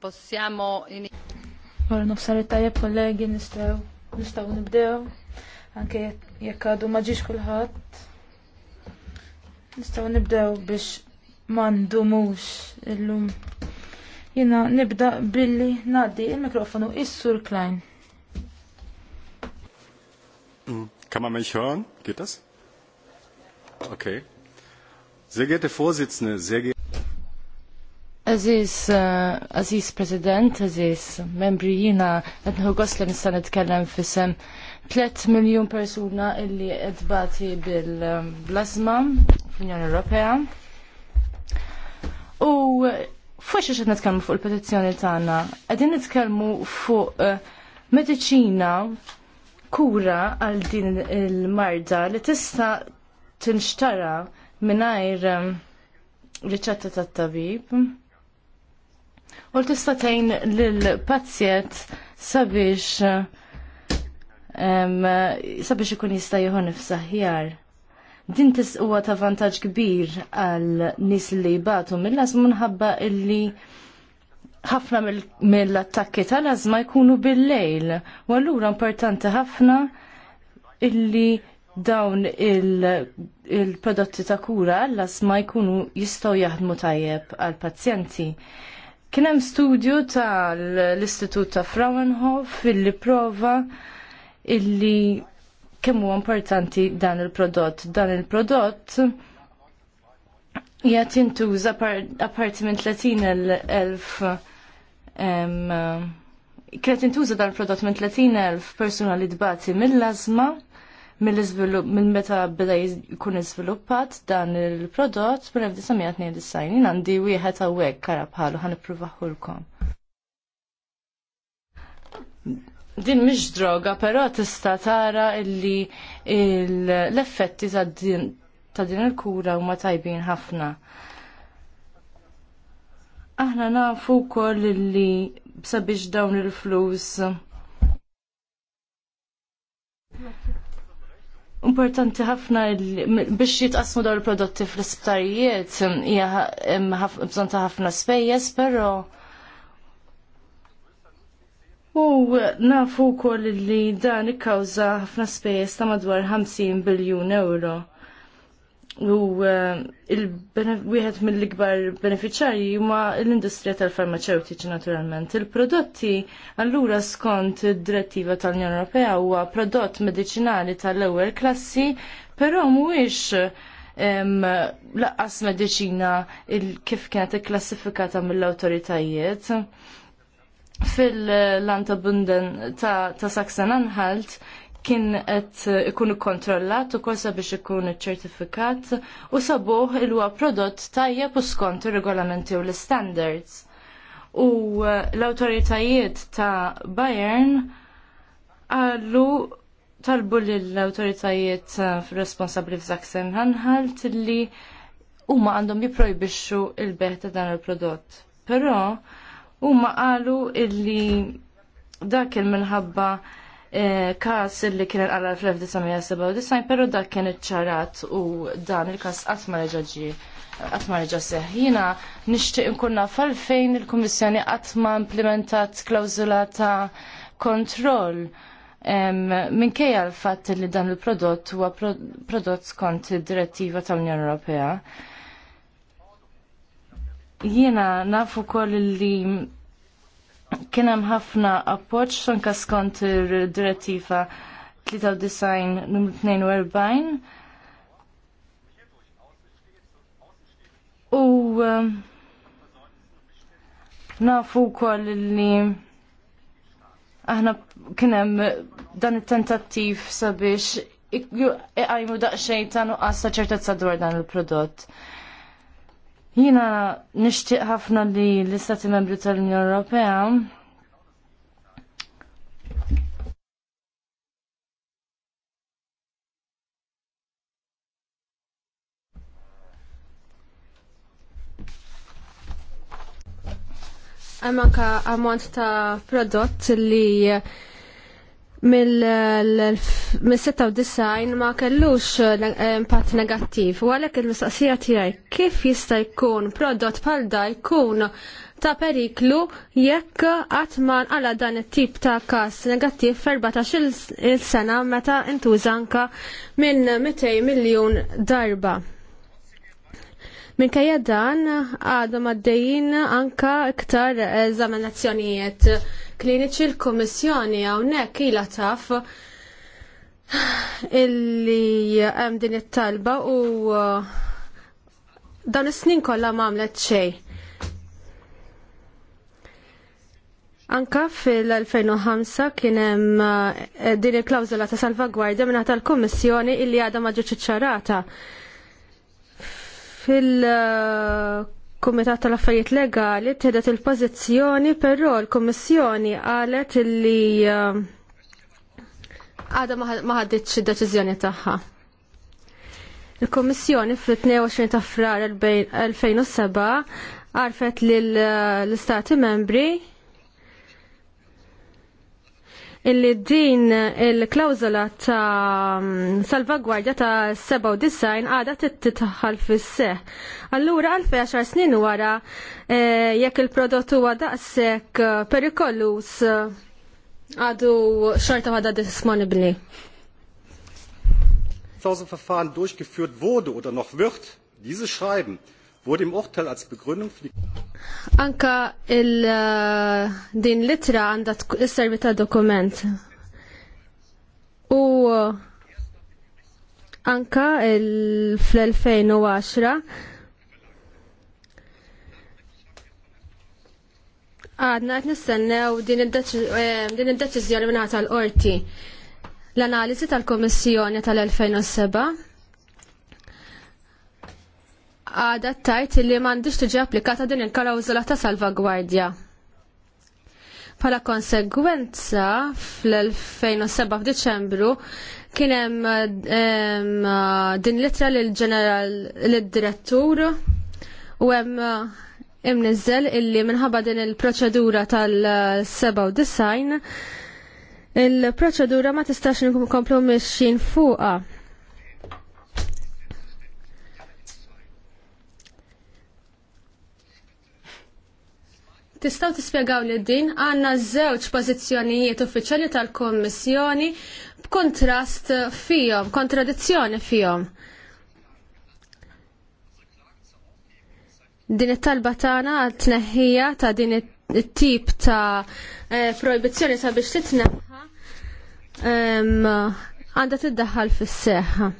Possiamo Ora nofsar it-tajjeb kollegi nistgħu nistgħu nibdew anke jekk għadu ma ġiex kulħadd. Nistgħu nibdew biex m'għandumux illum. Jiena nibda billi ngħaddi il-mikrofonu is-Sur Klein. Mm, kann man mich hören? Geht das? Okay. Sehr geehrte Vorsitzende, sehr geehrte Aziz, eh, Aziz President, Aziz, membri jina, għednħu gosli nistan nitkellem fissem 3 miljon persuna illi edbati bil-blasma fl-Unjoni Ewropea. U fuq xaxet nitkellmu fuq il-petizjoni tagħna, qegħdin nitkellmu fuq eh, mediċina kura għal din il-marda li tista' tinxtara mingħajr eh, riċetta tat-tabib u tista' tgħin lill-pazjent sabiex sabiex ikun jista' jieħu ħjar. Din tis huwa ta' vantaġġ kbir għal nies li jbatu mill-las minħabba illi ħafna mill-attakki tal-azma jkunu bil-lejl. U allura importanti ħafna illi dawn il-prodotti ta' kura għall asma jkunu jistgħu jaħdmu tajjeb għal pazjenti. Kien hemm studju tal-Istitut ta' Fraunhof illi prova illi kemm huwa importanti dan il-prodott. Dan il-prodott jgħat jintuża apparti minn 30.000 kienet intuża dan il-prodott minn 30.000 persuna li dbati mill-lazma mill-meta beda jkun iżviluppat dan il-prodott mill-1992 jien għandi wieħed hawnhekk kara bħalu ħan ippruvaħulkom. Din mhix droga, però tista' tara illi l-effetti ta' din il-kura huma tajbin ħafna. Aħna nafu wkoll li sabiex dawn il-flus Importanti ħafna biex jitqasmu dawn il-prodotti fl-isptarijiet hija bżonn ta' ħafna spejjeż, però U nafu wkoll li dan ikkawża ħafna spejjeż ta' madwar 50 biljun euro. U eh, wieħed mill-ikbar beneficjarji huma l-industrija tal-farmaceutiċi naturalment. Il-prodotti allura skont id-direttiva tal-Unjoni Ewropea huwa prodott mediċinali tal-ewwel klassi, però mhuwiex laqqas mediċina kif kienet ikklassifikata mill-awtoritajiet. Fil-Lanta ta', ta Saksan Anhalt, kien qed ikun ikkontrollat ukoll sabiex ikun iċ-ċertifikat u sabuh il huwa prodott tajjeb u skont ir-regolamenti u l-standards. U eh, l-awtoritajiet ta' Bayern għallu talbu lill-awtoritajiet eh, responsabbli f'Zaksen Anhalt li huma għandhom jipprojbixxu il-beħ ta' dan il-prodott. Però huma qalu illi dak il-minħabba Eh, kas li kien għalla fl-1997, pero dak kien iċċarat u dan il-kas għatma reġaġi għatma reġa Jina nishtiq nkunna fal-fejn il-Komissjoni għatma implementat klausula ta' kontroll minkejja l-fatt li dan il-prodott huwa prodott skont id-direttiva tal-Unjoni Ewropea. Jiena nafu koll li Kien hemm ħafna appoġġ sanka skont ir-direttiva 93 numru 42 U um, nafu kol li aħna kienem dan il-tentattiv sabiex iqajmu daqxej ta' nuqqas ċertezza dwar dan il-prodott. Jina nishtiq ħafna li l-Istati Membri tal-Unjoni Ewropea Hemm anke ta' prodott li mill-96 ma kellux eh, impatt negattiv. U għalhekk il-mistaqsija tiegħi kif jista' jkun prodott bħal da jkun ta' periklu jekk qatt ma nqala dan it-tip ta' każ negattiv f'14 il-sena meta ntuża anke minn 200 miljun darba. Minkajja dan għadhom għaddejjin anka iktar eżaminazzjonijiet eh, kliniċi l-Kummissjoni hawnhekk ila taf illi hemm din it-talba u eh, dan is-snin kollha m'għamlet xejn. Anka fil-2005 kien hemm eh, din il-klawżola ta' salvagwardja minn tal-Kummissjoni illi għadha ma ċarata fil-Kumitat tal-Affarijiet Legali tħedet il-pożizzjoni, però l-Kummissjoni qalet li eh, għada ma ħaditx id-deċiżjoni tagħha. Il-Kommissjoni fit-22 ta' frar 2007 għarfet lill eh, l-Stati membri illi din il-klawzola ta' mm, salvagwardja ta' 97 għada t titħal fis-seħ. Allura għalfe 10 snin wara eh, jekk il-prodott huwa daqshekk eh, perikolus eh, għadu xorta għada disponibli. Verfahren durchgeführt wurde oder noch wird, dieses Schreiben wurde im Urteil als Begründung für die Anka il uh, din litra għandha isservi ta' dokument. U anka il fl-2010 għadna għet nistennew din id-deċizjoni eh, minn l-qorti l-analizi tal kummissjoni tal-2007 għada tajt li mandiġ tiġi applikata din il-kalawżola ta' salvagwardja. Pala konsegwenza fl-2007 f'Diċembru kien hemm din litra l ġeneral l direttur u hemm imnizzel illi minħabba din il-proċedura tal-97 il-proċedura ma tistax nkomplu mixin fuqa Tistaw tispjegaw li din għanna żewġ pożizzjonijiet uffiċjali tal-Kommissjoni b'kontrast fihom, kontradizzjoni fihom. Din it-talba tagħna għal tneħħija ta' din it-tip ta' eh, proibizzjoni sabiex titneħħa għandha tiddaħħal fis-seħħa.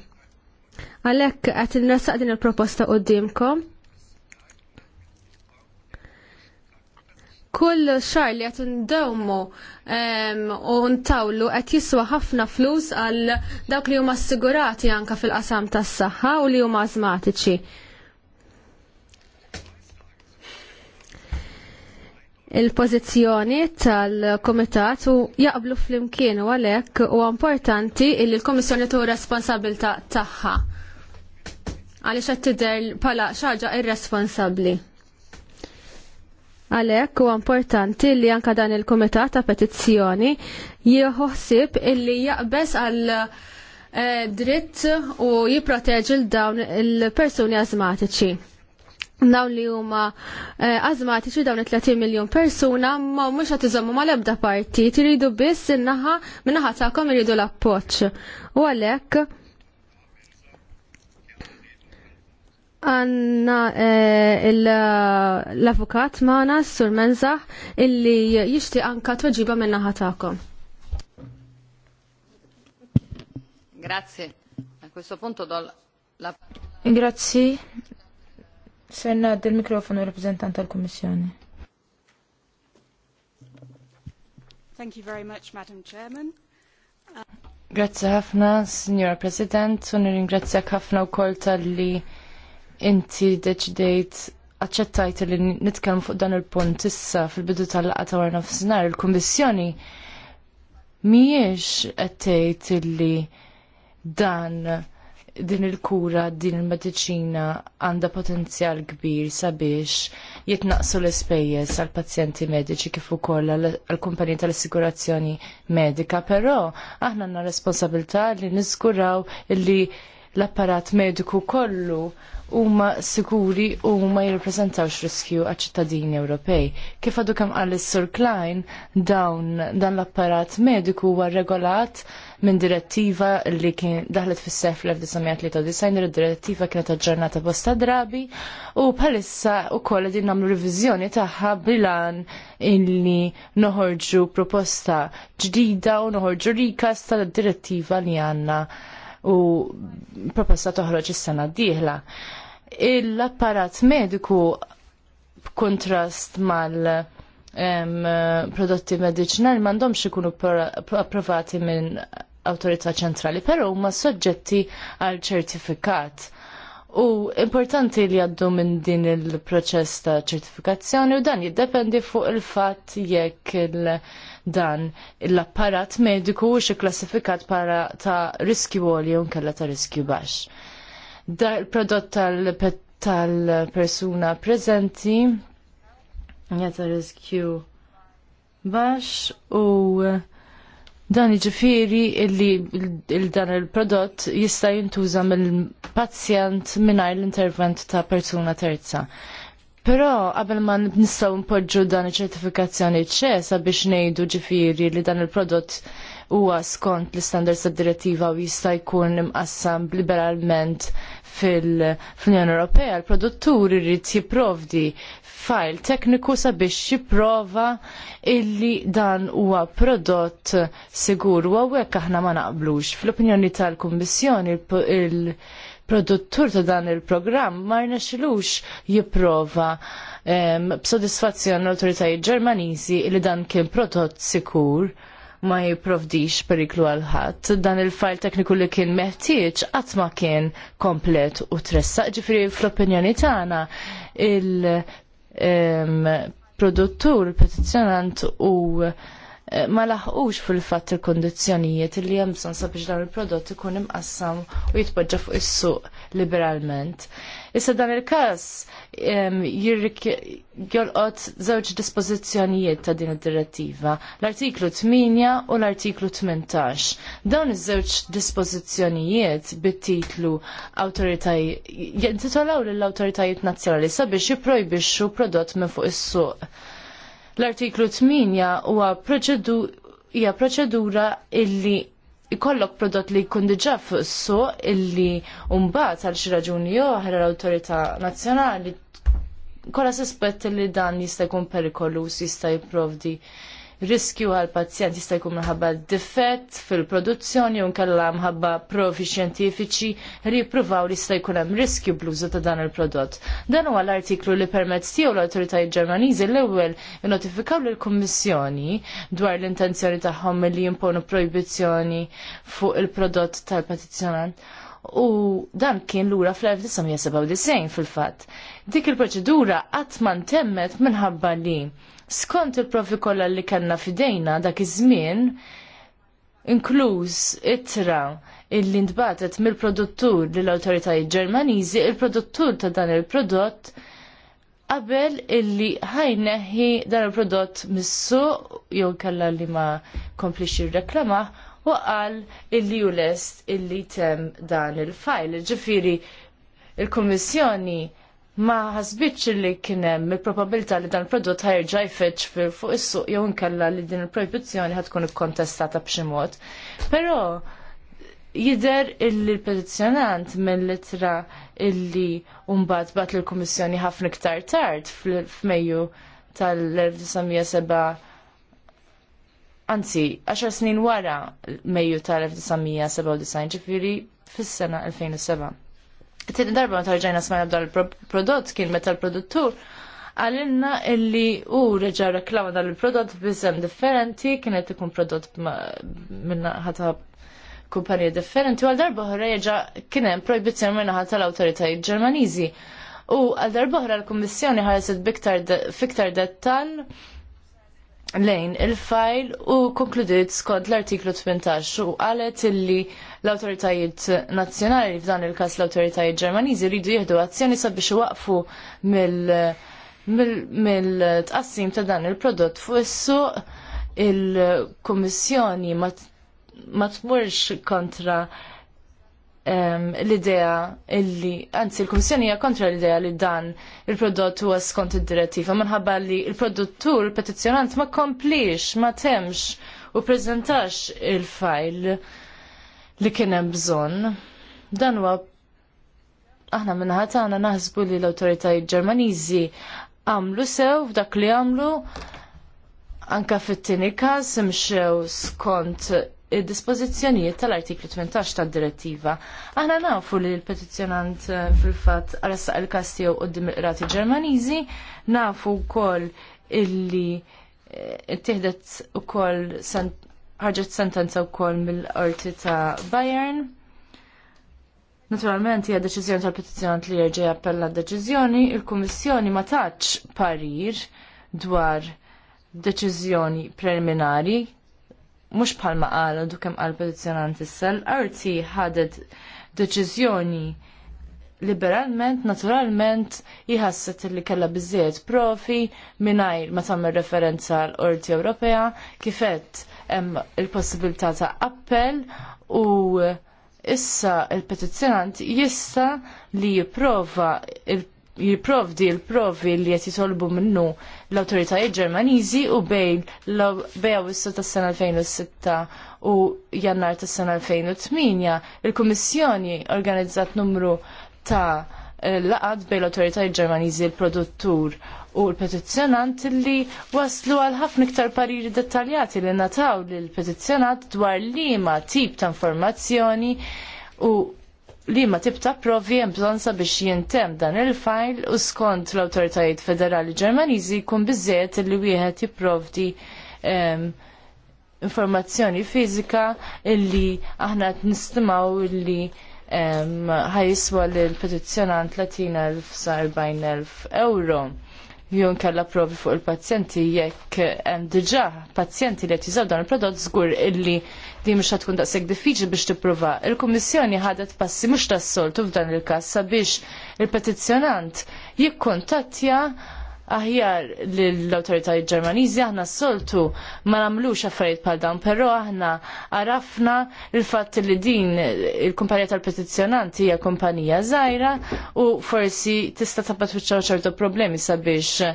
Għalhekk qed nresaq din il-proposta qudiemkom. kull xar li qed ndewmu u ntawlu qed jiswa ħafna flus għal dawk li huma assigurati anke fil-qasam tas-saħħa u li huma azmatiċi. il-pozizjoni tal-komitat u jaqblu fl-imkien u għalek u importanti illi l-komissjoni tu responsabilta taħħa. Għalix għattider pala xaġa irresponsabli. Għalhekk huwa importanti li anke dan il-Kumitat ta' Petizzjoni jieħossib illi jaqbes għal eh, dritt u jipproteġi l-dawn il-persuni azmatiċi dawn li huma eh, azmatiċi dawn 30 miljon persuna ma mhux qed iżommu mal-ebda parti, tiridu biss in-naħa min-naħa tagħkom iridu l-appoġġ. U għalhekk għanna eh, l-avukat maħna sur menzaħ illi jishti anka tweġiba minna ħatakom. Grazie. A questo punto do la... Grazie. Senna del microfono rappresentante al Commissione. Thank you very much, Madam Chairman. Grazie ħafna, Signora President, Sono nirringrazzjak ħafna u kol tal-li inti deċidejt aċċettajt li nitkellmu fuq dan il-punt issa fil-bidu tal-laqgħa ta' warna f'sinar il-Kummissjoni mhijiex qed tgħid li dan din il-kura, din il-medicina għanda potenzjal kbir sabiex jitnaqsu l-espejjeż għal pazjenti mediċi kif ukoll għal kumpanija tal-assigurazzjoni medika, però aħna għandna responsabilità li niżguraw li l-apparat mediku kollu huma siguri u ma jirrepreżentawx riskju għaċ ċittadini Ewropej. Kif għadu kemm qal sur Klein dawn dan l-apparat mediku huwa regolat minn direttiva li kien daħlet fis-sef l-1993 id-direttiva kienet aġġornata bosta drabi u bħalissa wkoll din nagħmlu riviżjoni tagħha bilan illi noħorġu proposta ġdida u noħorġu rikas tal-direttiva li għandna u proposta toħroġ is-sena d-dieħla. L-apparat mediku b'kuntrast mal prodotti medicinali m'għandhomx ikunu approvati minn autorità ċentrali, però huma soġġetti għal ċertifikat U importanti li għaddu minn din il-proċess ta' ċertifikazzjoni u dan jiddependi fuq il-fatt jekk il dan l-apparat mediku u xie klassifikat para ta' riskju għoli u nkella ta' riskju bax. Da' il-prodott tal-persuna tal prezenti jgħata riski riskju bax u Dan jiġifieri illi dan il-prodott jista' jintuża mill-pazjent mingħajr l-intervent ta' persuna terza. Però qabel ma nistgħu npoġġu dan iċ-ċertifikazzjoni ċesa biex ngħidu ġifieri li dan il-prodott huwa skont l-istandards tad-direttiva u jista' jkun imqassam liberalment fil-Unjoni Ewropea, l-produttur irid jipprovdi File tekniku sabiex jipprova illi dan huwa prodott sigur u għawek aħna ma naqblux. Fl-opinjoni tal-Kummissjoni il-produttur ta' dan il-programm ma rnexilux jipprova b'sodisfazzjon l-autoritajiet ġermaniżi illi dan kien prodott sikur ma jiprovdix periklu għal ħadd. Dan il-fajl tekniku li kien meħtieġ qatt ma kien komplet u tressaq ġifieri fl-opinjoni tagħna il produttur, petizzjonant u eh, ma laħqux fil-fatt il-kondizjonijiet li hemm bżonn sabiex dawn il-prodott ikun imqassam u jitpoġġa fuq is-suq liberalment. Issa dan il-każ jolqot żewġ dispożizzjonijiet ta' din id-direttiva, l-artiklu 8 u l-artiklu 18. Dawn iż-żewġ dispożizzjonijiet bit-titlu awtoritajiet jintitolaw lill-awtoritajiet nazzjonali sabiex jipprojbixxu prodott minn fuq is-suq. L-artiklu 8 huwa proċedura illi ikollok prodott li jkun diġà fuq is-suq illi mbagħad għal xi raġuni oħra l-awtorità nazzjonali kolla sospetti li dan jista' jkun perikolus jista' jipprovdi riskju għal pazjent jista' jkun minħabba difett fil-produzzjoni u nkella mħabba provi xjentifiċi li jippruvaw li jista' jkun hemm riskju bl-użu ta' dan il-prodott. Dan huwa l-artiklu li permezz tiegħu l-awtoritajiet Ġermaniżi l-ewwel notifikaw lill-Kummissjoni dwar l-intenzjoni tagħhom li jimponu projbizzjoni fuq il-prodott tal-petizzjonant. U dan kien lura fl-1997 fil-fatt. Dik il-proċedura qatt ma ntemmet minħabba li skont il-provi kollha li kellna fidejna dak iż-żmien, inkluż ittra illi ntbatet mill-produttur lill awtoritajiet Ġermaniżi, il-produttur ta' dan il-prodott qabel illi ħajneħi dan il-prodott missu jew kellha li ma komplix ir-reklama u qal illi ju lest illi tem dan il-fajl. Ġifiri, il-Kommissjoni ma ħasbitx li kien hemm il-probabilità li dan il-prodott ħajrġa jfetx fuq is-suq jew inkella li din il-proibizzjoni ħad tkun ikkontestata b'xi mod. Però jidher illi l-petizzjonant mill-litra illi mbagħad bat lill-Kummissjoni ħafna iktar tard f'Mejju tal-1907 anzi, 10 snin wara Mejju tal-1997 ġifieri fis-sena 2007. Tieni darba ma tarġajna smajna dal prodott kien meta l-produttur għalinna illi u reġa reklama dal prodott bizzem differenti, kienet ikun prodott minna ħata kumpanija differenti, u għal darba ħra reġa kienem projbizzjoni minna ħata l-autoritajiet ġermanizi. U għal darba ħra l-Kommissjoni ħarset fiktar dettal lejn il-fajl u konkludiet skont l-artiklu 18 u qalet illi l-autoritajiet nazzjonali f'dan il-kas l-autoritajiet ġermaniżi rridu jieħdu azzjoni sabiex waqfu mill-tqassim ta' dan il-prodott fuq is-suq il-Kummissjoni ma tmurx kontra l-idea illi, anzi l-Komissjoni hija kontra l-idea li dan il-prodott huwa skont id-direttiva minħabba li l-produttur, il-petizzjonant ma komplix, ma temx u preżentax il-fajl li kien hemm bżonn. Dan huwa aħna minnaħat għana naħsbu li l-autoritajiet Ġermaniżi għamlu sew f'dak li għamlu anka fit tini każ imxew skont id-dispożizzjonijiet tal-artiklu 18 tad-direttiva. Aħna nafu li l-petizzjonant eh, fil-fatt arresta il-kas tiegħu d il-qrati Ġermaniżi, nafu wkoll illi u eh, ukoll ħarġet sentenza wkoll mill-qorti ta' Bayern. Naturalment hija deċiżjoni tal-petizzjonant li jerġa' appella d-deċiżjoni, il-Kummissjoni ma taċ parir dwar deċiżjoni preliminari mhux bħalma qalu du kemm qal petizzjonant issa l-arti ħadet deċiżjoni liberalment, naturalment, jħasset li kella bizziet profi minnajr ma tamer referenza l-Orti Ewropea kifet hemm il-possibilità ta' appell u issa il-petizzjonant jissa li jipprova il jiprovdi l-provi li qed jitolbu minnu l-awtoritajiet Ġermaniżi u bejn bej Awwissu tas-sena 2006 u Jannar tas-sena 2008 il-Kummissjoni organizzat numru ta' eh, laqad bejn l-autoritajiet ġermaniżi l-produttur u l-petizzjonant li waslu għal ħafna iktar pariri dettaljati li nataw l petizzjonant dwar liema tip ta' informazzjoni u li ma tibta provi hemm bżonn sabiex jintem dan il-fajl u skont l-awtoritajiet federali Ġermaniżi jkun biżżejjed li wieħed jipprovdi ehm, informazzjoni fizika illi aħna qed nistimaw illi ehm, ħajiswa l petizzjonant 30.000 sa 40.000 euro jew kalla provi fuq il-pazjenti jekk hemm diġà pazjenti li qed jużaw dan il-prodott żgur illi din mhux tkun daqshekk diffiċli biex tipprova. Il-Kummissjoni ħadet passi mhux tas-soltu f'dan il-każ sabiex il-petizzjonant jikkuntattja aħjar l-autoritajiet ġermaniżi aħna s-soltu ma namlux affarijiet bħal dawn, però aħna arafna il-fatt li din il-kumpanija tal-petizzjonanti hija kumpanija żgħira u forsi tista' tabba twiċċaw ċertu problemi sabiex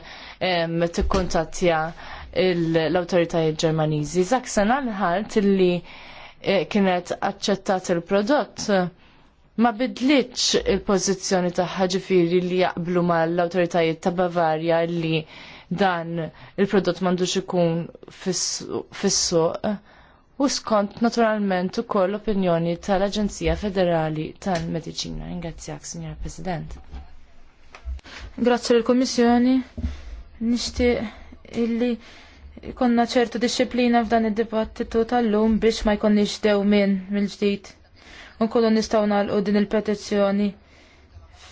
tikkuntattja l-autoritajiet ġermaniżi. Zaksan għalħalt li eh, kienet aċċettat il-prodott ma bidlitx il-pozizjoni tagħha ġifieri li jaqblu mal-awtoritajiet ta' Bavarja li dan il-prodott m'għandux ikun fis-suq. U skont naturalment ukoll opinjoni tal-Aġenzija Federali tal medicina Ingrazzjak, Signor President. Grazzi l-Komissjoni. Nixtieq illi konna ċertu disciplina f'dan id-dibattitu tal-lum biex ma jkonniex dew minn mill-ġdid nkunu nistgħu nagħlqu din il-petizzjoni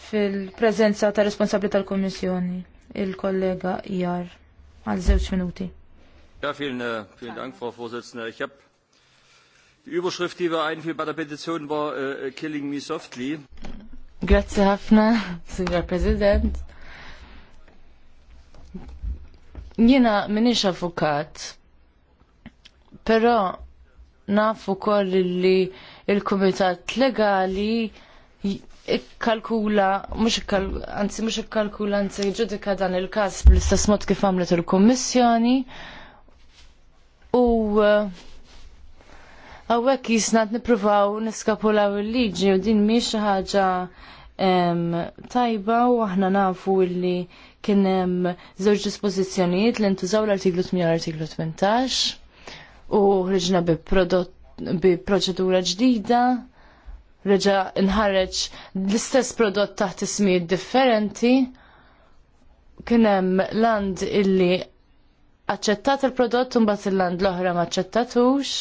fil prezenza ta' responsabli tal komissjoni il-kollega Jar, għal żewġ minuti. Ja, vielen, äh, vielen Dank, Frau Vorsitzende. Ich habe die Überschrift, die wir einführen bei der Petition, war uh, Killing Me Softly. Grazie ħafna, Signor President. Jiena minix avukat, pero nafu koll li il-Kumitat Legali ikkalkula, mux ikkalkula, anzi mux ikkalkula, anzi ġudika dan il-kas bl-istess mod kif għamlet il-Kommissjoni u għawek eh, jisnat nipruvaw niskapulaw il-liġi u din miex ħaġa tajba u aħna nafu illi kien hemm żewġ dispożizzjonijiet li ntużaw l-artiklu 8 u l-artiklu 18 u ħriġna bi prodott bi proċedura ġdida, reġa nħarreċ l-istess prodott taħt ismijiet differenti, kien hemm land illi aċċettat il-prodott u mbagħad il-land l-oħra ma aċċettatux.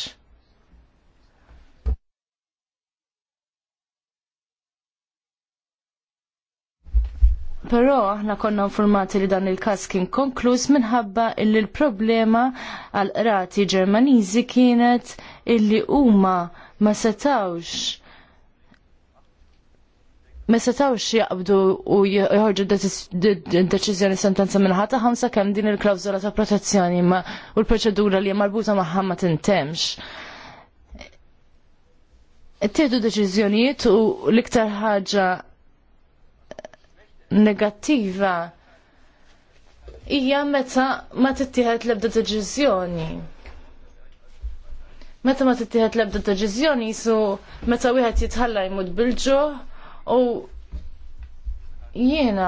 Però aħna konna informati li dan il-kas kien konkluż minħabba illi l-problema għal qrati Ġermaniżi kienet illi huma ma setawx ma setawx jaqbdu u jħorġu d-deċizjoni sentenza minnħata ħamsa kemm din il-klawzola ta' protezzjoni ma u l-proċedura li marbuta maħħa ma tintemx. Tieħdu deċizjonijiet u l-iktar ħaġa negattiva hija meta ma tittieħed l-ebda deċiżjoni meta ma tittieħed l-ebda deċiżjoni su meta wieħed jitħalla jmut bilġo u jiena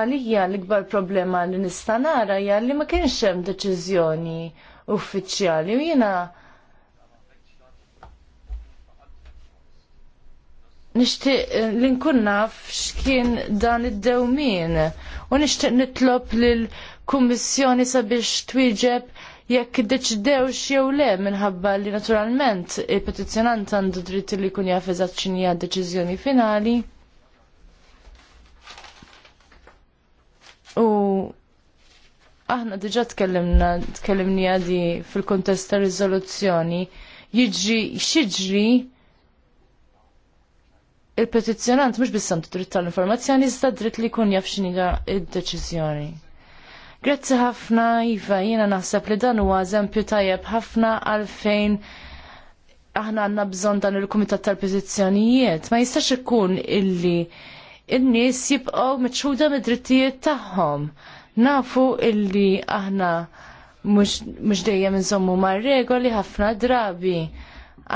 għalija l-ikbar problema li nista' nara hija li ma kienx hemm deċiżjoni uffiċjali u jiena nixtieq eh, li nkun naf x'kien dan id dewmin u nixtieq nitlob lil kummissjoni sabiex twieġeb jekk deċidewx jew le minħabba li naturalment il-petizzjonant għandu dritt li jkun jaf eżatt x'inhi deċiżjoni finali. U aħna diġà tkellimna tkellimni għadi fil-kontest ta' riżoluzzjoni jiġri xiġri il-petizzjonant mhux biss għandu dritt tal-informazzjoni iżda dritt li jkun jaf x'inhi d-deċiżjoni. Grazzi ħafna, Iva, jiena naħseb li dan huwa eżempju tajjeb ħafna għalfejn aħna għandna bżonn dan il-Kumitat tal-Pożizzjonijiet. Ma jistax ikun illi n-nies jibqgħu miċħuda mid-drittijiet tagħhom. Nafu illi aħna mhux dejjem insommu mar-regoli ħafna drabi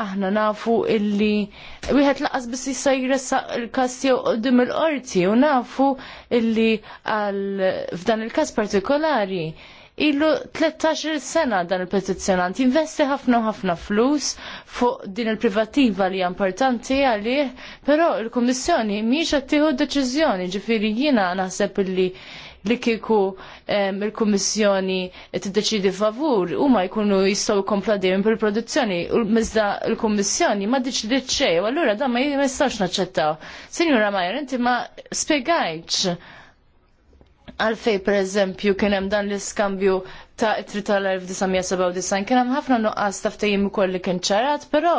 aħna nafu illi wieħed laqas biss jista' il-każ jew qudiem il-qorti u nafu illi għal f'dan il-każ partikolari ilu 13 sena dan il-petizzjonant investi ħafna ħafna flus fuq din il-privativa li importanti għalih, però il-Kummissjoni mhijiex qed tieħu deċiżjoni, ġifieri jiena naħseb illi li kieku il-Kummissjoni tiddeċidi favur huma jkunu jistgħu kompladim bil-produzzjoni u mizda l-Kummissjoni ma deċidi xejn u allura dan ma jistawx naċċettaw. Sinjura Majer, inti ma spjegajtx għalfej per eżempju kien hemm dan l-iskambju ta' itri tal-1997 kien hemm ħafna nuqqas ta' ftehim ukoll li kien ċarat, però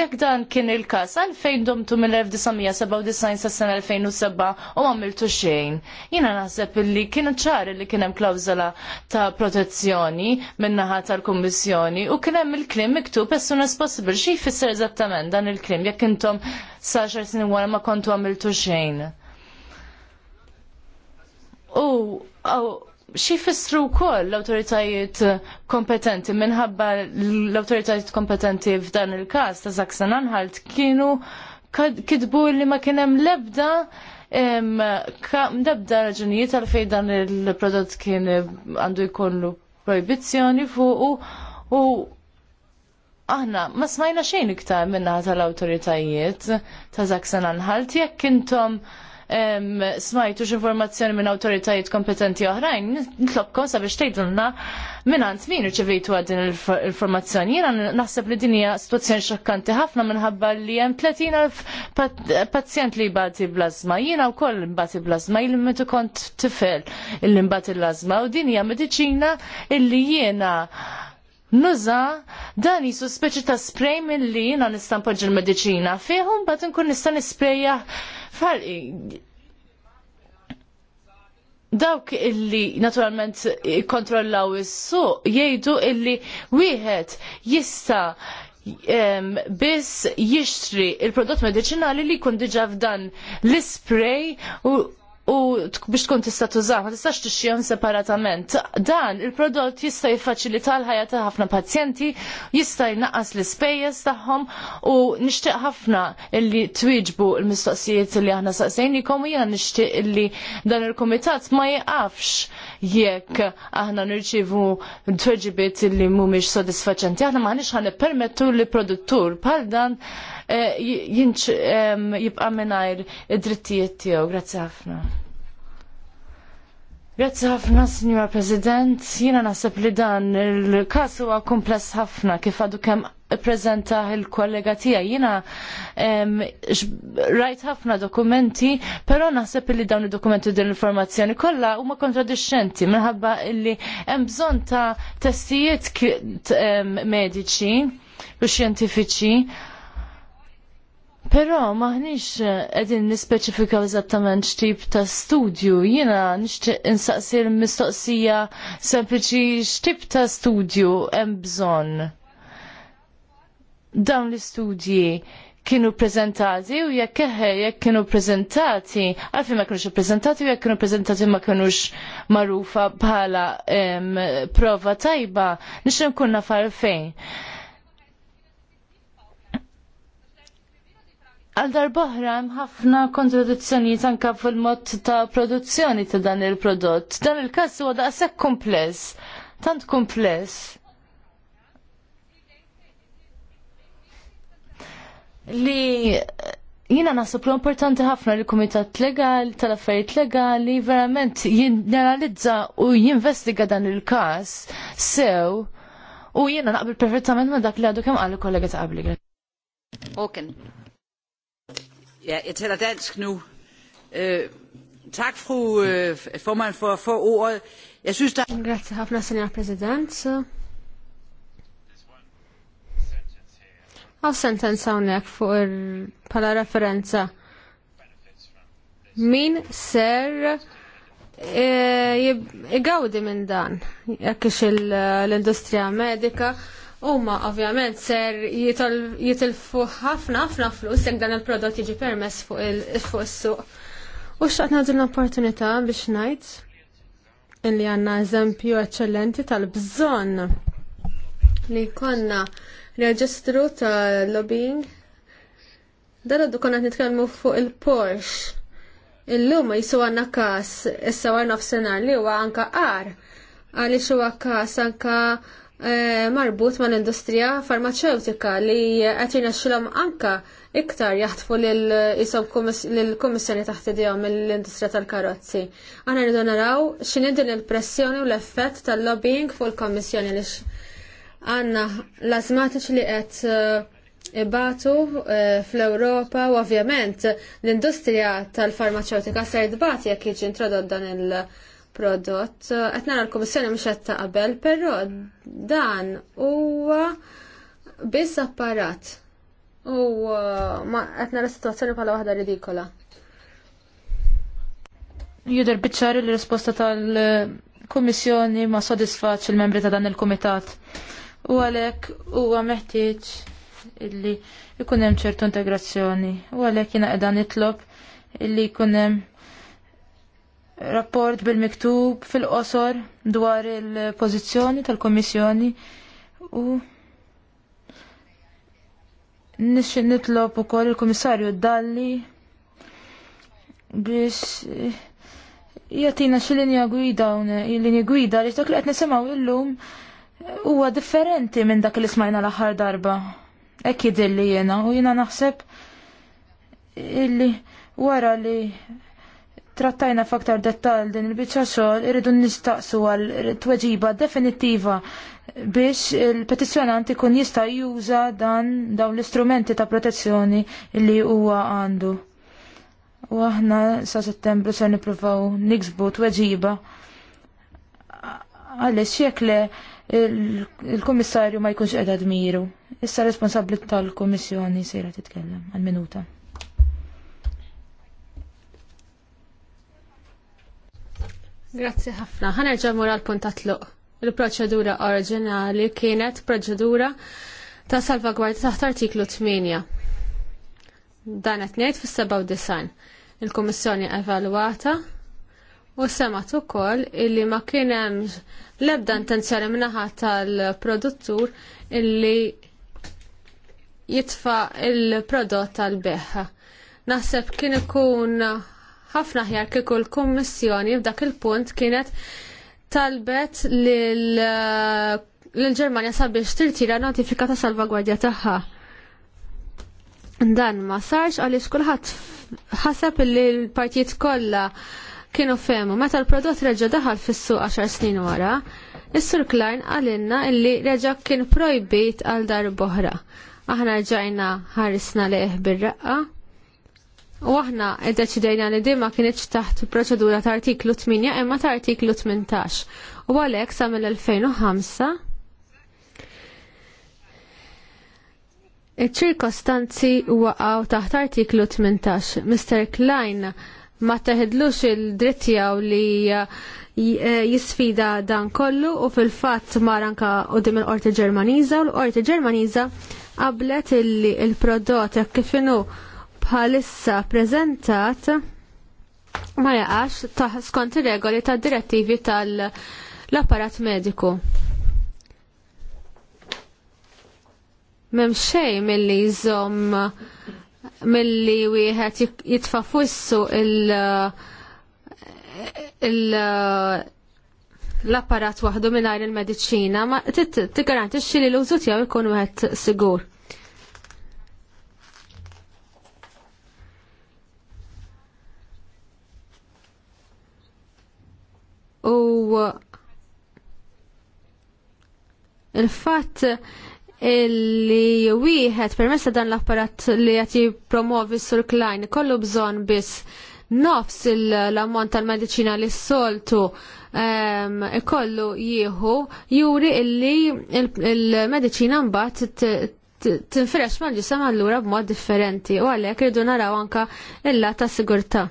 lek dan kien il-każ għalfejn domtu mill-1997 sa' sena 2007 u għamiltu xejn. Jiena naħseb li kien ċar li kien hemm klawżola ta' protezzjoni min-naħa tal-Kummissjoni u kien hemm il-klim miktub as soon as possible xi jfisser eżattament dan il-klim jekk intom sa' xar snin wara ma kontu għamiltu xejn. U xifissru wkoll l awtoritajiet kompetenti minħabba l awtoritajiet kompetenti f'dan il każ ta' Zaksan Anhalt kienu kitbu li ma kien hemm l-ebda l-ebda raġunijiet għalfejn dan il-prodott kien għandu jkollu proibizzjoni fuq u aħna ma smajna xejn iktar minna tal-awtoritajiet ta' Zaksan Anhalt jekk intom smajtu informazzjoni minn awtoritajiet kompetenti oħrajn, nitlobkom sabiex tgħidulna mingħand min irċevejtu din l-informazzjoni. Jiena naħseb li din hija xokkanti ħafna minħabba li hemm 30 pazzjent li jbati blażma. Jiena wkoll imbati blażma il metu kont tifel il-imbati l-azma u din hija mediċina illi jiena nuża dan jisu speċi ta' spray milli jiena nista' npoġġi l-mediċina fihom bat nkun nista' nispreja. fal dawk illi naturalment kontrollaw is-suq jgħidu illi wieħed jista' biss jixtri il-prodott mediċinali li jkun diġà f'dan l spray u u biex tkun tista' tużaw, ma tistax tixxihom separatament. Dan il-prodott jista' jiffaċilita l-ħajja ta' ħafna pazjenti, jista' jnaqqas l-ispejjeż tagħhom u nixtieq ħafna illi twieġbu l-mistoqsijiet li aħna saqsejnikom u jiena nixtieq illi dan il-kumitat ma jiqafx jekk aħna nirċivu tweġibiet li mhumiex sodisfaċenti. Aħna maħniex ħan permettu li produttur bħal dan eh, jibqa' mingħajr id-drittijiet tiegħu. Grazzi ħafna. Grazzi ħafna, Signor President. Jiena naħseb li dan il-kas huwa kumpless ħafna kif għadu kemm prezenta il-kollega tija. Jiena rajt ħafna dokumenti, però naħseb li dawn id-dokumenti din l-informazzjoni kollha huma kontradixxenti minħabba li hemm bżonn ta' testijiet mediċi u xjentifiċi Però maħniex eh, edin nispeċifikaw eżattament x'tip ta' studju, jiena nixtieq insaqsir l-mistoqsija sempliċi x'tip ta' studju hemm bżonn. Dawn l-istudji kienu prezentati u jekk eħe eh, jekk kienu prezentati, għalfi ma kienux prezentati u jekk kienu prezentati ma kienux marufa bħala prova tajba, nixtieq nkun nafar fejn. Għal darboħra hemm ħafna kontradizzjonijiet anke fil-mod ta' produzzjoni ta' dan il-prodott. Dan il-każ huwa daqshekk kumpless, tant kumpless. Li jina naħseb li importanti ħafna li kumitat legali tal-affarijiet legali verament jinanalizza u jinvestiga dan il-każ sew u jiena naqbel perfettament ma' dak li għadu kemm għal kollega ta' qabli. Oken. Okay. Ja, jeg taler dansk nu. Øh, tak, fru øh, formand, for at få ordet. Jeg synes, der... Grazie, ħafna, senjor president. Għaw sentenza unnek fuq pala referenza. Min ser eh, igawdi minn dan, jekk il-industrija medika Uma ovvjament ser jitilfu ħafna ħafna flus jekk dan il-prodott jiġi permess fuq il suq U xaqt nagħdu l-opportunità biex ngħid illi għandna eżempju eċċellenti tal-bżonn li konna reġistru tal-lobbying Daradu konna nitkellmu fuq il-Porsche. Illum jisu għanna kas, issa għanna f-senar li huwa anka għar. Għalli xuwa kas anka Eh, marbut ma' l-industrija farmaceutika li għatina xilom anka iktar jaħtfu l-Komissjoni taħt id-dijom l-industrija tal-karozzi. Għana rridu naraw xinidin il-pressjoni u l-effett tal-lobbying fuq il-Komissjoni li għanna l-azmatiċ li għet eh, ibatu eh, fl-Europa u ovvjament l-industrija tal-farmaceutika ser jidbat jekk jiġi introdott dan il- prodott. Qed nara l-Kummissjoni mhux qed taqbel, però dan huwa biss apparat. U qed nara s-sitwazzjoni bħala waħda ridikola. Jider biċċari l-risposta tal-Kummissjoni ma sodisfaċ il-membri ta' dan il-Kumitat. U għalhekk huwa meħtieġ illi jkun hemm ċertu integrazzjoni. U għalhekk jiena qiegħda nitlob illi jkun hemm rapport bil-miktub fil-qosor dwar il-pozizjoni tal-Komissjoni u nix nitlob ukoll il-Komissarju Dalli biex eh, jatina xi linja gwida linja gwida li dak li qed nisimgħu illum huwa differenti minn dak li smajna l-aħħar darba. Ekk jidilli jiena u jiena naħseb illi wara li trattajna f'aktar dettal din il-biċċa xogħol irridu nistaqsu għal tweġiba definittiva biex il-petizzjonant ikun jista' juża dan dawn l-istrumenti ta' protezzjoni li huwa għandu. U aħna sa' settembru se nippruvaw niksbu tweġiba għaliex jekk le il-kummissarju ma jkunx qiegħda dmiru. Issa responsabbli tal-kummissjoni sejra titkellem għal minuta. Grazzi ħafna. Ħana mura l-punt tluq. Il-proċedura oriġinali kienet proċedura ta' salvagwardja taħt artiklu 8. Dan qed ngħid fis-97. Il-Kummissjoni evalwata u semat ukoll illi ma kien hemm l-ebda intenzjoni minnaħa tal-produttur illi jitfa' il-prodott tal-beħħa. Naħseb kien ikun ħafna ħjar kieku l-Kummissjoni f'dak il-punt kienet talbet l-Ġermanja uh, sabiex tirtira notifika ta' salvagwardja tagħha. Dan ma sarx għaliex kulħadd ħaseb li l-partijiet kollha kienu fehmu meta l-prodott reġa' daħal fis-suq 10 snin wara, is-Sur Klein għalinna illi reġa' kien projbit għal dar boħra. Aħna rġajna ħarisna leħ bir-raqqa U aħna id-deċidejna li dima kienieċ taħt proċedura ta' artiklu 8 imma ta' artiklu 18. U għalhekk sa mill-2005 iċ-ċirkostanzi waqgħu taħt artiklu 18. Mr. Klein ma teħidlux il dritti tiegħu li eh, jisfida dan kollu u fil-fatt maranka u dim il-Qorti Ġermaniża u l-Qorti Ġermaniza qablet illi il-prodott kif inhu bħalissa prezentat ma jaqax ta' skont ir-regoli tad direttivi tal-apparat mediku. mill-li milli jżomm milli wieħed jitfa' fussu l-apparat waħdu mingħajr il-mediċina ma tiggarantixxi li l-użu tiegħu jkun wieħed sigur. u il-fatt illi wieħed permessa dan l-apparat li qed jippromovi sur klajn kollu bżonn biss nofs l-ammont tal-medicina li s-soltu ehm, kollu jieħu juri illi il-medicina mbagħad tinfresh mal-ġisem allura b'mod differenti u għalhekk irridu naraw anka illa ta' sigurtà.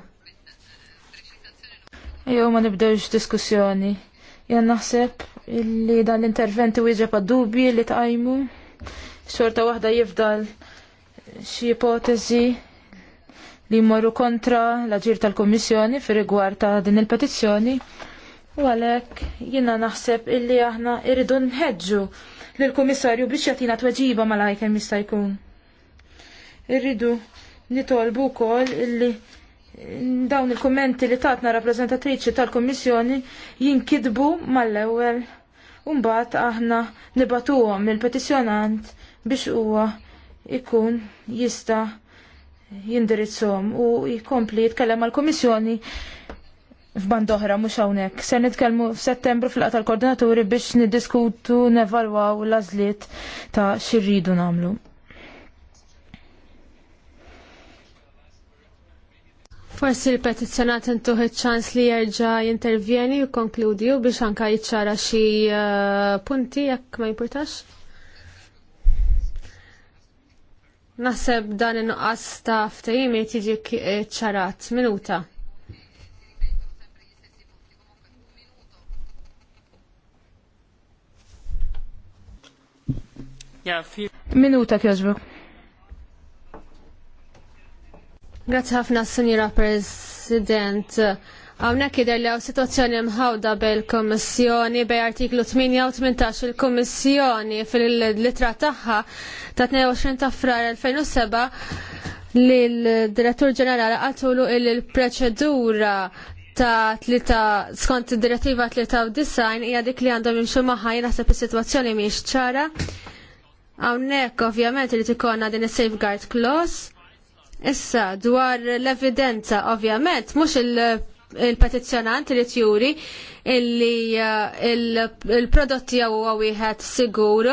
Jew ma nibdewx diskussjoni. Jan naħseb illi dan l-interventi wieġeb għad-dubji li tqajmu. Xorta waħda jifdal xi ipotezi li jmorru kontra l-aġir tal komissjoni fir rigward ta' din il-petizzjoni. U għalhekk jiena naħseb illi aħna irridu nħeġġu lill-Kummissarju biex jagħtina tweġiba ma hemm jista' jkun. Irridu nitolbu wkoll illi dawn il-kommenti li tatna rappresentatriċi tal-Kommissjoni jinkidbu mal-ewwel Umbat aħna nibatuhom il-petizjonant biex huwa ikun jista jindirizzhom u jkompli jitkellem mal-Kommissjoni f'band oħra mhux hawnhekk. Se nitkellmu f'Settembru fil tal koordinaturi biex niddiskutu nevalwaw l-għażliet ta' xirridu nagħmlu. Forsi l-petizzjonat intuħ iċ-ċans li jerġa' jintervjeni u konkludi u biex anka jiċċara xi eh, punti jekk ma jimpurtax. Naħseb dan in-nuqqas ta' ftajimi tiġi eh, ċarat minuta. Minuta kjoġbuk. Grazie ħafna, Sinjura President. Għawna kider li għaw situazzjoni mħawda bel kommissjoni bej artiklu 8 u il-Kommissjoni fil-litra taħħa ta' 22 ta' frar 2007 li l-Direttur Ġenerali għatulu il-proċedura ta' tlita skont direttiva tlita u design hija dik li għandhom jimxu maħħa jinaħseb is-sitwazzjoni mhix ċara. Hawnhekk ovvjament li tikonna din is-safeguard clause Issa, dwar l-evidenza, ovvjament, mhux il-petizjonant il li tjuri illi uh, il-prodotti għu huwa wieħed sigur.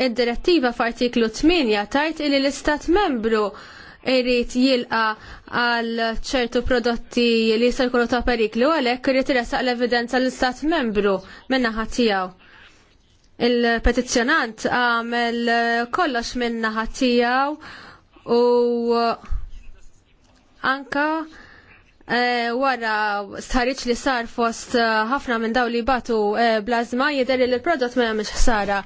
Id-direttiva f'artiklu 8 tajt illi l-istat membru irrit jilqa għal ċertu prodotti li jista' jkunu ta' periklu għalhekk irrit iresaq l-evidenza l-istat membru minnaħa tiegħu. Il-petizzjonant għamel kollox minna tiegħu u anka eh, wara stħarriċ li sar fost eh, ħafna minn daw li batu eh, blazma jidher li l-prodott ma jagħmilx ħsara.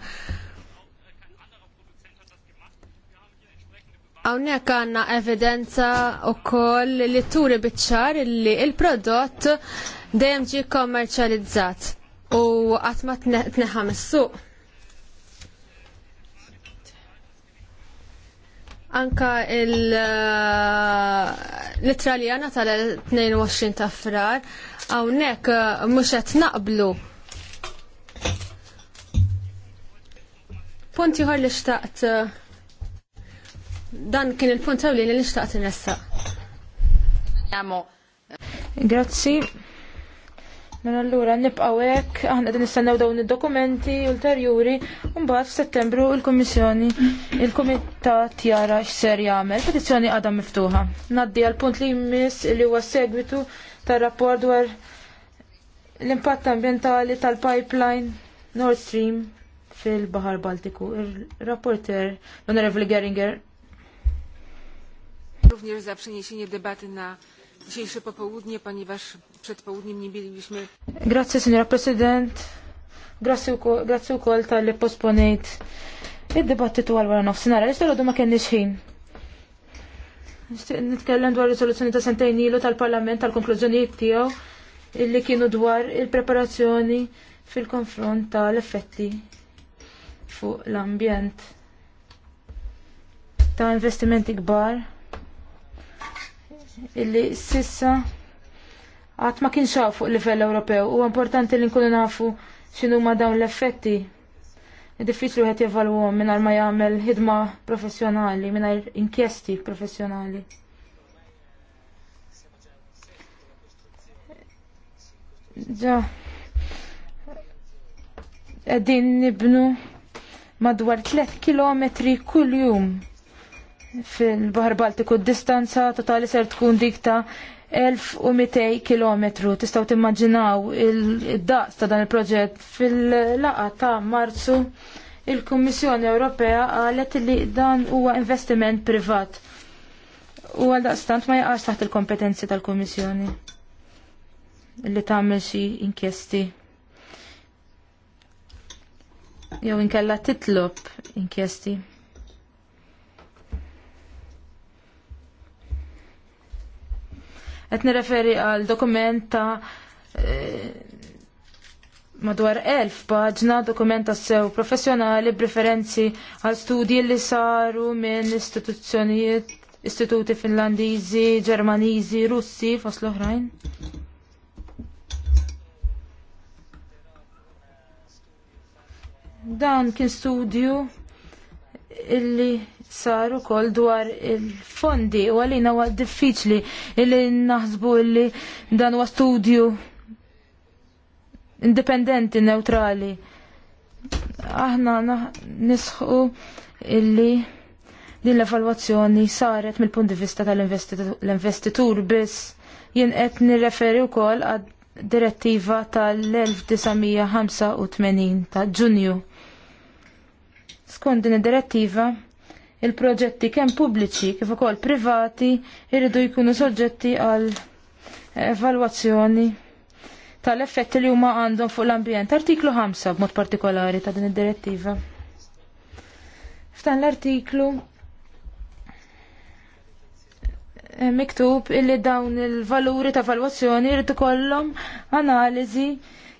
Hawnhekk għandna evidenza wkoll li turi biċ-ċar li l-prodott dejjem ġie kommerċjalizzat u qatt ma tneħħa mis-suq. Anka eh, l-Italjana tal-22 ta' frar hawnhekk eh, mhux qed naqblu Punt ieħor li xtaqt eh, dan kien il-punt ewlieni li xtaqt Għamu. Grazzi. Mela allura nibqgħu hekk, aħna qegħdin nistennew dawn id-dokumenti ulterjuri, u mbagħad f'Settembru l-Kummissjoni il-Kumitat jara x'ser jagħmel. Petizzjoni għadha miftuħa. Ngħaddi għal punt li jmiss li huwa segwitu tar-rapport dwar l-impatt ambjentali tal-pipeline Nord Stream fil-Bahar Baltiku. Il-rapporter l-Onorevoli Geringer. Również za przeniesienie debaty na dzisiejsze popołudnie, ponieważ przed południem nie Grazie, signora President. Grazie u kol tal-li posponejt id debattitu għal wara nofsinhar, għaliex tal ma kenniex ħin. Nitkellem dwar risoluzzjoni ta' sentejn ilu tal-Parlament tal-konklużjonijiet tiegħu illi kienu dwar il-preparazzjoni fil-konfront tal-effetti fuq l-ambjent ta' investimenti kbar illi sissa Għat ma kienx għaw fuq livell Ewropew u importanti li nkunu nafu xinu ma dawn l-effetti. Diffiċli wieħed jevalwhom mingħajr ma jagħmel ħidma professjonali, mingħajr inkjesti professjonali. Ġa, għedin nibnu madwar 3 km kull jum fil-Bahar Baltiku distanza totali ser tkun dik ta' 1200 km. Tistaw timmaġinaw il-daqs ta' dan il-proġett fil-laqa ta' marzu il-Kummissjoni Ewropea għalet li dan huwa investiment privat u għaldaqstant ma jgħax taħt il-kompetenzi tal-Kummissjoni li tagħmel xi inkjesti. Jew inkella titlob inkjesti. Qed nirreferi għal dokument ta' eh, madwar elf paġna dokumenta sew professjonali b'referenzi għal studji li saru minn istituzzjonijiet istituti finlandiżi, ġermaniżi, russi, fost l-oħrajn. Dan kien studju illi saru kol dwar il-fondi u għalina huwa diffiċli li naħsbu li dan huwa studju indipendenti, neutrali. Aħna nisħu illi din l-evalwazzjoni saret mill-punt di vista tal-investitur biss jien qed nirreferi wkoll għad direttiva tal-1985 ta' Ġunju. Skont din id-direttiva, il-proġetti kemm pubbliċi kif ukoll privati jridu jkunu soġġetti għal evalwazzjoni tal-effetti li huma għandhom fuq l-ambjent. Artiklu 5 b'mod partikolari ta' din id-direttiva. F'dan l-artiklu eh, miktub illi dawn il-valuri ta' valwazzjoni jrid ikollhom analiżi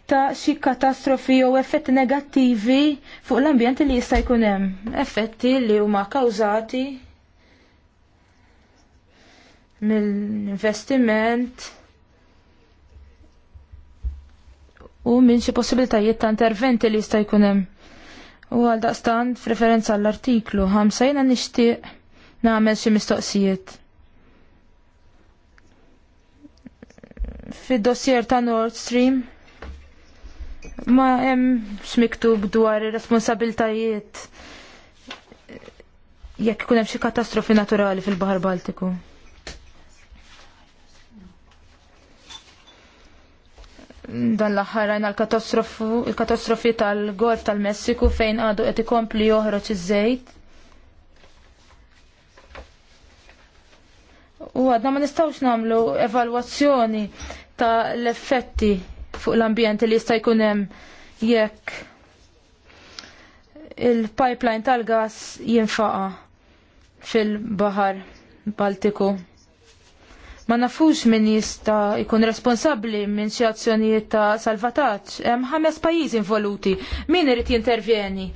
ta' xi katastrofi jew effetti negattivi fuq l-ambjent li jista' jkun hemm. Effetti li huma kawżati mill-investiment u minn xi possibilitajiet ta' interventi li jista' jkun hemm. U għal f'referenza għall-artiklu ħamsajna nixtieq nagħmel xi mistoqsijiet. Fid-dossier ta' Nord Stream Ma hemm x'miktub dwar ir-responsabiltajiet jekk ikun hemm xi katastrofi naturali fil-Baħar Baltiku. dan l-aħħar għajna l-katastrofi tal-golf tal-Messiku fejn għadu qed ikompli joħroġ iż-żejt. U għadna ma nistgħux nagħmlu evalwazzjoni ta' l-effetti fuq l-ambjent li jista' jkun hemm jekk il-pipeline tal-gas jinfaqa fil-Bahar Baltiku. Ma nafux min jista' jkun responsabbli minn xi azzjonijiet ta' salvataġġ. Hemm ħames pajjiżi involuti. Min irid jintervjeni?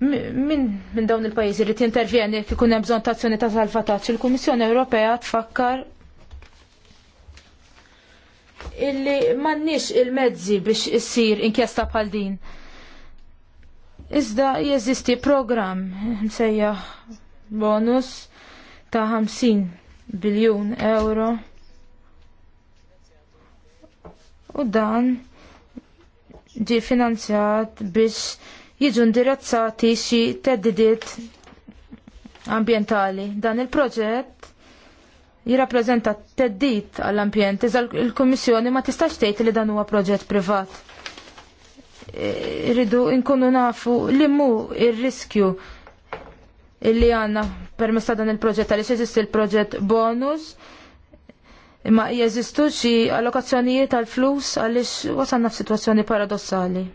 Min minn dawn il-pajjiżi irid jintervjeni jekk ikun hemm bżonn ta' azzjoni ta' salvataġġ? Il-Kummissjoni Ewropea tfakkar illi m'għandniex il-mezzi biex issir inkjesta bħal din. Iżda jeżisti program msejja bonus ta' 50 biljun euro. U dan ġi finanzjat biex jiġu ndirizzati xi teddidiet ambientali. Dan il-proġett jirrappreżenta teddit għall-ambjent, iżda l-Kummissjoni ma tistax tgħid li dan huwa proġett privat. Irridu e, nkunu nafu li mu ir-riskju illi għanna permess ta' dan il-proġett għaliex jeżisti l proġett bonus imma jeżistu xi allokazzjonijiet tal-flus għaliex wasanna f'sitwazzjoni paradossali.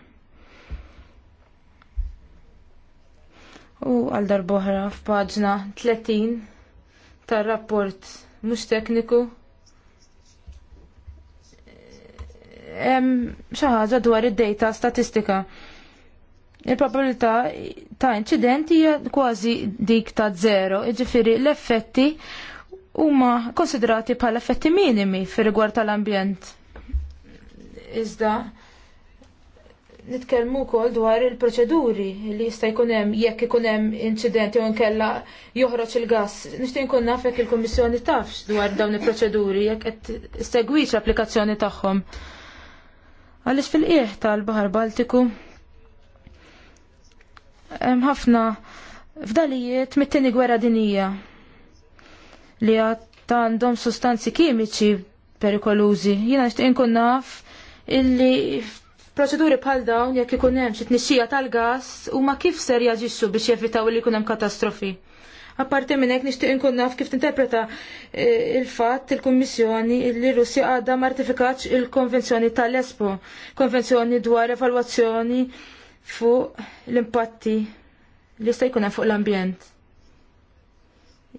U għal darboħra f'paġna 30 tar-rapport mhux tekniku. Xi ħaġa dwar id-data statistika. Il-probabilità ta' inċident hija kważi dik ta' zero, jiġifieri l-effetti huma konsiderati bħala effetti minimi fir rigward tal-ambjent. Iżda, nitkellmu wkoll dwar il-proċeduri li jista' jkun hemm jekk ikun hemm inċident jew inkella joħroġ il-gass. Nixtieq nkun naf jekk il-Kummissjoni tafx dwar dawn il-proċeduri jekk qed segwix l-applikazzjoni tagħhom. Għaliex fil-qieħ tal-Baħar Baltiku hemm ħafna fdalijiet mit-tieni gwerra dinija li għad għandhom sustanzi kimiċi perikolużi. Jiena nixtieq nkun naf illi Proċeduri bħal dawn jekk ikun hemm xi tnixxija tal-gass huma kif ser jaġixxu biex jevitaw li jkun hemm katastrofi. Apparti minn hekk nixtieq inkun naf kif tinterpreta eh, il-fatt il-Kummissjoni li Russja għadha ma rtifikatx il-Konvenzjoni tal-Espo, konvenzjoni dwar evalwazzjoni fuq l-impatti li jista' jkun hemm fuq l-ambjent.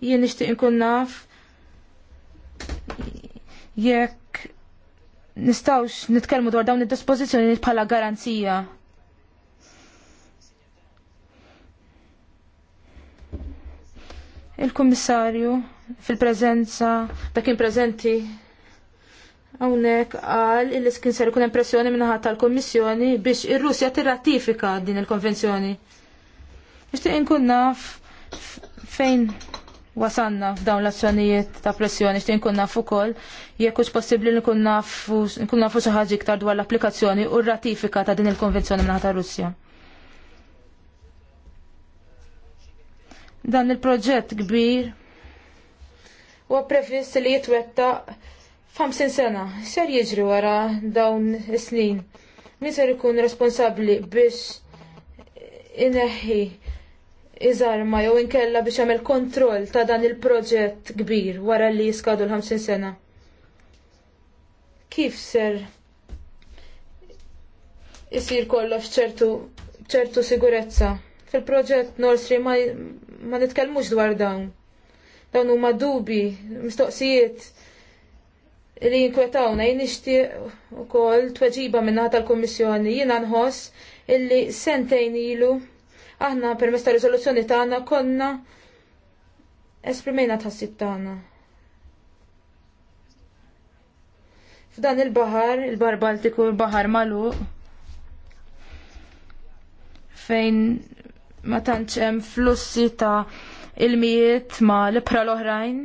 Jien nixtieq inkun naf jekk nistawx nitkellmu dwar dawn id-dispożizzjoni bħala garanzija. Il-Kummissarju fil-preżenza ta' kien preżenti hawnhekk qal illi kien ser ikun impressjoni minnaħa tal-Kummissjoni biex ir-Russja tirratifika din il-konvenzjoni. Nixtieq inkun naf fejn wasanna f'dawn l-azzjonijiet ta' pressjoni xtejn kun naf ukoll jekk hux possibbli li nkun nafu xi ħaġa iktar dwar l-applikazzjoni u r-ratifika ta' din il-konvenzjoni minn Russja. Dan il-proġett kbir huwa previst li jitwettaq 50 sena. Ser jiġri wara dawn is-snin. Min ser ikun responsabbli biex ineħħi iżarma jew inkella biex jagħmel kontroll ta' dan il-proġett kbir wara li jiskadu l-50 sena. Kif ser isir kollox ċertu ċertu sigurezza? Fil-proġett Nord Stream ma, ma nitkellmux dwar dawn. Dawn huma dubi, mistoqsijiet li jinkwetawna jien nixtieq ukoll tweġiba minn tal-Kummissjoni jiena nħoss illi sentejn ilu Aħna permess ta' riżoluzzjoni tagħna konna esprimejna tħassib tagħna. F'dan il-baħar, il-Bar Baltiku, il-Baħar Maluq, fejn ma tantx hemm flussi ta' ilmijiet ma l-ibra l-oħrajn.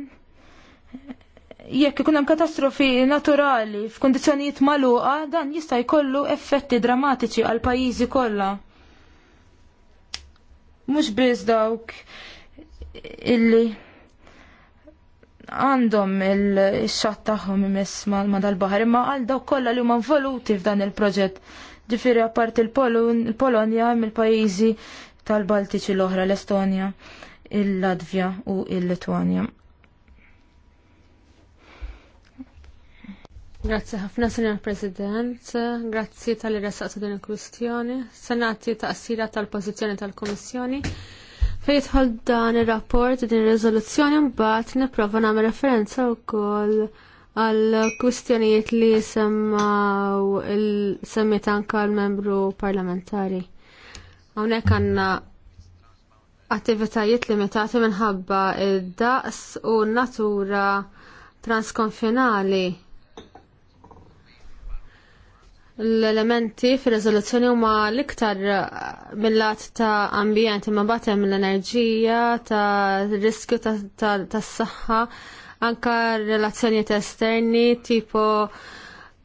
Jekk ikun hemm katastrofi naturali f'kundizzjonijiet magħluqa, dan jista' jkollu effetti drammatiċi għal pajjiżi kollha mhux biss dawk illi għandhom il-xat tagħhom imess ma' dal bahar imma għal dawk kollha li huma involuti f'dan il-proġett. Ġifieri apparti il-Polonja mill-pajjiżi tal-Baltiċi l-oħra l-Estonja, il-Latvja u il-Litwanja. il latvja u il litwanja Grazzi ħafna, Sinjor President. Grazzi tal-li resaqtu din il-kwistjoni. Senati taqsira tal-pozizjoni tal-Komissjoni. jidħol dan il-rapport din il-rezoluzzjoni mbagħad nipprova nagħmel referenza wkoll għal kwistjonijiet li semmaw il-semmiet anka l-membru parlamentari. Hawnhekk għandna attivitajiet limitati minħabba id-daqs u natura transkonfinali l-elementi fil-rezoluzzjoni huma l-iktar eh, mill-lat ta' ambjent imma batem l-enerġija, ta' riskju tas-saħħa, anka relazzjonijiet esterni tipo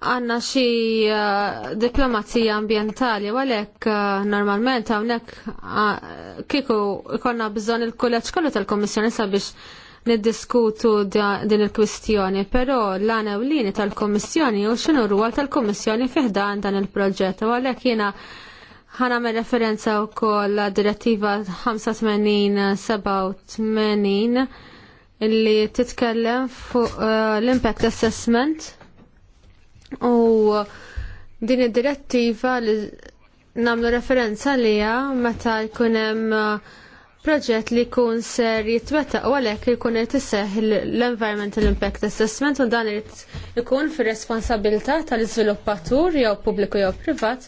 għanna xi eh, diplomazija ambientali u għalhekk eh, normalment hawnhekk kieku ikonna bżonn il-kulleġġ kollu tal-Kummissjoni sabiex niddiskutu din il-kwistjoni, però l-għana u lini tal-Komissjoni u xinu ruol tal-Komissjoni fiħdan dan il-proġett. U għalek jena ħana me referenza u koll direttiva 85-87 li titkellem fuq uh, l-impact assessment u din id-direttiva li namlu referenza lija meta jkunem uh, proġett li jkun ser jitwettaq u għalhekk ikun qed iseħħ l-Environmental Impact Assessment u dan irid ikun fir-responsabilità tal-iżviluppatur jew pubbliku jew privat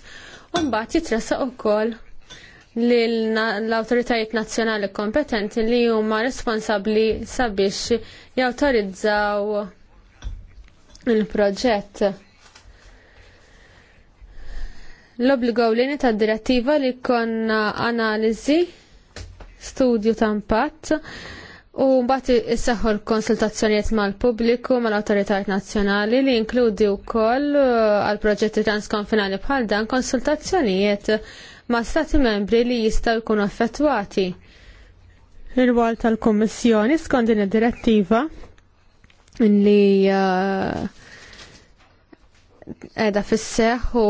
u mbagħad jitressaq ukoll l-autoritajiet nazzjonali kompetenti li huma responsabbli sabiex jawtorizzaw il-proġett. L-obbligo l tad direttiva li konna analiżi studju ta' impatt u mbagħad isseħħu l-konsultazzjonijiet mal-pubbliku mal-awtoritajiet nazzjonali li jinkludi wkoll uh, għal proġetti transkonfinali bħal dan konsultazzjonijiet ma' stati membri li jistgħu jkunu affettwati. Ir-rwol tal-Kummissjoni skont din id-direttiva li uh, edha fisseħ u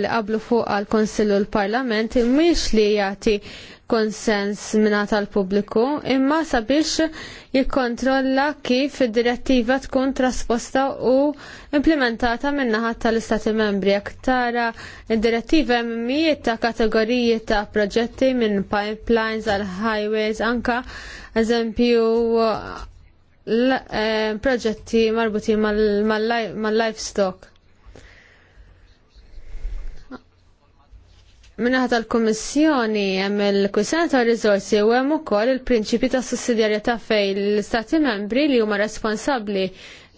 li qablu fuq għal konsillu l-Parlament mhix li jagħti konsens minna tal-pubbliku imma sabiex jikkontrolla kif id-direttiva tkun trasposta u implementata minnaħa tal-Istati membri. Jekk tara id-direttiva mijiet ta' kategoriji ta' proġetti minn pipelines għal highways anka eżempju eh, proġetti marbuti mal-livestock. Mal Minnaħat tal komissjoni hemm il-kwissjoni ta' rizorsi u hemm ukoll il-prinċipi ta' sussidjarjetà fej l istati membri li huma responsabbli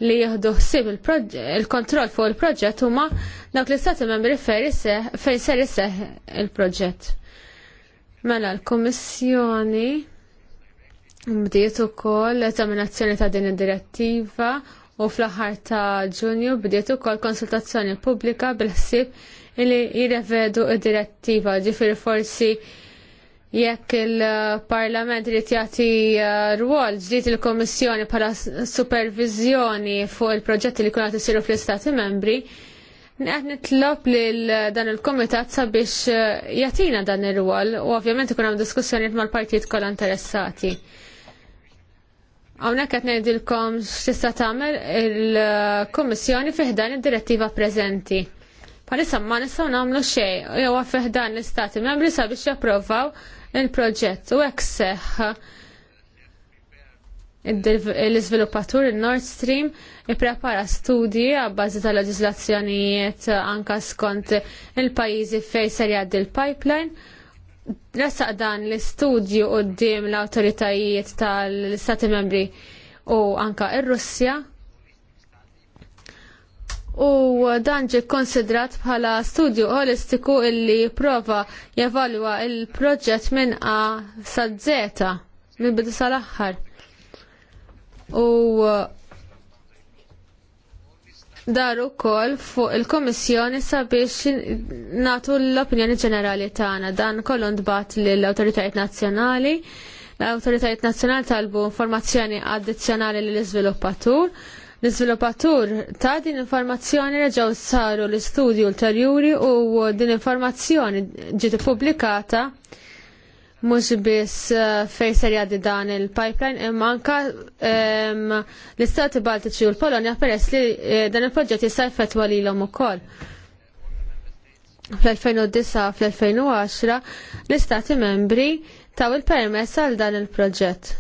li jieħdu ħsieb il-kontroll fuq il-proġett huma dawk l-Istati membri fejn ser isseħ il-proġett. Mela l-Kummissjoni bdiet ukoll l-eżaminazzjoni ta' din id-direttiva u fl-aħħar ta' Ġunju bdiet ukoll konsultazzjoni pubblika bil-ħsieb Illi jirrevedu id-direttiva ġifir forsi jekk il-Parlament li jagħti eh, rwol ġdid il komissjoni bħala supervizjoni fuq il-proġetti li kunat isiru fl-Istati membri, Neħt nitlob li dan il-komitat sabiex eh, jatina dan ir-rwol u ovvjament ikun hemm diskussjonijiet mal-partijiet kollha interessati. Hawnhekk qed ngħidilkom x'tista' tagħmel il-Kummissjoni fih dan id-direttiva preżenti. Palissa ma nistaw namlu xej, jew għafih dan l-istati membri sabiex japprovaw il-proġett u hekk seħħ l-izviluppatur il-Nord Stream ipprepara studji għabbażi tal leġislazzjonijiet anka skont il-pajizi fej ser il pipeline Ressaq dan l-istudju d-dim l-autoritajiet tal istati membri u anka ir-Russja u dan ġie konsidrat bħala studju holistiku illi prova jevalwa il-proġett minn A sa Z minn bidu sal aħħar U uh, dar ukoll fuq il kummissjoni sabiex nagħtu l-opinjoni ġenerali tagħna dan kollu ndbat lill awtoritajiet nazzjonali l-autoritajiet nazzjonali talbu informazzjoni addizzjonali lill iżviluppatur L-izviluppatur ta' din informazzjoni reġaw saru l-istudju ulterjuri u din informazzjoni ġiet ippubblikata mhux biss eh, fejn se jgħaddi dan il-pipeline imma anke l-Istati Baltiċi u l-Polonja peress li eh, dan il-proġett jista' jfettwa lilhom ukoll. Fl-2009 fl-2010 l-Istati membri taw il-permess għal dan il-proġett.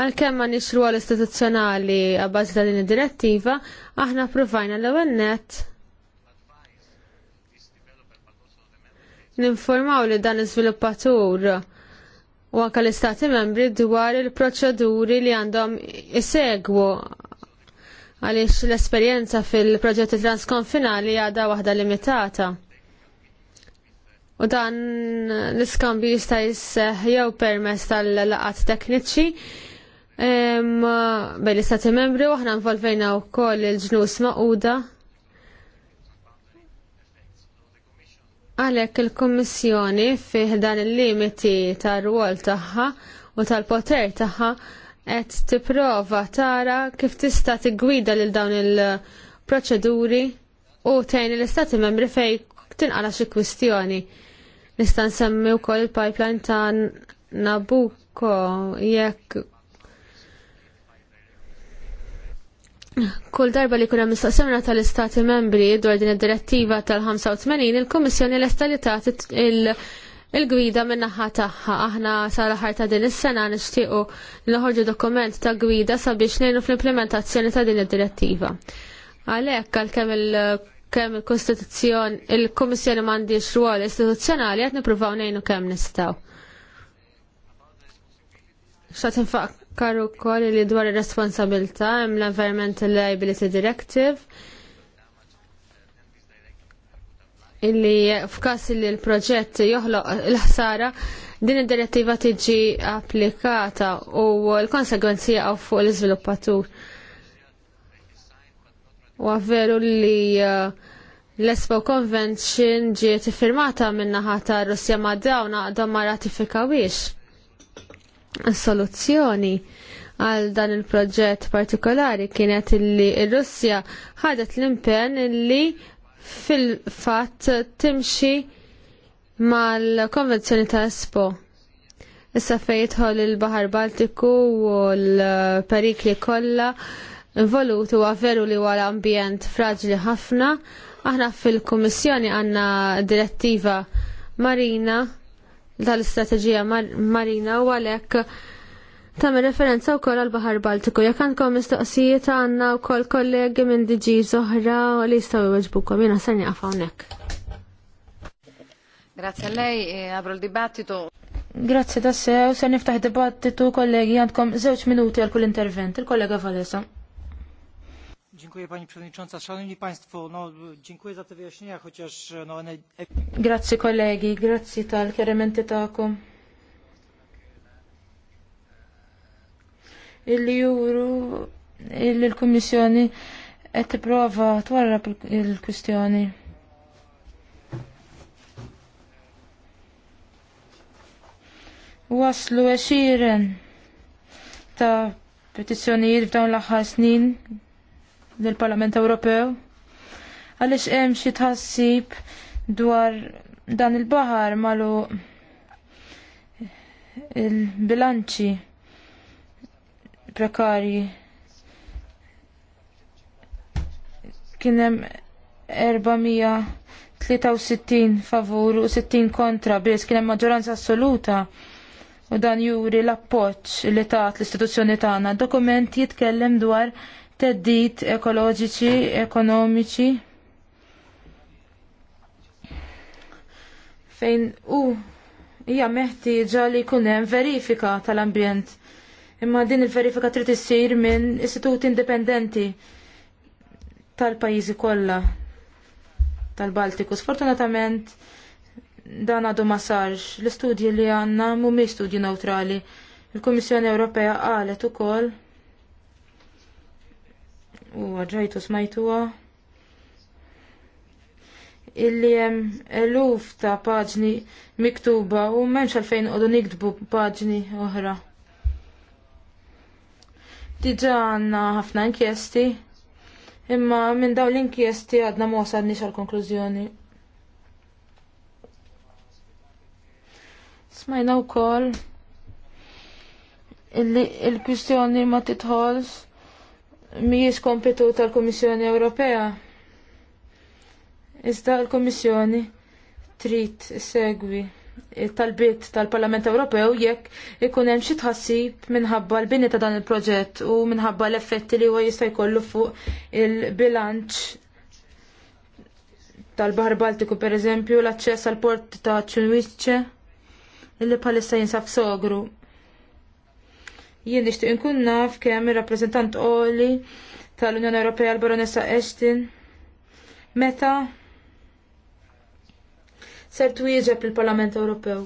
Għalkemm ma nix għal istituzzjonali għabbażi ta' din id-direttiva, aħna provajna l-ewwel net ninformaw li dan iżviluppatur u anke l-Istati membri dwar il-proċeduri li għandhom isegwu għaliex l-esperjenza fil-proġetti transkonfinali għadha waħda limitata. U dan l-iskambju jista' jisseħ jew permezz tal-laqat tekniċi bejn l-istati membri u aħna nvolvejna wkoll il-ġnus maquda. Għalhekk il-Kummissjoni fih dan il-limiti tar-rwol tagħha u tal-poter tagħha qed tipprova tara kif tista' tiggwida lil dawn il-proċeduri u tgħin l-istati membri fejn tinqala xi kwistjoni. Nista' nsemmi wkoll il-pipeline ta' Nabucco jekk Kull darba li kuna mistaqsimna tal-Istati membri dwar din id-direttiva tal-85 il kummissjoni l li tagħti il-gwida minn naħa tagħha. Aħna sal-aħħar ta' din is-sena nixtiequ noħorġu dokument ta' gwida sabiex ngħinu fl-implementazzjoni ta' din id-direttiva. Għalhekk għalkemm il- kemm il-Kostituzzjon, il-Kommissjoni m'għandix rwol istituzzjonali qed nippruvaw ngħinu kemm nistgħu. X'għad infaq Karu koll li dwar ir-responsabilità hemm l-Environmental Liability Directive illi f'każ li l-proġett joħloq l-ħsara din id-direttiva tiġi applikata u l-konsegwenzi għaw fuq l-iżviluppatur. U għavveru li uh, l-Espo Convention ġiet firmata minnaħa ta' Russja ma' dawna għadhom ma' ratifikawiex soluzzjoni għal dan il-proġett partikolari kienet li Russja ħadet l-impen li fil-fat timxi mal-konvenzjoni ta' Espo. Issa fejtħol il-Bahar Baltiku u l-perikli kollha involuti u veru li għal ambjent fragili ħafna. Aħna fil-Kummissjoni għandna direttiva marina dal-istrateġija marina u għalhekk tam referenza wkoll għall baħar Baltiku. Jek għandkom mistoqsijiet għandna wkoll kollegi minn diġi u li jistgħu jweġbukom jiena ser nieqaf hawnhekk. Grazie a lei, e apro il dibattito. Grazie da sew, se niftaħ dibattitu kollegi għandkom żewġ minuti għal kull intervent, il-kollega Valesa. Dziękuję Pani Przewodnicząca. Szanowni Państwo, no, dziękuję za te wyjaśnienia, chociaż... No, one... Grazie kolegi, grazie tal-kerimenti ta'kom. Illi juru, il l-Kommissjoni qed tipprova twarrab il-kwistjoni. Waslu għexieren ta' petizzjonijiet f'dawn l-aħħar snin nil parlament Ewropew għaliex hemm xi tħassib dwar dan il-baħar malu il-bilanċi prekarji kien hemm 463 favur u 60 kontra biss kien hemm maġġoranza assoluta u dan juri l-appoġġ li tat l-istituzzjoni tagħna. Dokument jitkellem dwar teddit ekoloġiċi, ekonomiċi. Fejn u hija meħtieġa li jkun hemm verifika tal-ambjent. Imma din il-verifika trid issir minn istituti indipendenti tal-pajjiżi kollha tal-Baltiku. Sfortunatament dan għadu ma sarx. L-istudji li għandna mhumiex studji neutrali. Il-Kummissjoni Ewropea qalet ukoll u għadġajtu smajtuwa illi jem eluf ta' paġni miktuba u menx għalfejn għodu niktbu paġni oħra. Diġa għanna ħafna inkjesti, imma minn daw l-inkjesti għadna mosad nix għal-konklużjoni. Smajna u koll illi il-kwistjoni ma titħolx mijiex kompetu tal-Kummissjoni Ewropea. Iżda l-Kummissjoni trid segwi tal-bit tal-Parlament Ewropew jekk ikun hemm xi tħassib minħabba l-bini ta' dan il-proġett u minħabba l-effetti li huwa jista' jkollu fuq il-bilanċ tal-Baħar Baltiku pereżempju l-aċċess għal port ta' Ċinwiċċe illi bħalissa jinsab sogru Jien nixtieq inkun naf kemm ir-rappreżentant qoli tal-Unjoni Ewropea l-Baronessa Ashton meta ser twieġeb il-Parlament Ewropew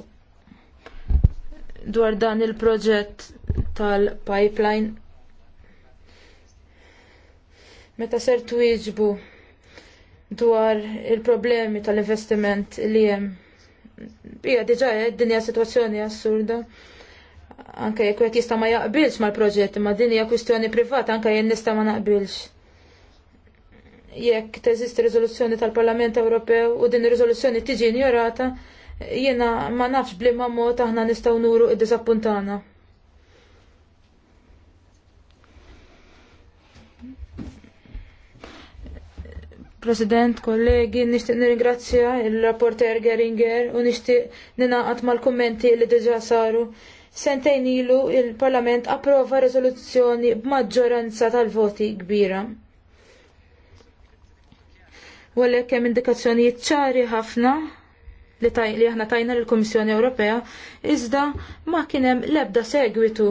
dwar dan il-proġett tal-pipeline. Meta ser twieġbu dwar il-problemi tal-investiment li hemm. Ija diġà eh, dinja sitwazzjoni assurda anke jekk qed jista' ma jaqbilx mal-proġett imma din hija kwistjoni privata anke jien nista' ma naqbilx. Jekk teżisti riżoluzzjoni tal-Parlament Ewropew u din ir-riżoluzzjoni tiġi injorata, jiena ma nafx bliema mod aħna nistgħu nuru d diżappuntana President, kollegi, nishtiq nirringrazzja il-rapporter Geringer u nishtiq ninaqat mal-kommenti li diġà saru Sentejn ilu il-Parlament approva rezoluzzjoni b'maġġoranza tal-voti kbira. U għalhekk hemm indikazzjonijiet ċari ħafna li, li aħna tajna lill-Kummissjoni Ewropea iżda ma kien hemm l-ebda segwitu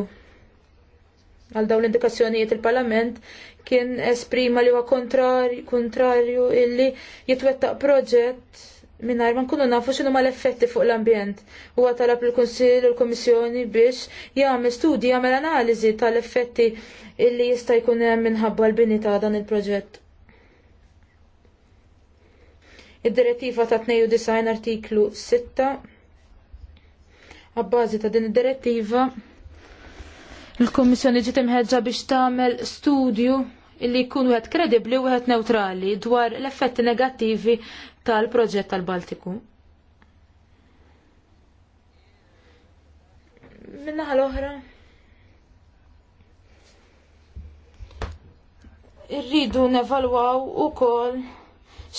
għal dawn l-indikazzjonijiet il-Parlament kien esprima li huwa kontrarju illi jitwettaq proġett minnar ma nkunu nafu xinu ma l-effetti fuq l-ambjent. Huwa talab il-Konsil u l-Komissjoni biex jagħmel studji jgħamil analiżi tal-effetti illi jista' jkun hemm minħabba l-bini ta' dan il-proġett. Id-direttiva ta' 92 artiklu 6 Abbażi ta' din id-direttiva il-Komissjoni ġiet imħeġġa biex tagħmel studju illi jkun wieħed kredibbli u wieħed neutrali dwar l-effetti negattivi tal-proġett tal-Baltiku. Minna l-oħra, irridu nevalwaw u kol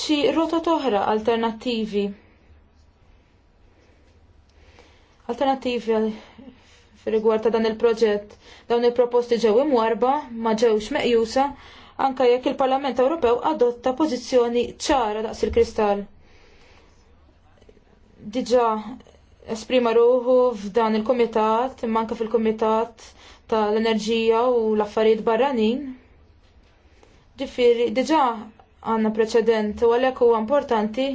xi rotot oħra alternativi. Alternativi fil-rigward ta' dan il-proġett, dawn il-proposti ġew imwarba ma ġewx meqjusa anke jekk il-Parlament Ewropew adotta pożizzjoni ċara daqs il-kristall. Diġà esprima ruħu f'dan il-Kumitat, imma anke fil-Kumitat tal-Enerġija u l-Affarijiet Barranin. Ġifieri diġà għandna preċedent u għalhekk huwa importanti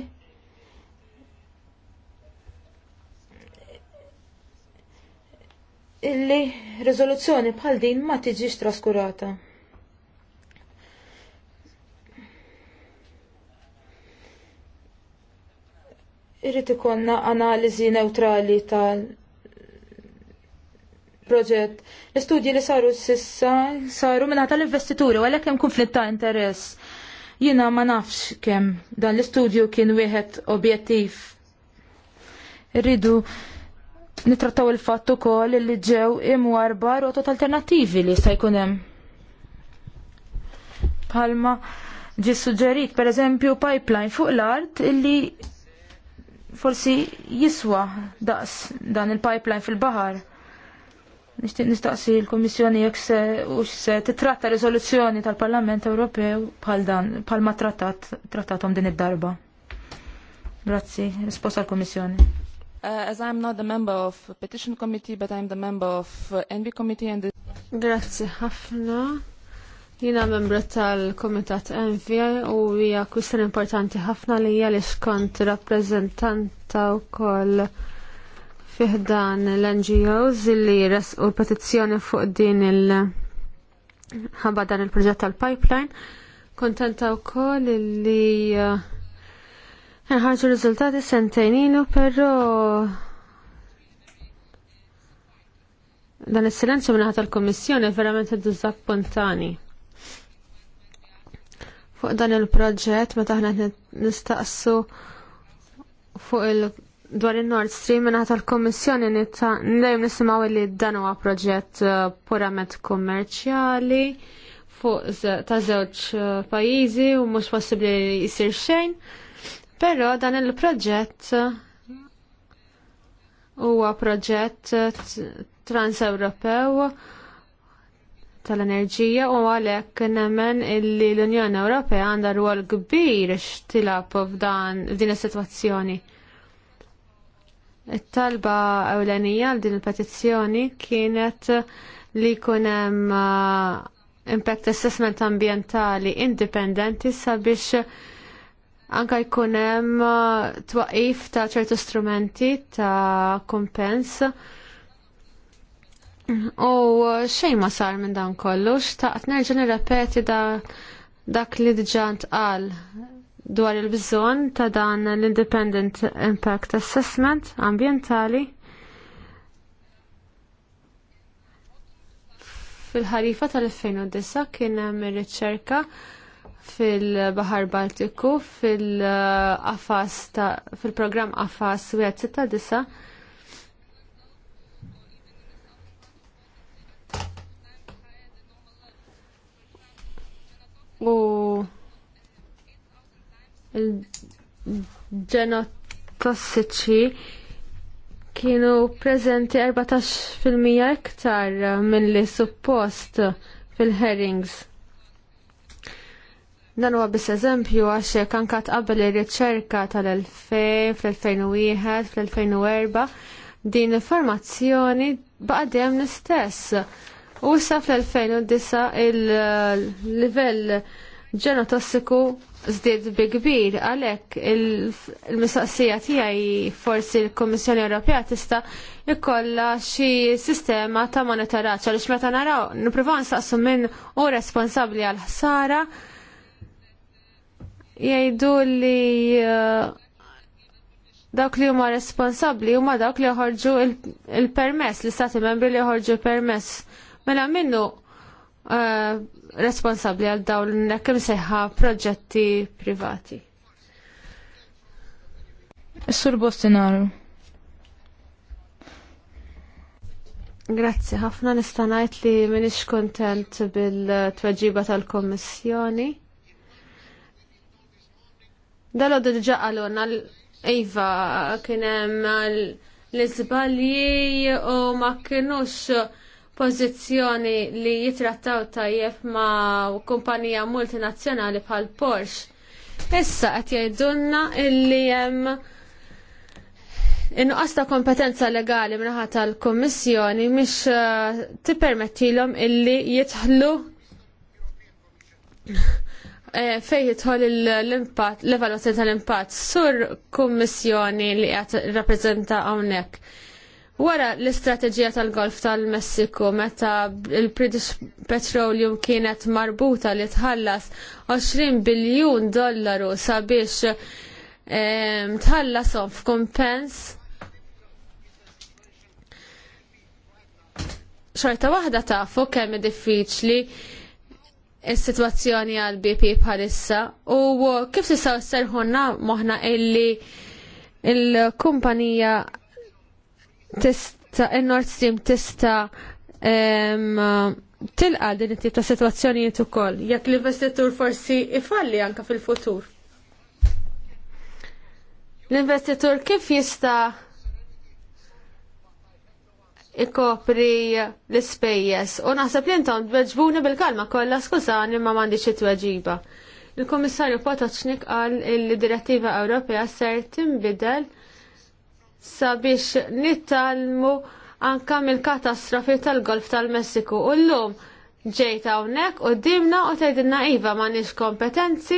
illi riżoluzzjoni bħal din ma tiġix traskurata. Irrit ikonna analiżi neutrali tal proġett. L-istudji li saru sissa saru minna tal-investituri u għalhekk hemm konflitt ta' interess. Jiena ma nafx kemm dan l-istudju kien wieħed objettiv. Irridu nitrattaw il-fatt ukoll li ġew imwarba rotot alternattivi li jista' jkun hemm. Palma ġi suġġerit pereżempju pipeline fuq l-art illi forsi jiswa daqs dan il-pipeline fil-bahar. Nishtiq nistaqsi l-Komissjoni jekk se u se titratta riżoluzzjoni tal-Parlament Ewropew bħal dan bħal ma trattat trattatom din id-darba. Grazzi, risposta l-Komissjoni. Uh, as I'm not the member of Petition Committee, but I'm the member of uh, Envy Committee and the... Grazie, ħafna. Jina membru tal-Komitat Envi u hija kwistjoni importanti ħafna li hija li skont rappreżentanta wkoll fiħdan l-NGOs li resqu petizzjoni fuq din il- ħabba dan il-proġett tal-pipeline. Kontenta wkoll li eh, nħarġu riżultati sentejn ilu, però dan is-silenzju minnaħat tal kummissjoni verament id fuq dan il-proġett meta aħna nistaqsu fuq il- dwar il-Nord Stream minna tal-Kommissjoni nidem nisimaw li dan huwa proġett uh, purament kommerċjali fuq ta' żewġ uh, pajjiżi u mhux possibbli li jsir xejn. Però dan il-proġett uh, huwa proġett transewropew tal-enerġija u għalhekk nemmen illi l-Unjoni Ewropea għandha rwol kbir x'tilab f'dan f'din is-sitwazzjoni. It-talba ewlenija għal din il-petizzjoni kienet li jkun hemm uh, impact assessment ambjentali indipendenti sabiex anka jkun hemm uh, twaqif ta' ċertu strumenti ta' kumpens U eh, xejn ma sar minn dan kollu, xtaqt nerġa' nirrepeti dak li diġà ntqal dwar il-bżonn ta' dan l-Independent Impact Assessment ambjentali. Fil-ħarifa tal-2009 kien hemm riċerka fil-Bahar Baltiku eh, fil-programm Afas wieħed sitta disa' u l-ġenotossiċi kienu prezenti 14% iktar mill-li suppost fil-herrings. Dan huwa biss eżempju għax anke qabel ir-riċerka tal-2000, fl-2001, fl-2004, din l-informazzjoni baqgħet dejjem l-istess U sa fl-2009 il-livell ġenotossiku tossiku bi kbir għalhekk il-mistaqsija tiegħi forsi l-Kummissjoni Ewropea tista' jikolla xi sistema ta' monitoraġġ għaliex meta naraw nippruvaw nistaqsu minn hu responsabbli għal ħsara jgħidu li uh, dawk li huma responsabbli huma dawk li joħorġu il-permess, l-istati membri li joħorġu il-permess mela minnu uh, responsabli għal dawn l-nekkem seħħa proġetti privati. Sur Bostinaru. Grazzi, ħafna nista' ngħid li minix kuntent bil-tweġiba tal-Kommissjoni. dal d diġa għaluna Iva kien hemm l-iżbalji u ma kienux pożizzjoni li jitrattaw tajjeb ma' kumpanija multinazzjonali bħal Porsche. Issa qed jgħidulna illi hemm Inqas ta' kompetenza legali minnaħa tal-Kommissjoni mhix eh, tippermettilhom illi jidħlu eh, fejn jidħol l-impatt, l-evalwazzjoni tal-impatt sur kummissjoni li qed rappreżenta hawnhekk. Wara l-istrateġija tal-Golf tal-Messiku meta l british Petroleum kienet marbuta li tħallas 20 biljun dollaru sabiex tħallasom f'kumpens. Xorta waħda fuq kemm diffiċli is-sitwazzjoni għal BP bħalissa u kif tistgħu sserħunna moħna illi il-kumpanija il kumpanija tista il-Nord Stream tista tilqa din it-tip ta' situazzjonijiet ukoll jekk l-investitur forsi ifalli anka fil-futur. L-investitur kif jista' ikopri l-ispejjeż u naħseb li intom tweġbuni bil-kalma kollha skużani ma m'għandix it-tweġiba. Il-Kummissarju Potoċnik qal il-Direttiva Ewropea ser tinbidel sabiex nittalmu anka mill-katastrofi tal-Golf tal-Messiku u llum ġejta hawnhekk u dimna u tgħidilna iva m'għandniex kompetenzi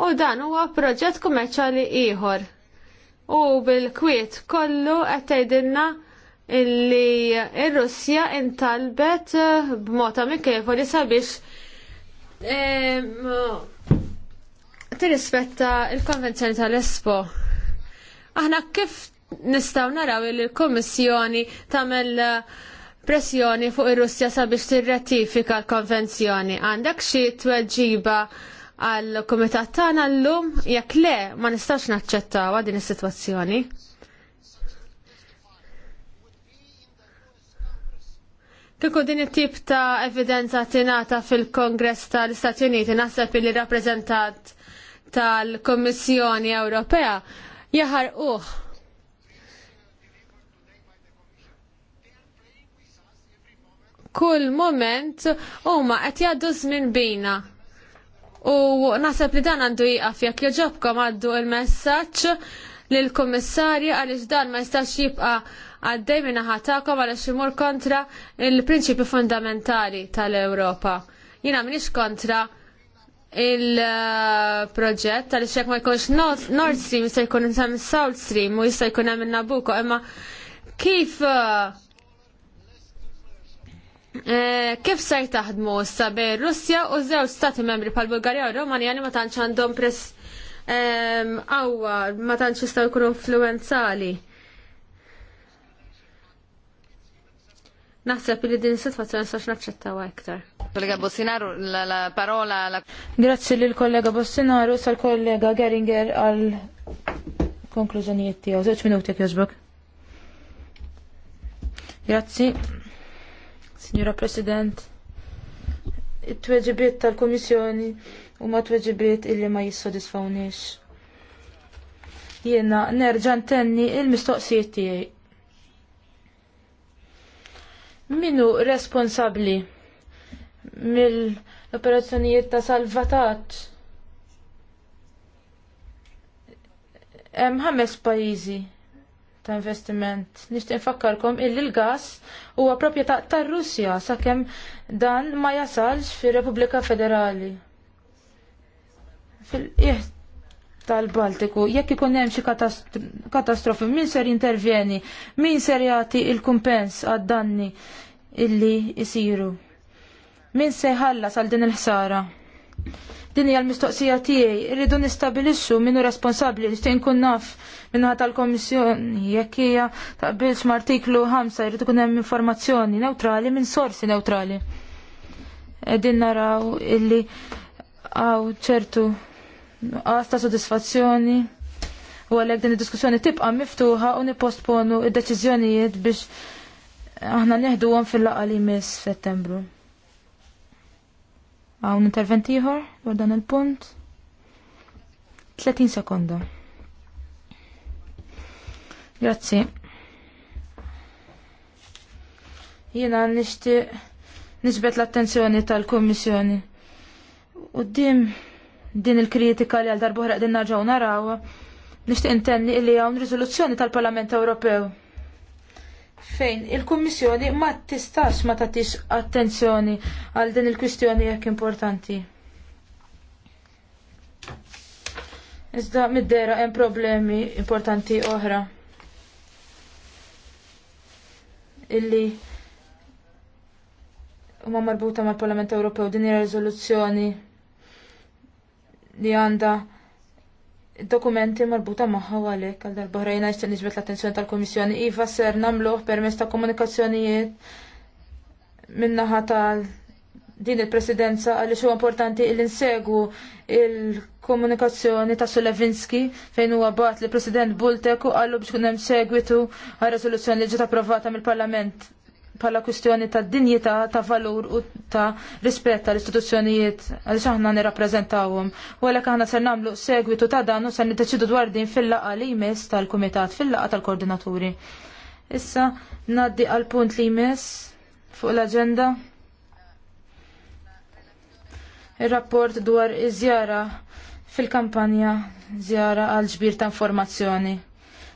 u dan huwa proġett kummerċjali ieħor. U bil-kwiet kollu qed tgħidilna illi il-Russja intalbet eh, b'mod amikevoli sabiex eh, tirrispetta il-konvenzjoni tal-Espo. Aħna kif nistaw naraw li l tamel tagħmel eh, pressjoni fuq ir-Russja sabiex tirratifika l-konvenzjoni. Għandek xi tweġiba għal kumitat tagħna llum jekk le ma nistax naċċettaw din is-sitwazzjoni. Kieku din it-tip ta' evidenza tingħata fil-Kongress tal-Istati Uniti naħseb li rappreżentat tal-Kommissjoni Ewropea jaħarquh kull moment huma qed jgħaddu żmien bina. U naħseb li dan għandu jieqaf jekk joġobkom għaddu il-messaġġ lill kummissarju għaliex dan ma jistax jibqa' għaddej minna ħatakom għaliex imur kontra il-prinċipi fundamentali tal-Ewropa. Jina minix kontra il-proġett għaliex jekk ma jkunx Nord Stream jista' jkun South Stream u jista' jkun hemm il Nabucco, imma kif uh, Eh, kif ser taħdmu issa bejn Russja u żewġ stati membri pal bulgarija u Romani li ma tantx għandhom press qawwa ehm, ma tantx jistgħu jkunu influenzali. Naħseb li din is-sitwazzjoni sax naċċettaw iktar. Kollega Bossinaru, la parola la... Grazzi lil kollega Bossinaru sal kollega Geringer għal konklużjonijiet tiegħu. Żewġ minuti jekk jogħġbok. Grazzi. Signora President, it-tweġibiet tal-Komissjoni u ma tweġibiet illi ma jissodisfawnix. Jiena nerġa' ntenni il-mistoqsijiet tiegħi. Minu responsabbli mill-operazzjonijiet ta' salvataġġ? Hemm ħames pajjiżi ta' investiment. Nishti infakkarkom illi l-gas huwa proprjetà tar-Russja sakemm dan ma jasalx fir-Repubblika Federali. fil tal-Baltiku, jekk ikun hemm xi katastrofi, min ser intervjeni, min ser jagħti il-kumpens għad-danni illi jsiru. Min se ħallas għal din il-ħsara? Din hija l-mistoqsija tiegħi, irridu nistabilixxu minnu responsabbli stejn kun naf minnaħa tal-Kommissjoni jekk hija taqbilx mal-artiklu 5 jrid ikun hemm informazzjoni neutrali minn sorsi neutrali. Qegħdin naraw illi għaw ċertu nuqqas ta' sodisfazzjoni u għalhekk din id-diskussjoni tibqa' miftuħa u nipostponu id-deċiżjonijiet biex aħna neħduhom fil-laqgħa li jmiss Settembru. Għawn intervent ieħor dwar dan il-punt. 30 sekonda. Grazzi. Jiena nixtieq nisbet l-attenzjoni tal-Kummissjoni. U dim din il-kritika li għal darbuħra din narġaw naraw, nixtieq intenni li hawn riżoluzzjoni tal-Parlament Ewropew fejn il-Kummissjoni ma tistax ma tagħtix attenzjoni għal din il-kwistjoni jekk importanti. Iżda middera hemm problemi importanti oħra. Illi huma marbuta mal-Parlament Ewropew din ir-riżoluzzjoni li għandha dokumenti marbuta maħħa għalek għal darba ħrajna jistan iġbet l-attenzjoni tal-Komissjoni. Iva ser namluħ permess ta' komunikazzjonijiet minnaħa tal din il-presidenza għalli xo importanti il-insegu il-komunikazzjoni ta' Solevinski fejn huwa bat li president Bultek u għallu biex kunem segwitu għal rezoluzzjoni li ġiet approvata mill-Parlament pala kwistjoni ta' dinjità ta' valur u ta' rispett tal istituzzjonijiet għaliex aħna nirrappreżentawhom. U għalhekk aħna ser nagħmlu segwitu ta' dan u ser niddeċidu dwar din fil-laqgħa li jmiss tal-kumitat fil-laqgħa tal-koordinaturi. Issa ngħaddi għal punt li jmiss fuq l-aġenda. Ir-rapport dwar iż-żjara fil-kampanja żjara għal ġbir ta' informazzjoni.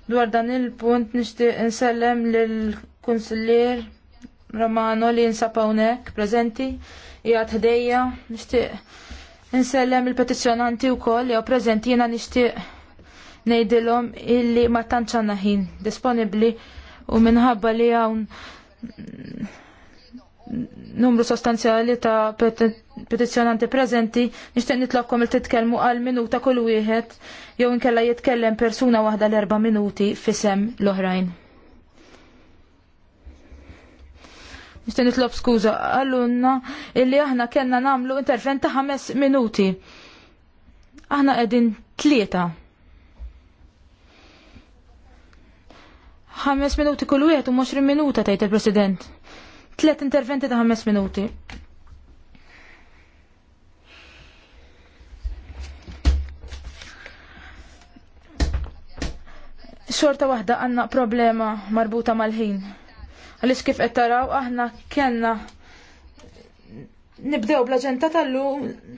Dwar dan il-punt nixtieq insellem lill-Kunsillier Romano li nsab hawnhekk prezenti jgħat ħdejja nixtieq insellem il-petizzjonanti wkoll jew prezenti jiena nixtieq ngħidilhom illi ma tantx għandna ħin disponibbli u minħabba li hawn numru sostanzjali ta' petizzjonanti prezenti, nixtieq nitlokkom il titkelmu għal minuta kull wieħed jew nkella jitkellem persuna waħda l-erba' minuti fisem l-oħrajn. nixtieq nitlob skuża għallunna illi aħna kellna nagħmlu intervent ta' ħames minuti. Aħna qegħdin tlieta. Ħames minuti kull wieħed u 20 minuta tgħid il-President. Tliet interventi ta' ħames minuti. xorta waħda għanna problema marbuta mal-ħin. Għaliex kif qed taraw aħna kellna nibdew bl-aġenda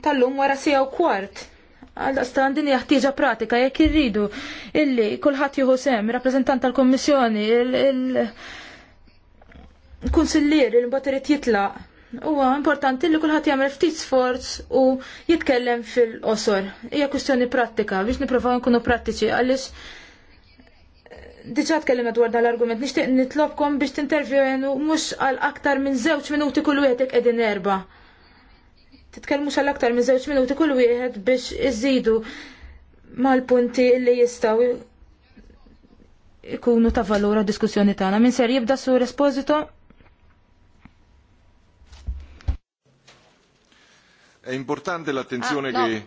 tal-lum wara sija u kwart. Għal-dastan din jaħtieġa pratika jekk irridu illi kulħadd jieħu sem, rappreżentant tal-Kommissjoni, il-Kunsillier il mbagħad irid jitlaq. Huwa importanti li kulħadd jagħmel ftit sforz u jitkellem fil-qosor. Hija kwistjoni pratika biex niprofaw nkunu prattiċi għaliex diġa tkellimna dwar dal-argument, nixtieq nitlobkom biex t-intervjenu mhux għal aktar minn żewġ minuti kull wieħed qegħdin erba. Titkellmux għal aktar minn zewċ minuti kull wieħed biex iżidu mal-punti li jistgħu ikunu ta' valura diskussjoni tagħna. Min ser jibda sur esposito? È importante ah, l'attenzione ah, no. che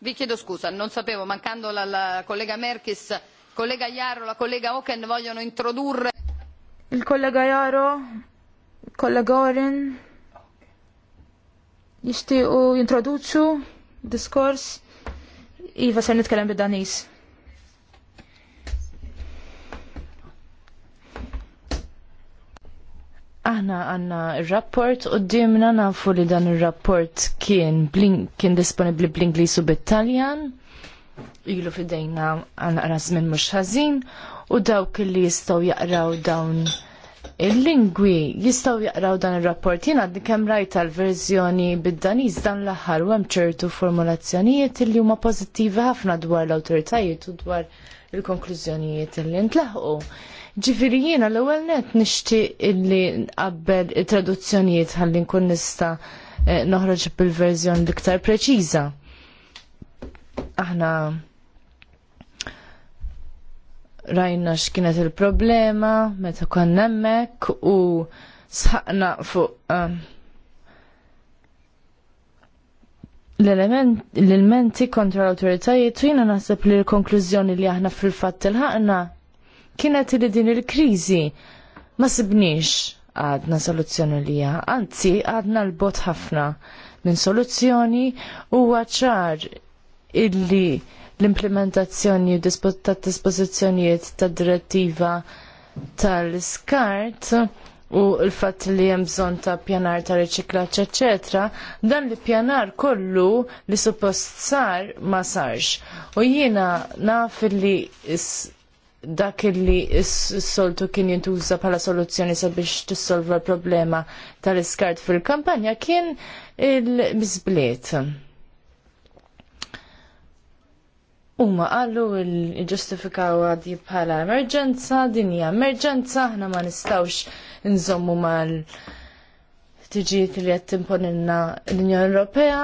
Vi chiedo scusa, non sapevo, mancando la, la collega Merkis, collega Iaro, la collega Oken vogliono introdurre. Il collega Iaro, il collega Oren, jishtiqu jintroduċu discorso, Iva, ser nitkellem bid-Danis. Aħna għanna rapport u dimna nafu li dan il-rapport kien, kien disponibli bl-Inglis u bit-Taljan. Ilu fidejna għanna għras minn mux ħazin u dawk li jistaw jaqraw dawn il-lingwi jistaw jaqraw dan il-rapport jina għaddi kem rajt l verżjoni bid daniz dan l-aħħar u hemm ċertu formulazzjonijiet li huma pożittivi ħafna dwar l-awtoritajiet u dwar il-konklużjonijiet li ntlaħqu. Ġifiri jiena l-ewwel net nishti illi nqabbel traduzzjonijiet ħalli nkun nista' eh, noħroġ bil-verżjoni l-iktar preċiża. Aħna rajna x'kienet il-problema meta konna hemmhekk u sħaqna fuq eh, l-elementi kontra l-autoritajiet u jina naħseb li l-konklużjoni li aħna fil-fatt il-ħakna kienet li din il-kriżi ma sibniex għadna soluzzjoni li hija, anzi għadna l-bot ħafna minn soluzzjoni u ċar illi l-implementazzjoni u tat-dispożizzjonijiet tad-direttiva tal-skart u l-fatt li hemm bżonn ta' pjanar ta' riċiklaġġ eċetera, dan li pjanar kollu li suppost sar ma sarx. U jiena naf li dak illi s-soltu kien jintuża bħala soluzzjoni sabiex tissolva l-problema tal-iskart fil-kampanja kien il-bizbliet. Uma għallu il-ġustifikaw għadji bħala emerġenza, dinja emerġenza, ħna ma nistawx nżommu mal tiġiet li għed l-Unjoni Ewropea,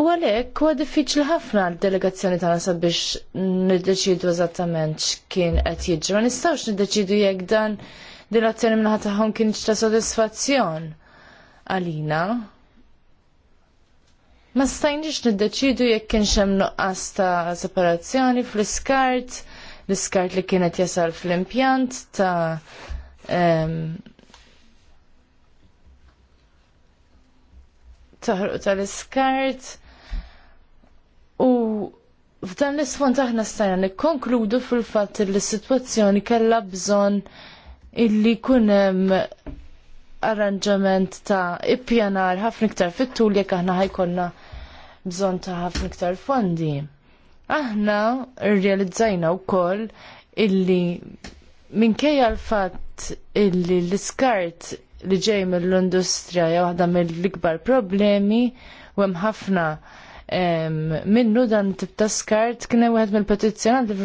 U għalhekk huwa diffiċli ħafna l delegazzjoni tagħna sabiex niddeċidu eżattament x'kien qed jiġri. Ma nistgħux niddeċidu jekk dan dil-azzjoni minnaħa tagħhom kienx ta' sodisfazzjon għalina. Ma stajniex niddeċidu jekk kienx hemm nuqqas ta' separazzjoni fl-iskart, l-iskart li kienet jasal fl-impjant ta' taħruq tal-iskart U f'dan l-isfond aħna stajna nikkonkludu fil-fatt li s-sitwazzjoni kellha bżonn illi kunem arranġament ta' ippjanar ħafna iktar fit-tul jekk aħna ħajkonna bżonn ta' ħafna iktar fondi. Aħna rrealizzajna wkoll illi minkejja l-fatt illi l-iskart li ġej mill-industrija jew waħda mill-ikbar problemi u hemm ħafna minnu dan tip ta' skart kien hemm mill-petizzjonanti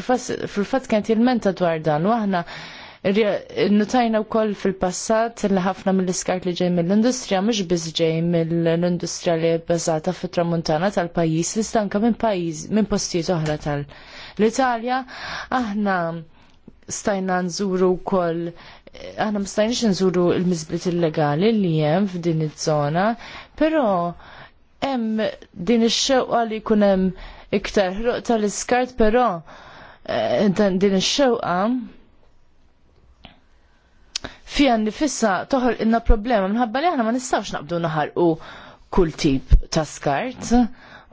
fil-fatt kien menta dwar dan u aħna Nutajna wkoll fil-passat li ħafna mill-iskart li ġej mill-industrija mhux biss ġej mill-industrija li bbażata fit-tramuntana tal-pajjiż li stanka minn pajjiż minn postijiet oħra tal-Italja. Aħna stajna nżuru wkoll aħna ma stajniex nżuru l-miżbliet illegali li hemm f'din iż-żona, però hemm din ix-xewqa li jkun hemm iktar ħruq tal-iskart però eh, din ix-xewqa fija nifissa toħol inna problema minħabba li aħna ma nistawx naqbdu u kull tip ta' skart.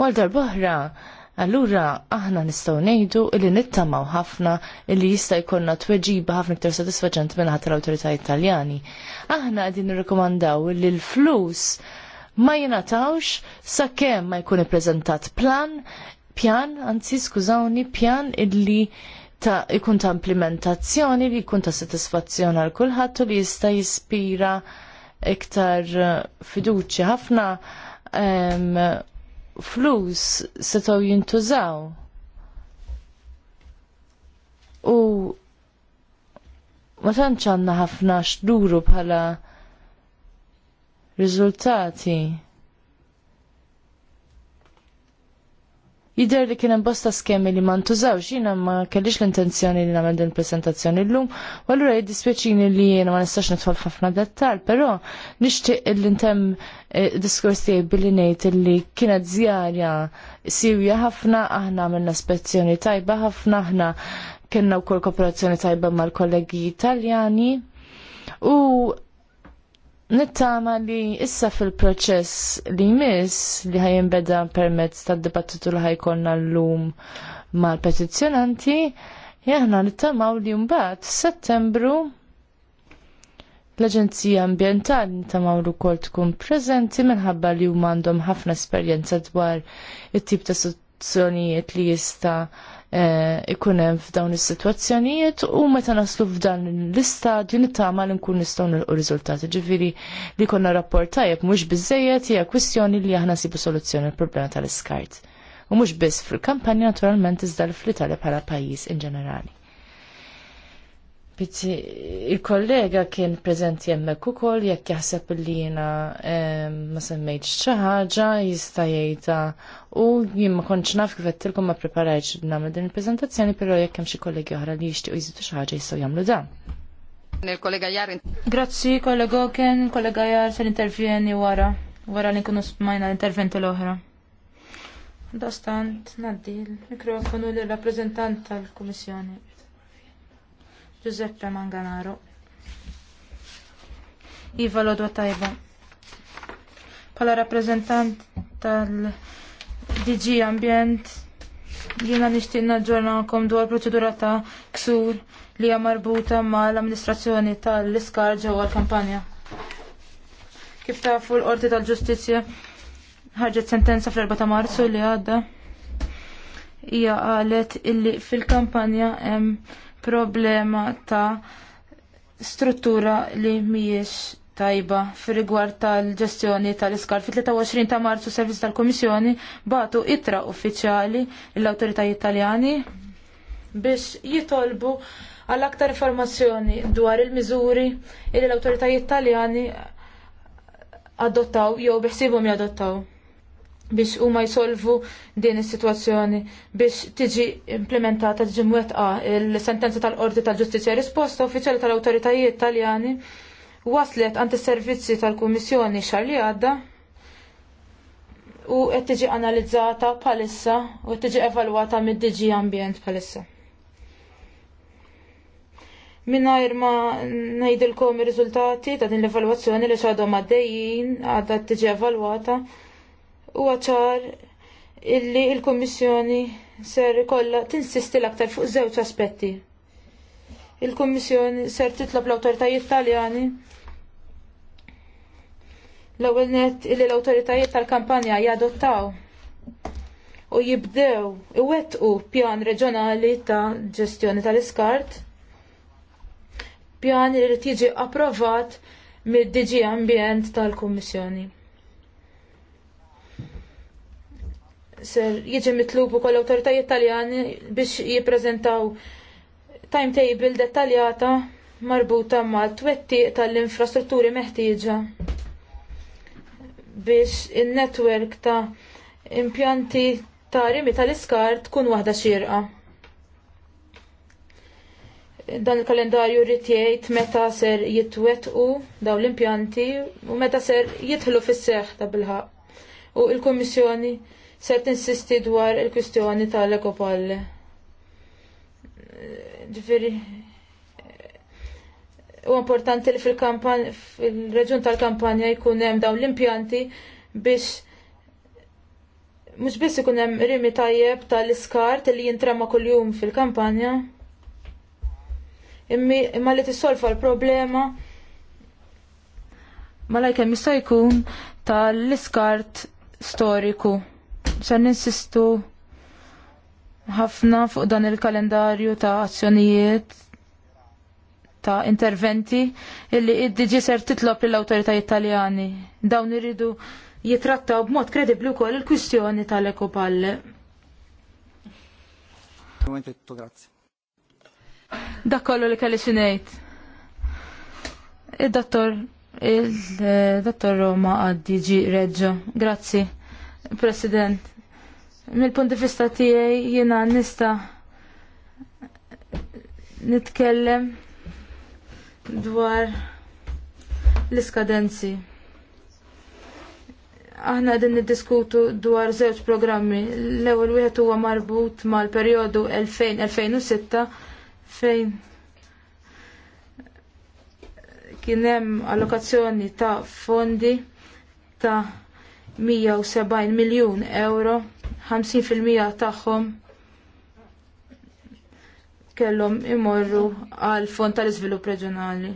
Għal boħra, allura aħna nistaw nejdu illi nittamaw ħafna illi jista' jkollna tweġiba ħafna iktar sodisfaċenti minn ħadd l awtorità Italjani. Aħna qegħdin nirrekomandaw li l-flus ma jingħatawx sakemm ma jkun ippreżentat plan, pjan, anzi skużawni, pjan illi ta' ikun ta' implementazzjoni li jkun ta' satisfazzjon għal kulħadd u li jista' jispira iktar eh, fiduċi ħafna flus setgħu jintużaw. U ma tantx għandna ħafna xduru bħala riżultati. Jider li kienem bosta skemi li ma ntużawx, jina ma kellix l-intenzjoni li namel din prezentazzjoni l-lum, u għallura jiddispieċini li jina ma nistax nitfall ħafna dettal, pero nishtiq l-intem eh, diskorsi tiegħi billi ngħid li kienet zjarja siwja ħafna, aħna għamilna spezzjoni tajba ħafna, aħna kienna wkoll kooperazzjoni tajba mal-kollegi Italjani. U Nittama li issa fil-proċess li jmiss li beda permezz tad dibattitu li ħajkonna l-lum mal-petizjonanti, jahna nittamaw li mbagħad settembru l-Aġenzija Ambientali nittama li kol tkun preżenti minħabba li huma għandhom ħafna esperjenza dwar it-tip ta' soluzzjonijiet li jista' Eh, ikun hemm f'dawn is-sitwazzjonijiet u meta naslu f'dan l-istadju nittama li nkun nistgħu nilqu riżultati. ġifiri li konna rapport tajjeb mhux biżejjed hija kwistjoni li aħna sibu soluzzjoni l-problema tal-iskart. U mhux biss fil-kampanja naturalment iżda l-fli bħala pajjiż in ġenerali. Pizzi, il-kollega kien prezenti jemmek u jekk jaħseb li jena ma semmejt xaħġa, jista u jien ma konċ naf kif għettilkom ma preparajċ namlu din il-prezentazzjoni, pero jekk hemm xi kollegi oħra li jixtiequ u xi ħaġa jistaw jagħmlu dan. Il-kollega Jarin. Grazzi, kollega kien, kollega Jar se intervjeni wara, wara li nkunu smajna l-interventi l-oħra. Dostant, naddil, mikrofonu l-rappresentant tal-Kummissjoni. Giuseppe Manganaro. Iva Lodwa Tajba. Pala rappresentant tal-DG Ambient, jiena nixtieq kom dwar proċedura ta' ksur li hija marbuta mal-amministrazzjoni tal-iskar ġewwa l-kampanja. Kif tafu l-Qorti tal-Ġustizzja ħarġet sentenza fl-4 ta' Marzu li għadda hija qalet illi fil-kampanja hemm problema ta' struttura li mhijiex tajba fir rigward tal-ġestjoni tal-iskar. Fit-23 ta' marzu servizz tal-Komissjoni batu itra uffiċjali l-autoritajiet italjani biex jitolbu għal aktar informazzjoni dwar il-miżuri li l-autoritajiet italjani adottaw jew biħsibhom jadottaw biex huma jsolvu din is-sitwazzjoni biex tiġi implementata tiġi mwetqa il-sentenza tal-Qorti tal ġustizja risposta uffiċjali tal-awtoritajiet Taljani waslet għand is-servizzi tal-Kummissjoni xar li għadda u qed tiġi analizzata bħalissa u qed tiġi evalwata mid-DG Ambjent bħalissa. Minnajr ma ngħidilkom ir-riżultati ta' din l-evalwazzjoni li x'għadhom għaddejjin għadha tiġi evalwata huwa ċar illi l il kummissjoni ser kolla tinsisti l-aktar fuq żewġ aspetti. il kummissjoni ser titlob l-awtoritajiet Taljani l-ewwel nett illi l-awtoritajiet tal-kampanja jadottaw u jibdew iwettqu pjan reġjonali ta' ġestjoni tal-iskart. Pjan li jiġi approvat mid-DG Ambjent tal-Kummissjoni. ser jiġi mitlubu kol awtoritajiet taljani biex jiprezentaw timetable dettaljata marbuta ma' twettiq tal-infrastrutturi meħtieġa biex in-netwerk ta' impjanti ta' rimi tal-iskar tkun waħda xirqa. Dan il-kalendarju rrit jgħid meta ser jitwettqu daw l-impjanti u meta ser jidħlu fis-seħħ ta' bilħaq. U il-Kummissjoni il kummissjoni se tinsisti dwar il-kwistjoni tal-ekopalle. Ġifiri, u importanti li fil-kampanja, fil-reġun tal-kampanja jkun hemm dawn l-impjanti biex mhux biss ikun hemm rimi tajjeb tal-iskart li jintrema kuljum fil-kampanja. Imma li tissolfa l-problema ma lajkem jista' jkun tal-iskart storiku ser ninsistu ħafna fuq dan il-kalendarju ta' azzjonijiet ta' interventi illi id-diġi ser titlob lill awtorità italjani. Dawn iridu jitrattaw b'mod kredibli wkoll il-kwistjoni tal ekopalle Dakollu Dak kollu li kelli xinejt. il eh, dottor il-dottor Roma għad-DG Reġġo. Grazzi, President. Mill-punt di vista tiegħi jiena nista nitkellem dwar l-iskadenzi. Aħna qegħdin niddiskutu dwar żewġ programmi. L-ewwel wieħed huwa marbut mal-perjodu 2006 fejn kien hemm allokazzjoni ta' fondi ta' 170 miljun euro 50% tagħhom kellhom imorru għal fond tal-iżvilupp reġjonali.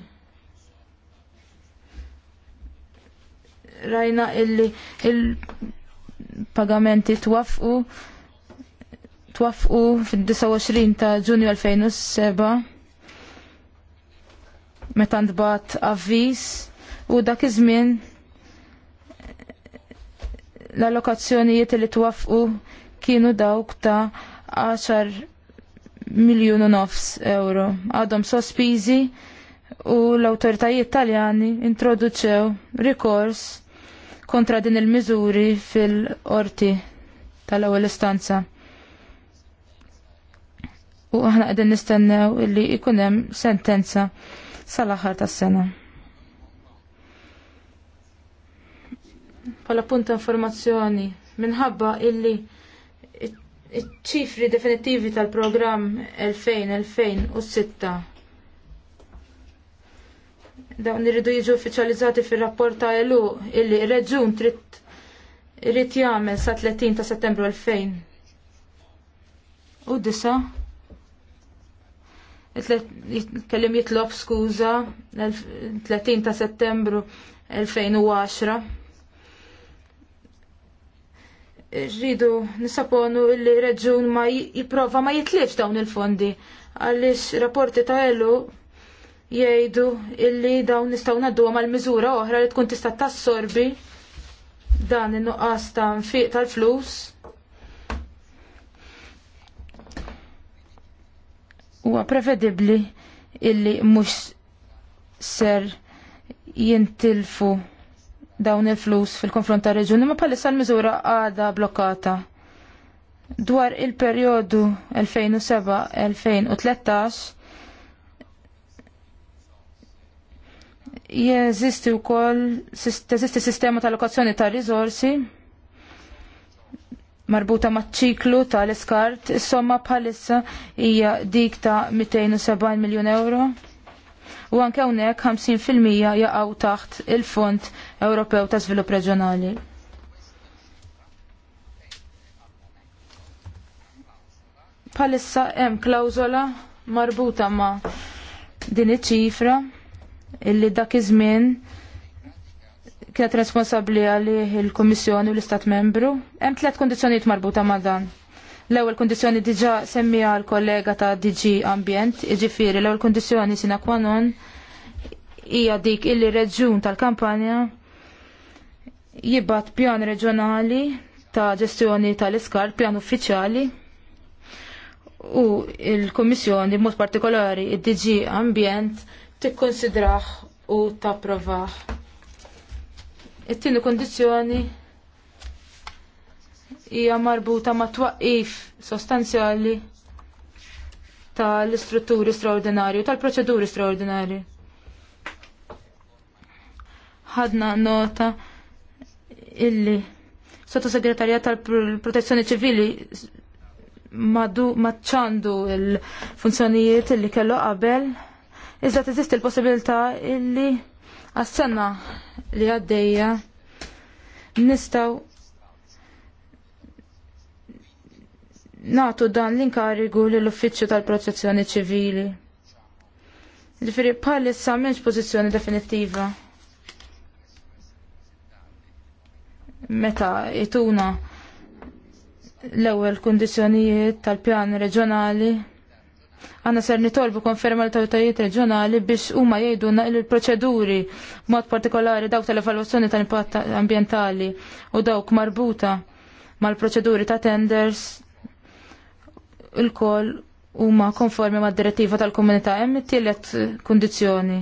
Rajna illi il-pagamenti twaffqu twaffqu fid-29 ta' Ġunju 2007 meta ntbagħat avviż u dak iż-żmien l-allokazzjonijiet li twaffqu kienu dawk ta' 10 miljun u nofs euro. Għadhom sospiżi u l-awtoritajiet taljani introduċew rikors kontra din il-miżuri fil-qorti tal-ewwel istanza. U aħna qegħdin nistennew illi jkun hemm sentenza sal-aħħar tas-sena. pala punta informazzjoni minħabba illi ċifri definittivi tal-programm 2000-2006 dawn iridu jiġu uffiċjalizzati fir-rapport ta' elu illi reġun trid irid jagħmel sa 30 ta' Settembru 2000 u disa kellim jitlob skuża 30 ta' Settembru 2010 rridu nisaponu li reġun ma jiprofa ma jitlifx dawn il-fondi għaliex rapporti ta' ellu jgħidu illi dawn nistgħu naddu għal miżura oħra li tkun tista' tassorbi dan in-nuqqas ta' nfiq tal-flus. Huwa prevedibbli illi mhux ser jintilfu dawn il-flus fil-konfront ta' reġuni ma palissa l-miżura għada blokkata. Dwar il-perjodu 2007-2013 jeżisti wkoll teżisti sistema ta' lokazzjoni ta' riżorsi marbuta maċ-ċiklu tal-iskart, is-somma bħalissa hija dik ta' 270 miljun euro u anke hawnhekk 50% jaqgħu taħt il-Fond Ewropew ta' Żvilupp Reġjonali. Palissa hemm klawżola marbuta ma' din iċ-ċifra illi dak iż-żmien kienet responsabbli għalih il-Kummissjoni u l-Istat Membru. Hemm tliet kundizzjonijiet marbuta ma' dan. L-ewwel kundizzjoni diġà semmiha l-kollega ta' DG Ambient, jiġifieri l-ewwel kundizzjoni sina qua non hija dik illi reġjun tal-kampanja jibgħat pjan reġjonali ta' ġestjoni tal-iskar, pjan uffiċjali u il-Kummissjoni b'mod partikolari id-DG Ambjent tikkonsidrah u tapprovah. It-tieni kundizzjoni hija marbuta ma' twaqqif sostanzjali tal-istrutturi straordinarju, tal-proċeduri straordinarji. Ħadna nota illi sottosegretarja tal-protezzjoni ċivili madu maċċandu il-funzjonijiet illi kellu qabel, iżda tiżist il-possibilità illi għas-sena li għaddejja nistaw natu dan l-inkarigu l-Uffiċċju tal-Protezzjoni Ċivili. Ġifieri bħalissa minx pożizzjoni definittiva. Meta jituna l-ewwel kundizzjonijiet tal-pjan reġjonali għanna ser nitolbu konferma l-autoritajiet reġjonali biex huma jgħidulna il-proċeduri mod partikolari dawk tal-evalwazzjoni tal-impatt ambjentali u dawk marbuta mal-proċeduri ta' tenders il-kol huma konformi mad direttiva tal-komunità hemm it-tielet kundizzjoni.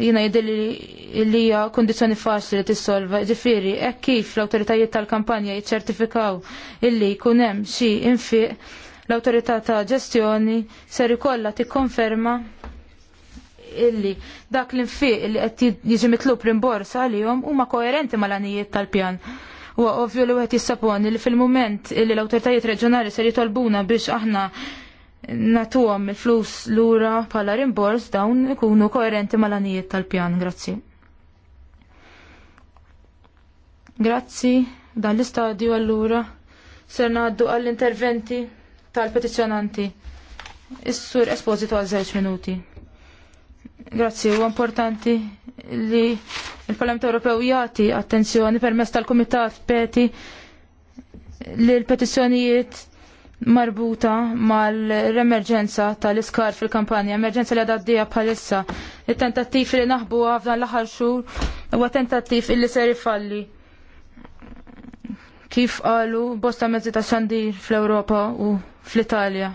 Jiena jidil li hija kundizzjoni faċli tissolva, ġifiri, hekk kif l-awtoritajiet tal-kampanja jiċċertifikaw illi jkun hemm xi infiq l-awtorità ta' ġestjoni ser ikollha tikkonferma illi dak l-infiq li qed jiġi mitlub rimborsa għalihom huma koerenti mal-għanijiet tal-pjan. Huwa ovvju li wieħed jissaponi li fil-mument li l-awtoritajiet reġjonali ser jitolbuna biex aħna natuhom il-flus lura bħala rimbors dawn ikunu koerenti mal-anijiet tal-pjan. Grazzi. Grazzi dan l-istadju allura ser ngħaddu għall-interventi tal-petizzjonanti. Is-sur esposito għal żewġ minuti. Grazzi, u importanti li il-Parlament Ewropew jagħti attenzjoni permezz tal-Kumitat Peti li l-petizzjonijiet marbuta mal-emerġenza tal-iskar fil-kampanja, emerġenza li għadaddija bħalissa. Il-tentattif li naħbu għafna l-aħħar xhur huwa tentattiv illi ser falli. Kif qalu bosta mezzi ta' xandir fl-Ewropa u fl-Italja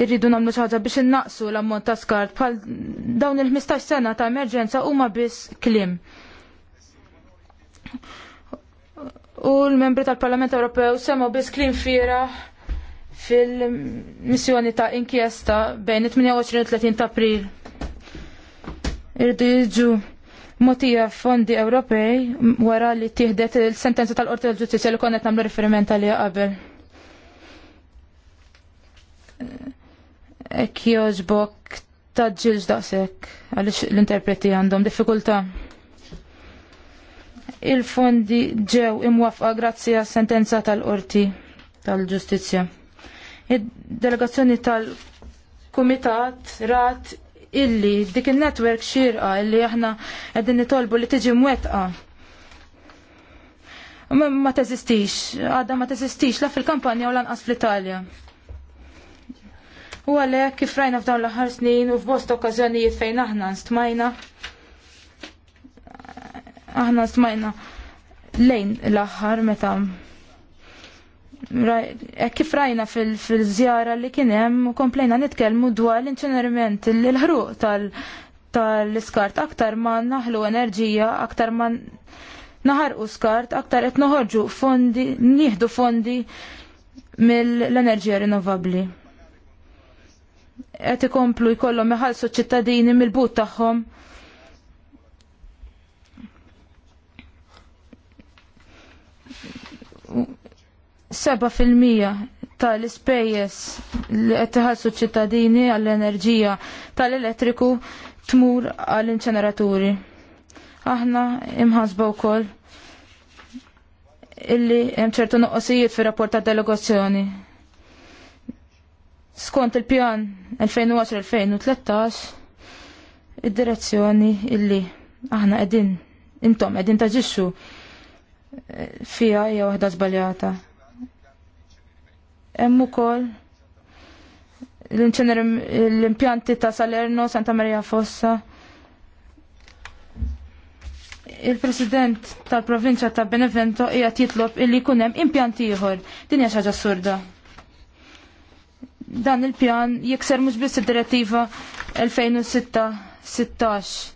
irridu nagħmlu xi ħaġa biex innaqsu l-ammont ta' skart bħal dawn il-15 sena ta' emerġenza huma biss klim. U l-membri tal-Parlament Ewropew semmu biss kliem fira fil-missjoni ta' inkjesta bejn 28-30 ta' april. Irridu jiġu motija fondi Ewropej wara li tieħdet il-sentenza tal-Qorti tal ġustizja li konna qed nagħmlu li għalija qabel kjoġbok taġġil daqsek għaliex l-interpreti għandhom diffikultà. Il-fondi ġew imwafqa grazzi għas sentenza tal-qorti tal-ġustizzja. Id-delegazzjoni tal-kumitat rat illi dik il-network xirqa illi aħna qegħdin nitolbu li tiġi mwettqa ma teżistix, għadha ma teżistix la fil-kampanja u lanqas fl-Italja. U għalhekk kif rajna f'dawn l-aħħar snin u f'bost okkażjonijiet fejn aħna stmajna aħna stmajna lejn l-aħħar meta eh, kif rajna fil-żjara li kien hemm komplejna nitkellmu dwar l inċenerment l-ħruq tal-iskart aktar ma naħlu enerġija, aktar ma naħarqu skart, aktar qed noħorġu fondi, nieħdu fondi mill-enerġija rinnovabbli qed ikomplu jkollhom iħallsu ċittadini mill-but tagħhom. Seba fil-mija tal-ispejjeż li qed iħallsu ċittadini għall-enerġija tal-elettriku tmur għall-inċeneraturi. Aħna imħasba wkoll illi hemm ċertu noqqosijiet fir-rapport ta' delegazzjoni skont il-pjan 2010-2013 id-direzzjoni illi aħna qegħdin intom qegħdin taġixxu eh, fija hija waħda żbaljata. Hemm ukoll l-impjanti ta' Salerno, Santa Maria Fossa. Il-President tal-Provinċja ta' Benevento qiegħed jitlob illi jkun hemm impjant ieħor. Din hija xi ħaġa assurda dan il-pjan jikser mhux biss id-direttiva 2016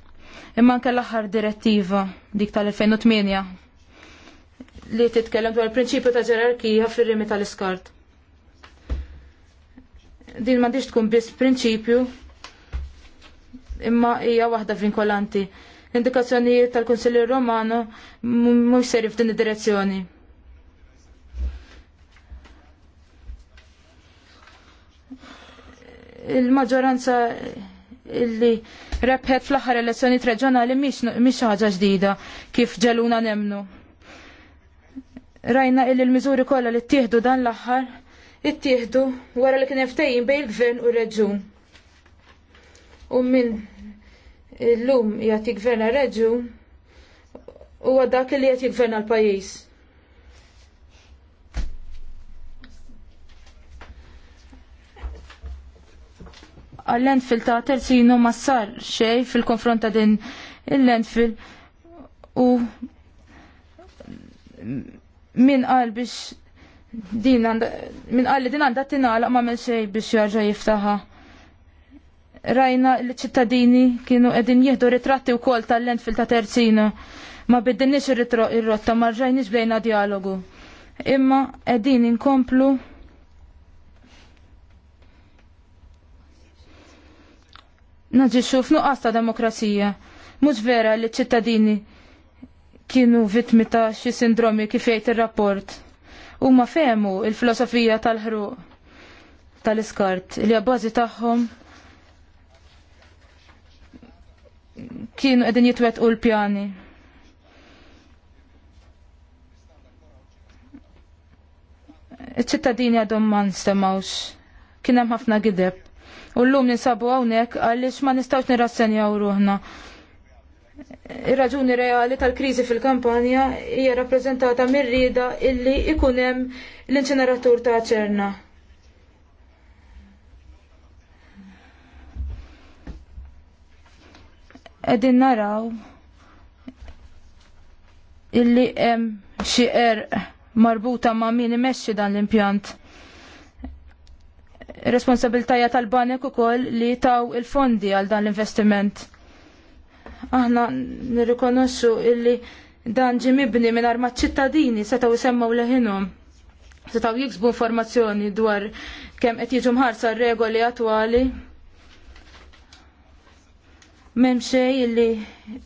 imma anke l-aħħar direttiva dik tal-2008 li titkellem dwar il-prinċipju ta' ġerarkija fir-rimi tal-iskart. Din m'għandix tkun biss prinċipju imma hija waħda vinkolanti. Indikazzjonijiet tal-Kunsilli Romano mhux seri f'din id-direzzjoni. il-maġġoranza illi rebħet fl-aħħar elezzjoni reġjonali mhix ħaġa ġdida kif ġeluna nemnu. Rajna illi l-miżuri kollha li ttieħdu dan l-aħħar ittieħdu wara li kien ftejjin bejn il-gvern u r-reġjun. U minn illum jagħti gvern għar-reġjun huwa dak li qed jigverna l-pajjiż. għall-landfill ta' terzino ma sar xej fil-konfront ta' din il-landfill u min qal biex din min qal li din għandha tingħalaq ma' xej biex jarġa' jiftaħa. Rajna l-ċittadini kienu qegħdin jieħdu ritratti wkoll tal-landfill ta' terzino ma biddinniex ir-rotta ma rġajnix bejna dialogu. Imma qegħdin inkomplu naġiċu f'nuqqas ta' demokrazija. Mux vera li ċittadini kienu vitmi ta' xi sindromi kif jgħid ir-rapport. Huma fehmu il-filosofija tal-ħruq tal-iskart li għabbażi tagħhom kienu qegħdin jitwettqu l-pjani. Iċ-ċittadini għadhom ma nstemawx. Kien hemm ħafna gideb u llum ninsabu hawnhekk għaliex ma nistgħux u ruħna. Ir-raġuni reali tal-kriżi fil-kampanja hija rappresentata mir-rieda illi ikunem hemm l-inċineratur ta' ċerna. Qegħdin naraw illi hemm xi er marbuta ma' min imexxi dan l-impjant responsabiltajja tal-banek ukoll li taw il-fondi għal dan l-investiment. Aħna nirrikonoxxu illi dan ġi mibni minn arma ċittadini setaw semmaw leħinhom. Setaw jiksbu informazzjoni dwar kemm qed jiġu mħarsa regoli attwali. M'hemm xej illi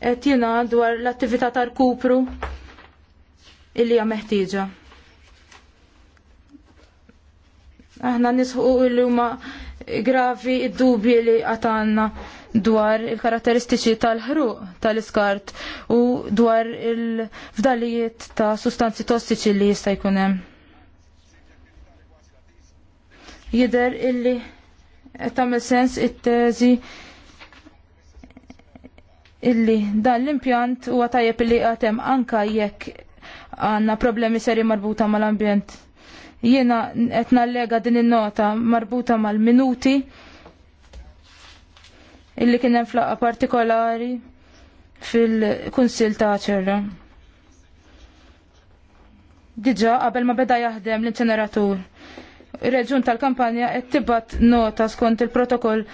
qed dwar l-attività tal-kupru illi hija meħtieġa. Aħna nisħu li huma gravi id-dubji li għatanna dwar il-karatteristiċi tal-ħruq tal-iskart u dwar il-fdalijiet ta' sustanzi tossiċi li jista' jkun hemm. Jider illi qed tagħmel sens it-teżi illi dan l-impjant huwa tajjeb li għatem anka jekk għandna problemi seri marbuta mal-ambjent. Jiena qed nallega din in-nota marbuta mal-minuti illi kien hemm partikolari fil-Kunsil ta' ċerra. Diġà qabel ma beda jaħdem l-inċeneratur. Ir-reġun tal-kampanja qed tibat nota skont il-protokoll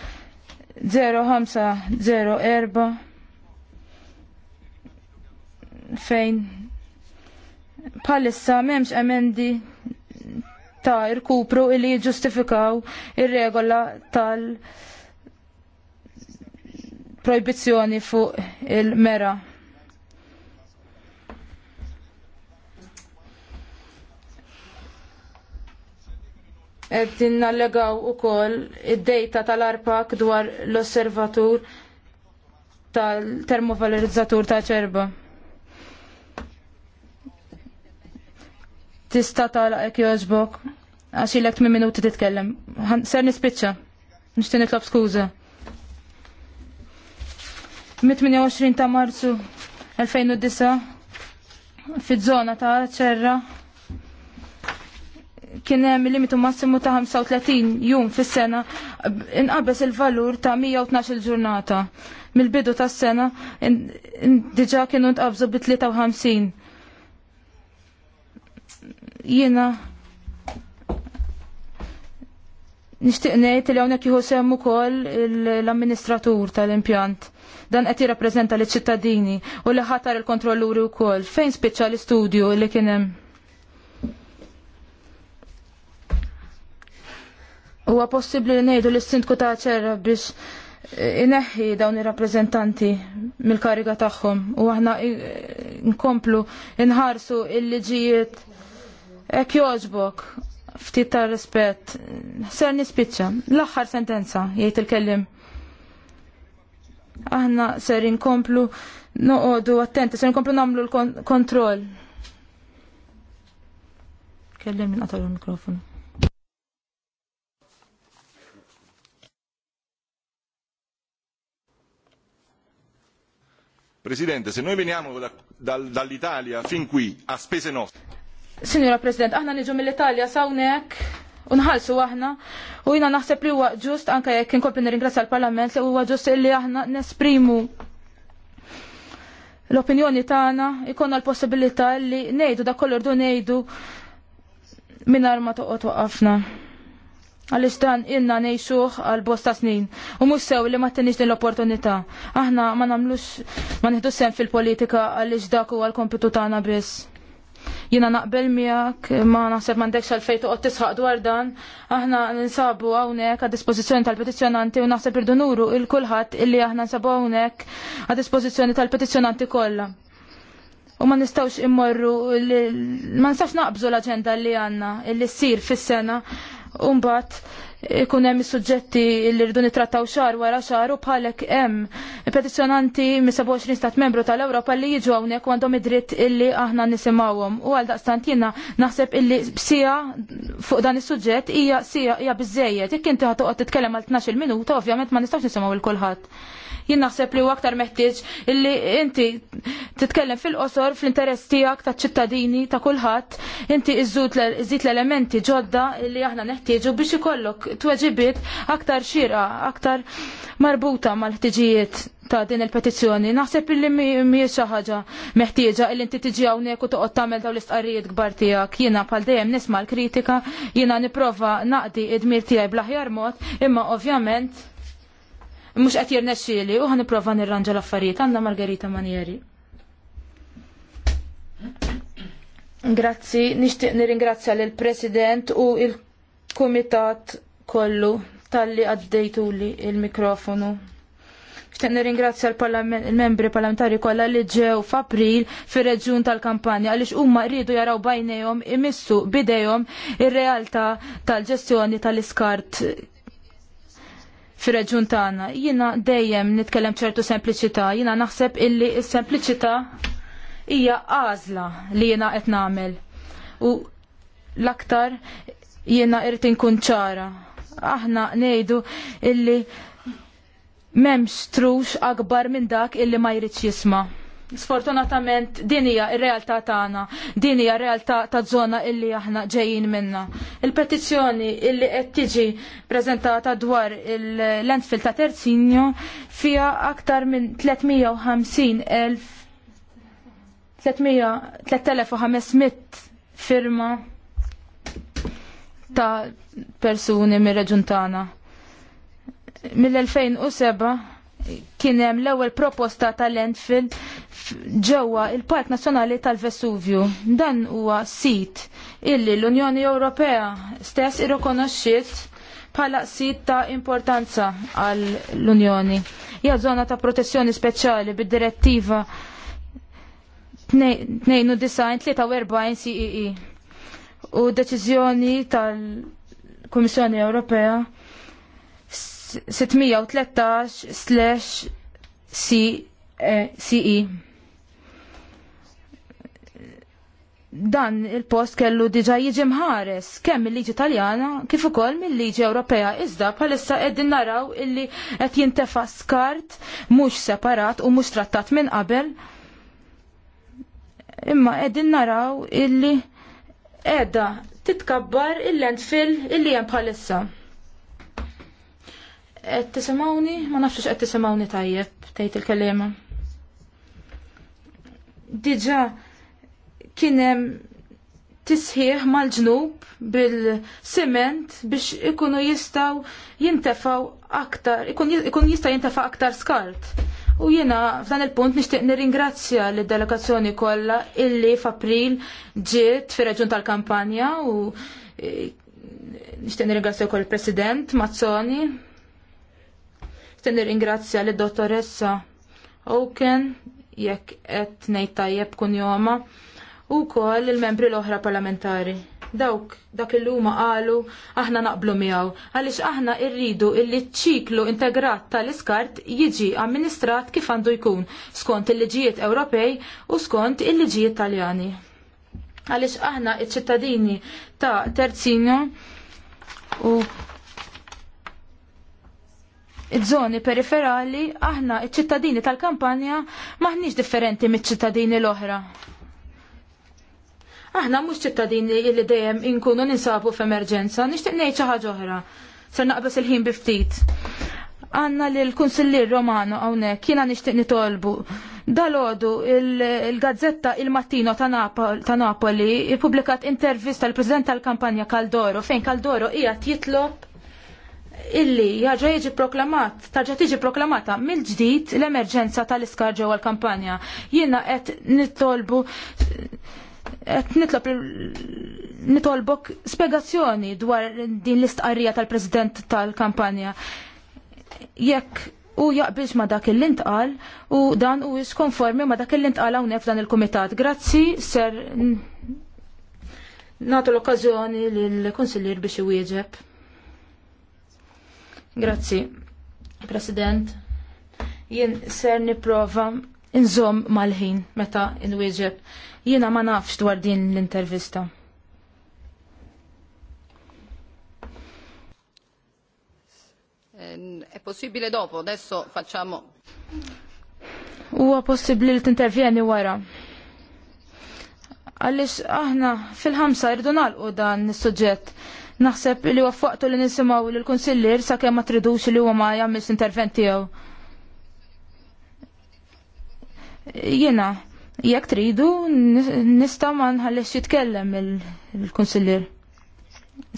0504 fejn palissa memx emendi ta' irkupru illi jiġġustifikaw ir-regola tal proibizzjoni fuq il-mera. Eddin nallegaw u koll id-dejta tal-arpak dwar l-osservatur tal-termovalorizzatur ta' ċerba. tista tala ek joġbok, għax ilek tmin minuti titkellem. Ser nispiċċa, nishtin nitlob skuza. 28 ta' marzu 2009 fiż żona ta' ċerra kien hemm limitu massimu ta' 35 jum fis-sena inqabes il-valur ta' 112 ġurnata. Mill-bidu tas-sena diġà kienu nqabżu bi 53 Jiena nixtieq ngħid li hawnhekk jieħu semm ukoll l-amministratur tal-impjant. Dan qed jirrappreżenta l-ċittadini u li ħatar il-kontrolluri wkoll. Fejn spiċċa l-istudju li kien hemm? Huwa possibbli li ngħidu l sindku ta' ċerra biex ineħħi dawn ir-rappreżentanti mill-kariga tagħhom u aħna nkomplu nħarsu il-liġijiet Ek joġbok, ftit ta' rispett, ser nispiċċa. L-aħħar sentenza, jgħid il-kellim. Aħna ser inkomplu noqogħdu attenti, ser inkomplu nagħmlu l-kontroll. Kellim minn qatal il-mikrofonu. Presidente, se noi veniamo da, da, dall'Italia fin qui a spese nostre. Signora President, aħna niġu mill-Italja sawnek unħalsu aħna u jina naħseb li huwa ġust anke jekk inkompli nirringrazzja l-Parlament li huwa ġust li aħna nesprimu l-opinjoni tagħna jkollna l-possibilità li ngħidu da kollu rdu ngħidu mingħajr ma toqgħod waqafna. Għaliex dan ilna ngħixuh għal bosta snin u mhux sew li ma tenix din l-opportunità. Aħna ma nagħmlux ma nieħdu sem fil-politika għaliex dak huwa l-kompitu tagħna biss Jina naqbel miegħek ma naħseb m'għandekx għalfejn toqgħod tisħaq dwar dan, aħna ninsabu hawnhekk għad dispozizjoni tal-petizzjonanti u naħseb irdu nuru il kulħadd illi aħna nsabu hawnhekk għad dispozizjoni tal-petizzjonanti kollha. U ma nistawx immorru, ma nistawx naqbżu l-aġenda li għanna, illi s-sir fis-sena, Umbat, ikun hemm suġġetti li rridu nitrattaw xar wara xar u bħalek hemm petizzjonanti mis-27 stat membru tal-Ewropa li jiġu hawnhekk u għandhom id-dritt illi aħna nisimgħuhom. U għal daqstant jiena naħseb illi sija fuq dan is-suġġett hija sija hija biżejjed. Jekk inti toqgħod titkellem għal 12 minuta, ovvjament ma nistgħux nisimgħu il kulħadd. Jien naħseb li huwa aktar meħtieġ illi inti titkellem fil-qosor fl-interess tiegħek taċ-ċittadini ta' kulħadd, inti iżżid l-elementi ġodda li aħna neħtieġu biex ikollok tweġibiet aktar xira, aktar marbuta mal-ħtiġijiet ta' din il-petizzjoni. Naħseb illi mhijiex xi ħaġa meħtieġa illi inti tiġi hawnhekk u toqgħod tagħmel dawn l-istqarrijiet kbar tiegħek. Jiena bħal dejjem nisma' l-kritika, jiena nipprova naqdi id-dmir tiegħi bl-aħjar mod, imma ovvjament mhux qed jirnexxieli u ħanipprova nirranġa l-affarijiet għanna Margarita Manieri. Grazzi, nixtieq nirringrazzja l President u il-Kumitat kollu tal-li li il-mikrofonu. Nishtiq nirringrazzja l-membri parlamentari kollha li ġew f'April fir reġun tal-kampanja għaliex huma rridu jaraw bajnejom imissu bidejhom ir-realtà tal-ġestjoni tal-iskart fir-reġun tagħna. Jiena dejjem nitkellem ċertu sempliċità, jiena naħseb illi s-sempliċità hija għażla li jiena qed nagħmel. U l-aktar jiena irrid inkun ċara. Aħna ngħidu illi m'hemmx trux akbar minn dak illi ma jridx jisma'. Sfortunatament din hija r-realtà tagħna, din hija r-realtà ta' żona illi aħna ġejjin minna. Il-petizzjoni illi qed tiġi preżentata dwar il-landfill ta' Terzinju fiha aktar minn 350 elf 3500 firma ta' persuni mir-reġun tagħna. Mill-2007 kien hemm l-ewwel proposta tal-Enfield ġewwa il-Park Nazzjonali tal-Vesuvju. Dan huwa sit illi l-Unjoni Ewropea stess irrikonoxxiet bħala sit ta' importanza għall unjoni Hija żona ta' protezzjoni speċjali bid-direttiva 92-43 CEE e. u deċiżjoni tal-Kummissjoni Ewropea 613/CE. Dan il-post kellu diġa jiġi mħares kemm il-liġi Taljana kif ukoll mill-liġi Ewropea iżda bħalissa qegħdin naraw illi qed jintefa' skart mhux separat u mhux trattat minn qabel. Imma qegħdin naraw illi qiegħda titkabbar il-landfill illi hemm bħalissa. Qed tisimgħuni? Ma nafx qed tisimgħuni tajjeb tgħid il-kelliema. Diġà kien hemm tisħiħ mal-ġnub bil-siment biex ikunu jistaw jintefaw aktar, ikun jista' jintefa' aktar skart. U jiena f'dan il-punt nixtieq nirringrazzja lid delegazzjoni kollha illi f'April ġiet fir reġun tal-Kampanja u eh, nixtieq nirringrazzja wkoll il-President Mazzoni Nixten nirringrazzja li dottoressa Oken jekk qed ngħid tajjeb kun joma u wkoll il-membri l-oħra parlamentari. Dawk dak il luma qalu aħna naqblu miegħu għaliex aħna rridu illi ċiklu integrat tal-iskart jiġi amministrat kif għandu jkun skont il-liġijiet Ewropej u skont il-liġijiet Taljani. Għaliex aħna iċ-ċittadini ta' terzinu u iż-żoni periferali, aħna iċ-ċittadini tal-kampanja maħniex differenti miċ-ċittadini l-oħra. Aħna mhux ċittadini li dejjem inkunu ninsabu f'emerġenza, nixtieq ngħid xi ħaġa oħra. Ser naqbes il-ħin bi ftit. Għanna li l-Kunsillir Romano hawnhekk jiena nixtieq nitolbu. Dalodu il-gazzetta il-mattino ta' Napoli ippubblikat intervista l president tal-kampanja Kaldoro fejn Kaldoro hija jitlob illi jaġa jiġi proklamat, tarġa tiġi proklamata mill-ġdid l-emerġenza tal-iskar ġewwa l-kampanja. Jiena qed nittolbu qed nitlob nitolbok spiegazzjoni dwar din l-istqarrija tal-President tal-kampanja. Jekk u jaqbilx ma dak il intqal u dan u konformi ma dak il intqal hawnhekk dan il-kumitat. Grazzi, ser natu l-okkazjoni lill-Kunsillier biex iwieġeb. Grazzi, President. Jien ser niprofa inżom mal-ħin meta inwieġeb. Jiena ma nafx dwar din l-intervista. Ehm, è possibile dopo, adesso facciamo. Huwa possibbli li tintervjeni wara. Għaliex aħna fil-ħamsa irdu nagħlqu dan is-suġġett Naħseb li huwa fuqtu li nisimgħu lill kunsillier sakemm ma tridux li huwa ma jagħmilx intervent tiegħu. Jiena, jekk tridu nista' ma nħallex jitkellem il-kunsillier.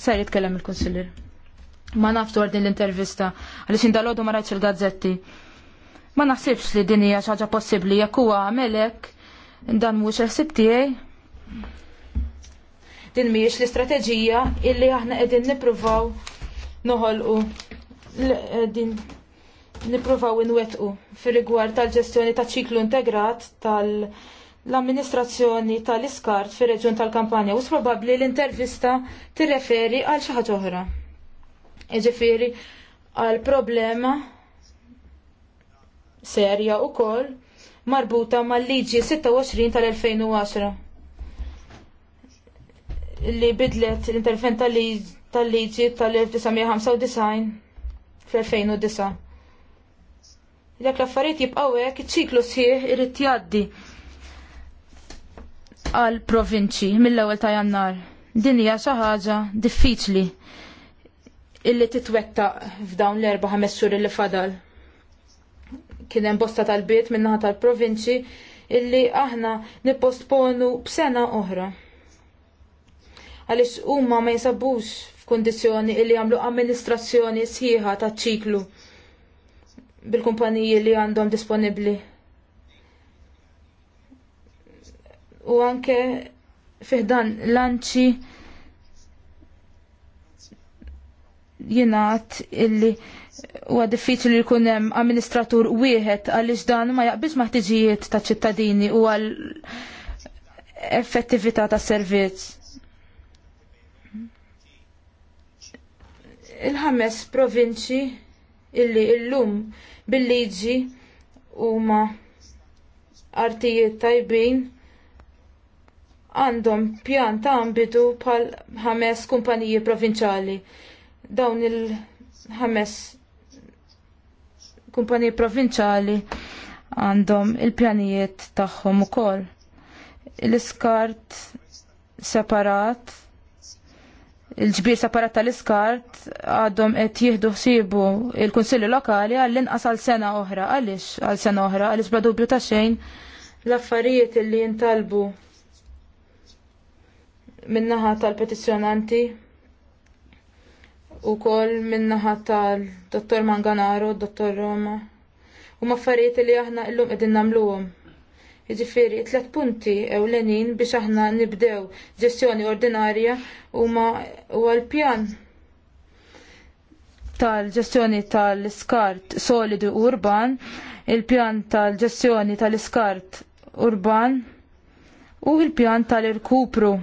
Sar jitkellem il-kunsillier. Ma naftu dwar din l-intervista għaliex indalodu ma rajtx il-gazzetti. Ma naħsibx li din hija xi ħaġa possibbli jekk huwa għamelek dan mhux ħsieb tiegħi Din mhijiex l-istrateġija illi aħna qegħdin nippruvaw noħolqu din nippruvaw inwettqu fir-rigward tal-ġestjoni ta' ċiklu integrat tal- l-amministrazzjoni tal-iskart fir-reġjun tal-kampanja u probabbli l-intervista tirreferi għal xi ħaġa oħra. Jiġifieri għal problema serja wkoll marbuta mal-liġi 26 tal-2010 li bidlet l-intervent tal-liġi tal-1995 fl-2009. Jekk l-affarijiet jibqgħu hekk iċ-ċiklu sħiħ irid jgħaddi għal provinċi mill-ewwel ta' Jannar. Din hija xi ħaġa diffiċli illi titwettaq f'dawn l-erba' ħames illi fadal. Kien hemm bosta tal-bit min-naħa tal-provinċi illi aħna nipostponu b'sena oħra għaliex huma ma jinsabux f'kundizzjoni li jagħmlu amministrazzjoni sħiħa taċ-ċiklu bil-kumpaniji li għandhom disponibbli. U anke fiħdan lanċi jingħad illi huwa diffiċli li jkun hemm amministratur wieħed għaliex dan ma jaqbilx maħtiġijiet ta' ċittadini u għal effettività tas servizz. il-ħames provinċi illi illum bil-liġi huma artijiet tajbin għandhom pjan ta' ambitu bħal ħames kumpaniji provinċali. Dawn il-ħames kumpaniji provinċali għandhom il-pjanijiet tagħhom ukoll. l iskart separat il-ġbir separat tal-iskart għadhom qed jieħdu ħsibu il-Kunsilli Lokali għall-inqas għal sena oħra. Għaliex għal sena oħra għaliex bla dubju ta' xejn l-affarijiet li jintalbu minnaħa tal-petizzjonanti u kol minnaħa tal-dottor Manganaro, dottor Roma. U maffarijiet li aħna illum qegħdin namluwom. Jiġifieri tliet punti ewlenin biex aħna nibdew ġestjoni ordinarja huma huwa l-pjan tal-ġestjoni tal-iskart solidu urban, il-pjan tal-ġestjoni tal-iskart urban u il tal iskart urban u l pjan tal irkupru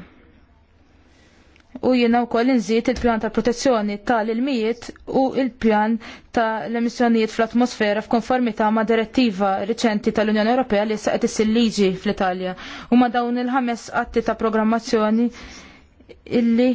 u jiena wkoll nżid il-pjan ta' protezzjoni tal-ilmijiet u il-pjan ta' l-emissjonijiet fl-atmosfera f'konformità ma' direttiva riċenti tal-Unjoni Ewropea li saqet issir liġi fl-Italja u ma' dawn il-ħames atti ta' programmazzjoni illi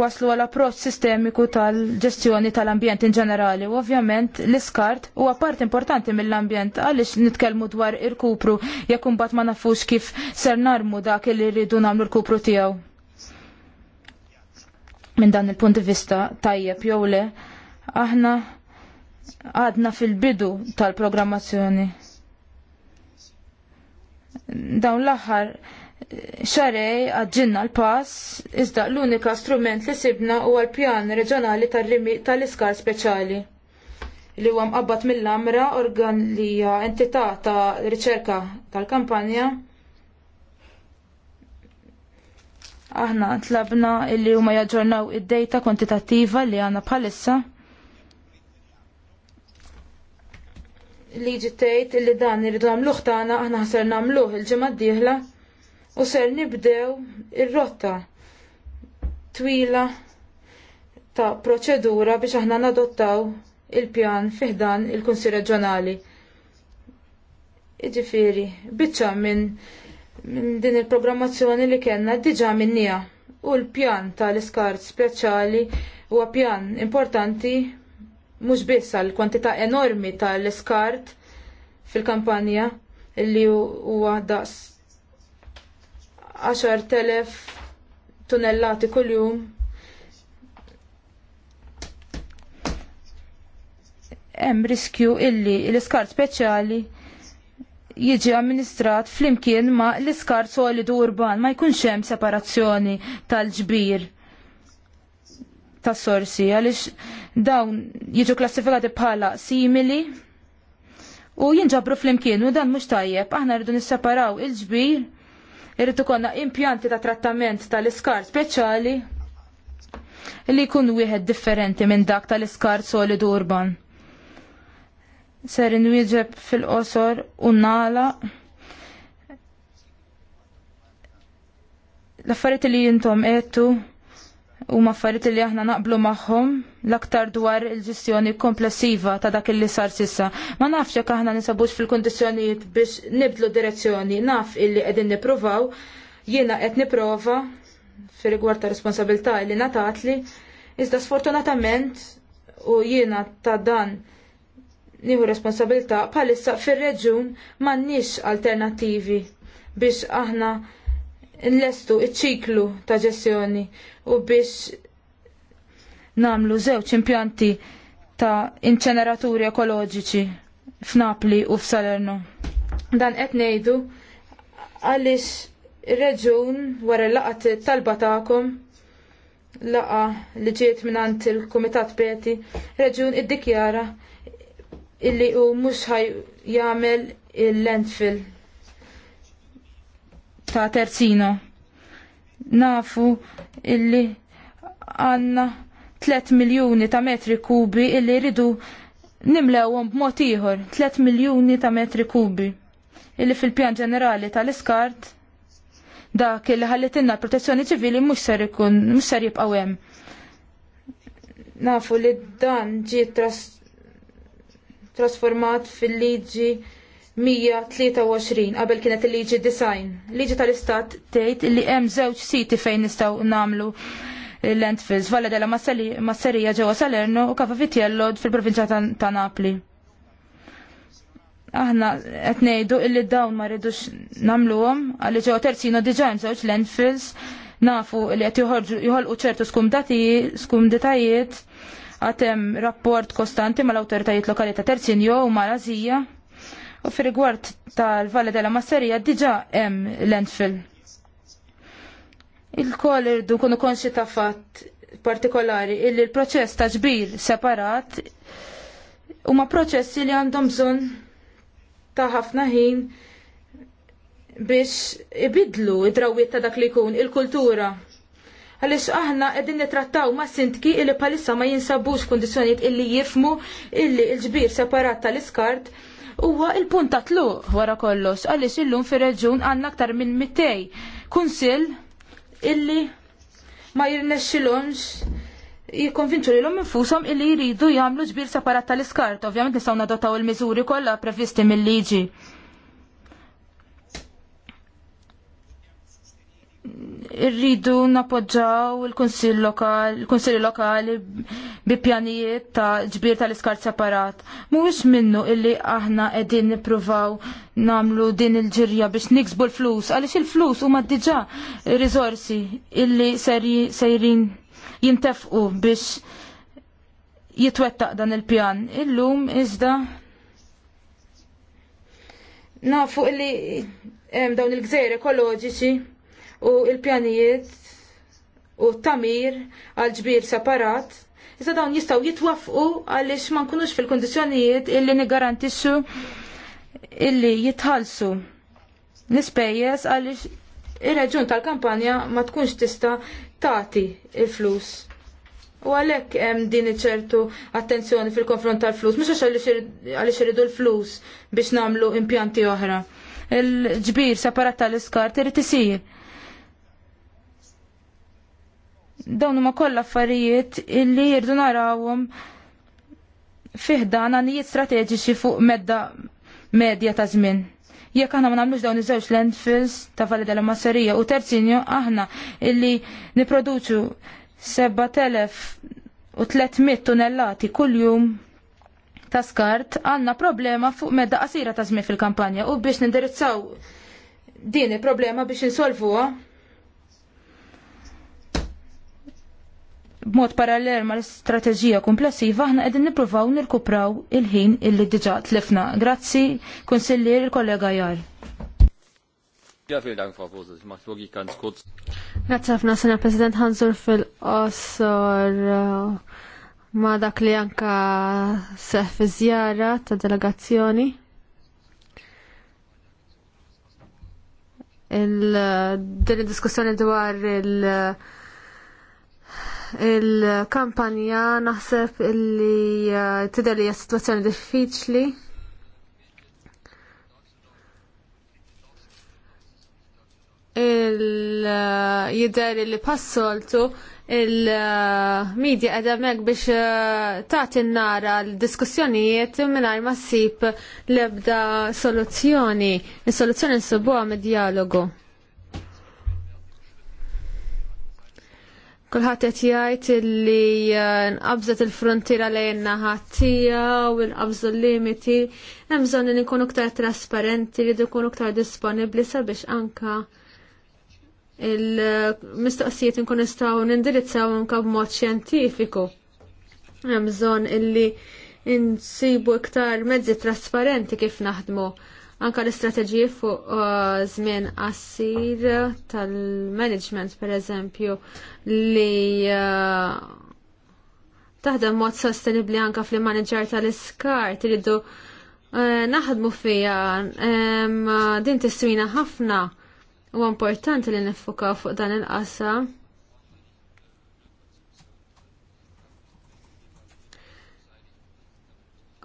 waslu għal approċċ sistemiku tal-ġestjoni tal-ambjent in ġenerali u ovvjament l-iskart huwa part importanti mill-ambjent għaliex nitkellmu dwar ir-kupru jekk bat ma nafux kif ser narmu dak li rridu nagħmlu l-kupru tiegħu minn dan il-punt vista tajjeb jew le aħna għadna fil-bidu tal-programmazzjoni. Dawn l-aħħar xarej għadġinna l-pass, iżda l-unika strument li sibna u għal-pjan reġjonali tal-rimi tal-iskar speċjali li huwa mqabbad mill-amra organ li entita' entità ta' riċerka tal-kampanja Aħna tlabna illi huma jaġġornaw id-data kwantitattiva li għandna bħalissa. Liġi tgħid illi dan irridu nagħmluh tagħna aħna ħser nagħmluh il-ġimgħa d-dieħla u ser nibdew ir-rotta twila ta' proċedura biex aħna nadottaw il-pjan fiħdan il-Kunsil Reġjonali. Iġifieri, biċċa minn minn din il-programmazzjoni li kellna diġà minnija u l-pjan tal-iskart speċjali huwa pjan importanti mhux biss għal kwantità enormi tal-iskart fil-kampanja li huwa daqs 10.000 tunellati kuljum. Hemm riskju illi l-iskart speċjali jiġi amministrat flimkien ma l-iskar solidu urban ma jkunx hemm separazzjoni tal-ġbir tas sorsi għaliex dawn jiġu klassifikati bħala simili u jinġabru flimkien u dan mhux tajjeb aħna rridu nisseparaw il-ġbir irrid ikollna impjanti ta' trattament tal-iskar speċjali li jkun wieħed differenti minn dak tal-iskar solidu urban ser inwieġeb fil-qosor u nala l-affariet li jintom għettu u maffariet li aħna naqblu maħħom l-aktar dwar il-ġestjoni komplessiva ta' dak li sar sissa. Ma nafx jekk aħna nisabux fil-kondizjonijiet biex nibdlu direzzjoni, naf illi qegħdin nippruvaw, jiena qed nipprova fi rigward ta' responsabilità li natatli, iżda sfortunatament u jiena ta' dan nieħu responsabilità bħalissa fir-reġun m'għandniex alternattivi biex aħna nlestu ċ ċiklu ta' ġestjoni u biex namlu żewġ impjanti ta' inċeneraturi ekoloġiċi f'Napli u f'Salerno. Dan qed ngħidu għaliex ir-reġun wara laqat talba tagħkom laqa li ġiet minant il-Kumitat Peti, reġun iddikjara illi u mhux ħaj jagħmel il-landfill ta' terzino. Nafu illi għanna 3 miljoni ta' metri kubi illi ridu nimlewhom b'mod ieħor 3 miljuni ta' metri kubi illi fil-pjan ġenerali tal-iskart dak illi ħallitinna protezzjoni ċivili mhux ser ikun mhux ser jibqgħu hemm. Nafu li dan ġiet trast trasformat fil-liġi 123 qabel kienet il-liġi design. Liġi tal-istat tgħid li hemm żewġ siti fejn nistgħu nagħmlu landfills, Valle della Masserija ġewwa Salerno u Kafa Vitiello fil-provinċja ta' Napli. Aħna qed ngħidu illi dawn ma rridux nagħmluhom għalli ġewwa Terzino diġà hemm żewġ landfills nafu li qed joħolqu ċertu skumdati skumditajiet għatem rapport kostanti mal awtoritajiet lokali ta' jo u ma' Azija. U fi rigward tal-Valle della Masserija diġa hemm l-endfil. Il-koll irdu kunu konxi ta' fatt partikolari illi l-proċess ta' ġbir separat huma proċessi li għandhom bżonn ta' ħafna ħin biex ibidlu id-drawiet ta' dak li jkun il-kultura għaliex aħna qegħdin nitrattaw ma' sintki illi palissa ma jinsabux kundizzjonijiet illi jifmu illi l-ġbir separat tal-iskart huwa il-punt ta' tluq wara kollox għaliex illum fir-reġun għandna aktar minn Mittej. kunsill illi ma jirnexxilhomx jikonvinċu li l-om infusom illi jridu jagħmlu ġbir separat tal-iskart, ovvjament nistgħu nadottaw il-miżuri kollha previsti mill-liġi. irridu napoġġaw il-Kunsill lokal, il-Kunsilli lokali bi pjanijiet ta' ġbir tal-iskart separat. Mhuwiex minnu illi aħna qegħdin nippruvaw namlu din il-ġirja biex niksbu l-flus, għaliex il-flus huma diġà riżorsi illi sejrin jintefqu biex jitwettaq dan il-pjan. Illum iżda nafu illi hemm dawn il-gżejjer ekoloġiċi u il-pjanijiet u tamir għal ġbir separat, iżda dawn jistaw jitwafqu għaliex ma nkunux fil-kondizjonijiet illi nigarantissu illi jitħalsu nispejjeż għaliex ir-reġun tal-kampanja ma tkunx tista' tagħti il-flus. U għalhekk hemm din iċertu attenzjoni fil-konfront tal-flus, mhux għax għaliex iridu l-flus biex nagħmlu impjanti oħra. Il-ġbir separat tal-iskart irid isir Dawn huma kollha affarijiet illi jirdu narawhom fiħdan għanijiet strateġiċi fuq medda medja ta' żmien. Jekk aħna ma nagħmlux dawn iż-żewġ landfills ta' Valle della Masserija u terzinju aħna illi niproduċu 7300 tunellati kuljum ta' skart għanna problema fuq medda qasira ta' żmien fil-kampanja u biex nindirizzaw din il-problema biex insolvuha b'mod parallel ma l-istrateġija komplessiva aħna qegħdin nippruvaw nirkupraw il-ħin illi diġà tlifna. Grazzi, konsillier il-kollega Jar. Ja, Dank, Frau Vorsitz. Ich wirklich ganz kurz. Grazie ħafna, Sena President Hanzur fil-qosor uh, ma dak li anka seħ fi zjara ta' delegazzjoni. Il-din diskussjoni dwar il- il-kampanja naħseb illi uh, tidher li hija sitwazzjoni diffiċli. il uh, jidher li passoltu il-medja uh, mek biex taħti nara l-diskussjonijiet minnaj ma sib lebda soluzzjoni. Il-soluzzjoni s-subuħa mid-dialogu. Kulħadd qed jgħid li eh, nqabżet il-frontiera lejn naħatija u nqabżu l-limiti, hemm bżonn li nkunu aktar trasparenti, li nkunu aktar disponibbli sabiex anka il-mistoqsijiet nkun nistgħu nindirizzaw anke b'mod xjentifiku. Hemm bżonn illi nsibu iktar mezzi trasparenti kif naħdmu Anka l-istrateġiji fuq uh, żmien qasir tal-management pereżempju li uh, taħdem mod sostenibbli anka fl-manager tal-iskar tridu uh, naħdmu fija um, din tiswina ħafna u importanti li nifukaw fuq dan il-qasam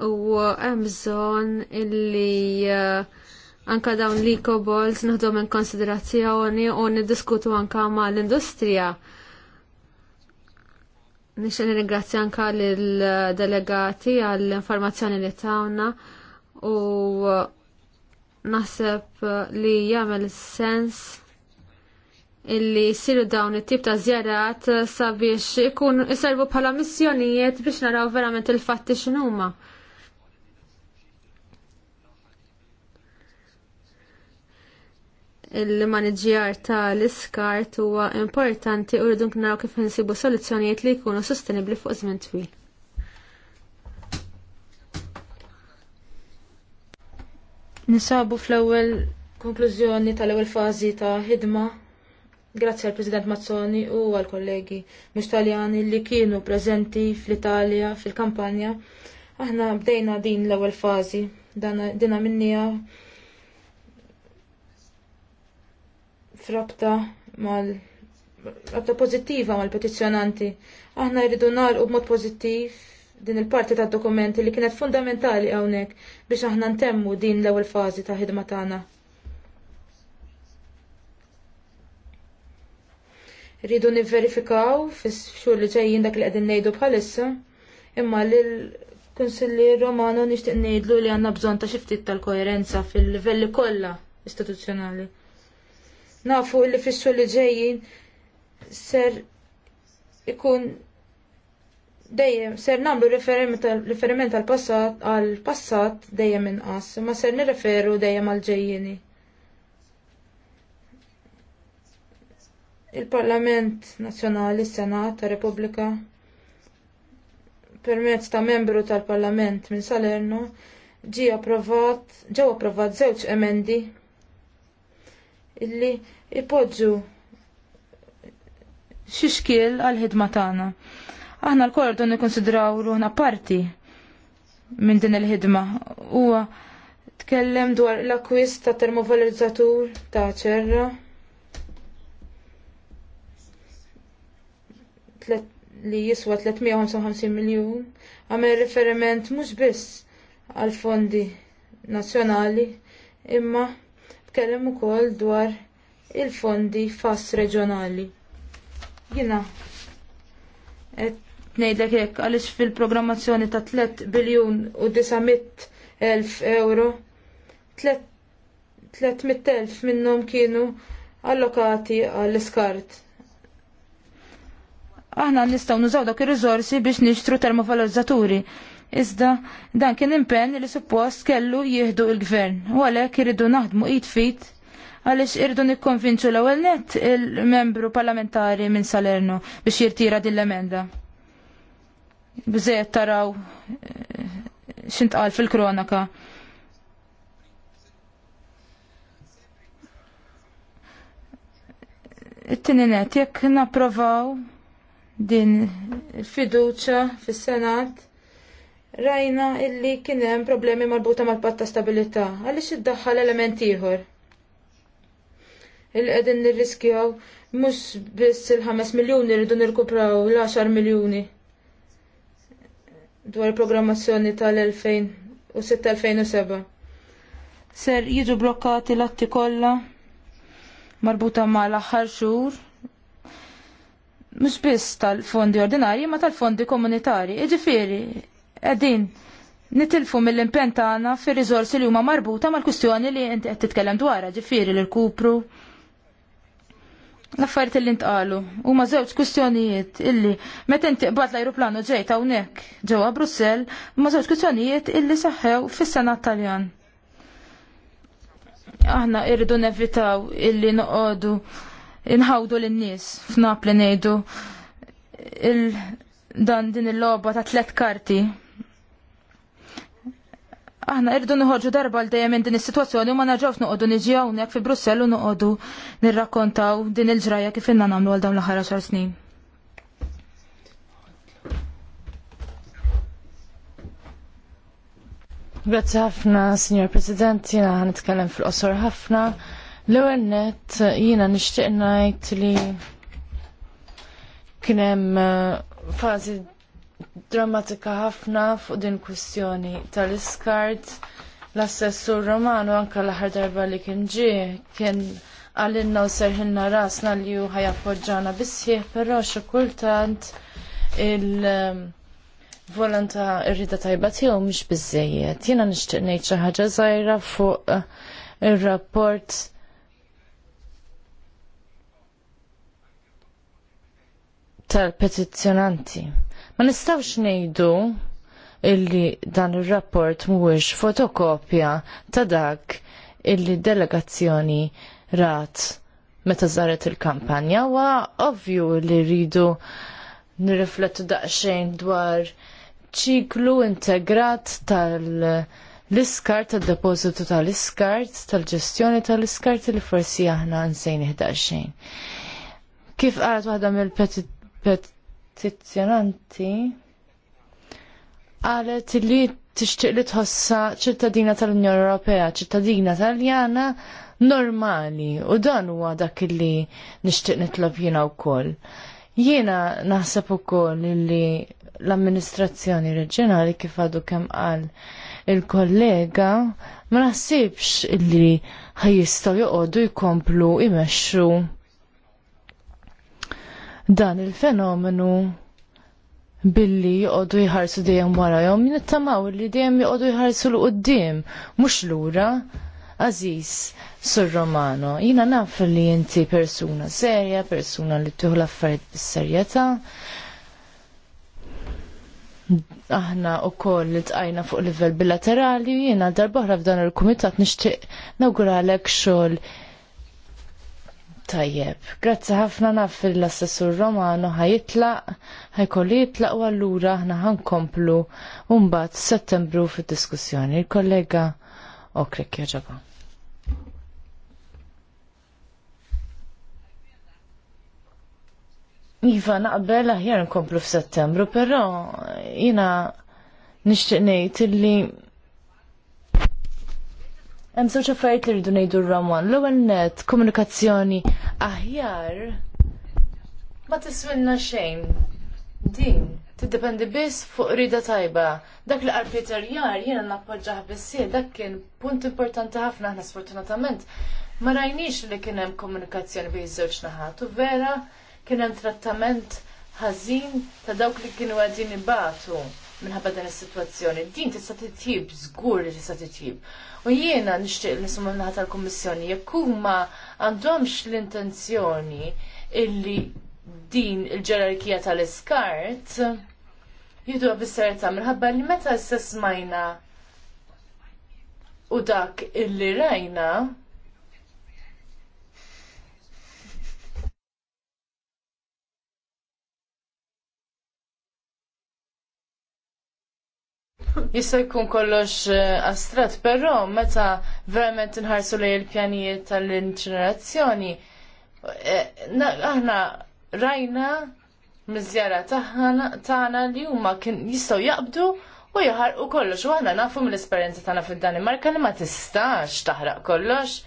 u hemm bżonn illi eh, anka dawn li balls naħdom in konsiderazzjoni u niddiskutu anka ma l-industrija. Nixen ringrazzja anka l-delegati għall-informazzjoni li tawna u naħseb li jagħmel sens illi jisiru dawn it-tip ta' zjarat sabiex ikun iservu bħala missjonijiet biex naraw verament il-fatti x'inhuma. il-maniġjar tal-iskart huwa importanti u rridu naraw kif insibu soluzzjonijiet li jkunu sostenibbli fuq żmien twil. Nisabu fl-ewwel konklużjoni tal-ewwel fażi ta' ħidma grazzi għal President Mazzoni u għal kollegi Taljani li kienu preżenti fl-Italja fil-kampanja. Aħna bdejna din l-ewwel fażi, dina minnija frabta mal rabta pozittiva mal-petizjonanti. Aħna jridu u b'mod pozittiv din il-parti tad dokumenti li kienet fundamentali hawnhekk biex aħna ntemmu din l-ewwel fażi ta' ħidma tagħna. Rridu nivverifikaw fix-xhur li ġejjin dak li qegħdin ngħidu bħalissa, imma lil kunsilli Romano nixtieq ngħidlu li għandna bżonn ta' xi ftit tal-koerenza fil-livelli kollha istituzzjonali. Nafu li fissu li ġejjin ser ikun dejjem ser namlu riferiment għal passat għal passat dejjem inqas, ma ser nirreferu dejjem għal ġejjini. Il-Parlament Nazzjonali, Senat ta' Repubblika, permezz ta' membru tal-Parlament minn Salerno, ġi approvat, ġew approvat żewġ emendi illi ipoġġu xi għal-ħidma tagħna. Aħna l-kordu nikkonsidraw ruħna parti minn din il-ħidma. Huwa tkellem dwar l-akwist ta' termovalorizzatur ta' ċerra. li jiswa 355 miljun, għamel referiment mhux biss għal fondi nazzjonali imma tkellem ukoll dwar il-fondi fas reġjonali. Jina, ngħidlek hekk għaliex fil-programmazzjoni ta' 3 biljun u 900 elf euro, 300 elf minnhom kienu allokati għall-iskart. Aħna nistgħu nużaw dak ir-riżorsi biex nixtru termovalorizaturi Iżda dan kien impenn li suppost kellu jieħdu l gvern u għalhekk irridu naħdmu id fit għaliex irdu nikkonvinċu l-ewwel nett il-membru parlamentari minn Salerno biex jirtira din l-emenda. Bżejjed taraw eh, x'intqal fil-kronaka. it-tininet, jekk napprovaw din il-fiduċa fis-senat, rajna illi kien hemm problemi marbuta mal-patt ta' stabilità għaliex iddaħħal element ieħor. Il-qegħdin nirriskjaw mhux biss il-5 miljuni rridu nirkupraw l-10 miljuni dwar il-programmazzjoni tal-2006-2007 ser jiġu blokkati l-atti kollha marbuta mal aħħar xhur mhux biss tal-fondi ordinarji ma tal-fondi komunitarji. Jiġifieri qegħdin nitilfu mill-impen tagħna fir-riżorsi li huma marbuta mal-kwistjoni li inti qed titkellem dwarha, ġifieri l-kupru. L-affarijiet li ntqalu huma żewġ kwistjonijiet illi meta inti qbad l-ajruplanu ġejt hawnhekk ġewwa Brussell huma żewġ kwistjonijiet illi saħħew fis-Senat Taljan. Aħna irridu nevitaw illi noqogħdu inħawdu lin-nies f'Napli ngħidu dan din il-logħba ta' tliet karti Aħna irdu nħorġu darba l dejjem minn din is-sitwazzjoni u ma naġawx noqogħdu niġi hawnhekk fi Brussell u noqogħdu nirrakkontaw din il-ġraja kif inna nagħmlu għal dawn l-aħħar xar snin. Grazzi ħafna, Signor President, jiena ħanitkellem fil-qosor ħafna. L-ewwel nett jiena nixtieq ngħid li kien hemm uh, fażi drammatika ħafna fuq din kwistjoni tal-iskart. L-assessur Romano anka l-aħħar darba li kien ġie kien għalinna u serħinna rasna li ju ħajappoġġana bisħieħ, però xi kultant il- um, Volanta rrida tajba tiegħu mhix biżejjed. Jiena nixtieq ngħid xi ħaġa żgħira fuq uh, ir-rapport tal-petizzjonanti. Ma nistawx ngħidu illi dan ir-rapport mhuwiex fotokopja ta' dak illi delegazzjoni rat meta żaret il-kampanja wa ovvju li rridu nirriflettu daqsxejn dwar ċiklu integrat tal- l-iskart tal-depozitu tal-iskart, tal-ġestjoni tal-iskart li forsi aħna nsejn xejn. Kif qalet waħda mill petit Tizzjonanti, qalet li tixtieq li tħossa ċittadina tal-Unjoni Ewropea, ċittadina Taljana normali u dan huwa dak li nixtieq nitlob jiena wkoll. Jiena naħseb ukoll li l-amministrazzjoni reġjonali kif għadu kemm qal il-kollega ma naħsibx li ħajjistgħu joqogħdu jkomplu jmexxu dan il-fenomenu billi joqogħdu jħarsu dejjem warahom, nittamaw li dejjem joqogħdu jħarsu l qudiem mhux lura. Aziz, Sur Romano, jina naf li inti persuna serja, persuna li tuħu l-affarijiet bis-serjetà. Aħna u koll li tqajna fuq livell bilaterali, jina darba f'dan il-kumitat nixtieq nawguralek xogħol Tajjeb, grazzi ħafna naf l-assessur Romano ħajitlaq, ħajkolli jitlaq u allura ħna ħankomplu mbagħad settembru fid-diskussjoni. Il-kollega Okrek jaġaba. Iva, naqbel aħjar nkomplu f'settembru, però jina nixtieq ngħid illi Hemm żewġ affarijiet li rridu ngħidu r-ramwan. L-ewwel nett komunikazzjoni aħjar ma tiswilna xejn. Din tiddependi biss fuq rida tajba. Dak li qal Peter Jar jiena nappoġġah bissier dak kien punt importanti ħafna aħna sfortunatament. Ma rajniex li kien hemm komunikazzjoni bejn żewġ naħat u vera kien hemm trattament ħażin ta' dawk li kienu qegħdin ibatu minħabba din is-sitwazzjoni. Din tista' titjib żgur li tista' titjib. U jiena nixtieq li summa naħa tal-Kummissjoni jekk huma għandhomx l-intenzjoni illi din il-ġerarkija tal-iskart jidu bis-serjetà minħabba li meta s-sesmajna u dak illi rajna jista' jkun kollox eh, astrat, però meta verament inħarsu lej il-pjanijiet tal-inċinerazzjoni, eh, aħna rajna mizjara tagħna li huma kien jistgħu jaqbdu u jaħarqu kollox u aħna nafu mill-esperjenza tagħna fid-Danimarka li ma tistax taħraq kollox.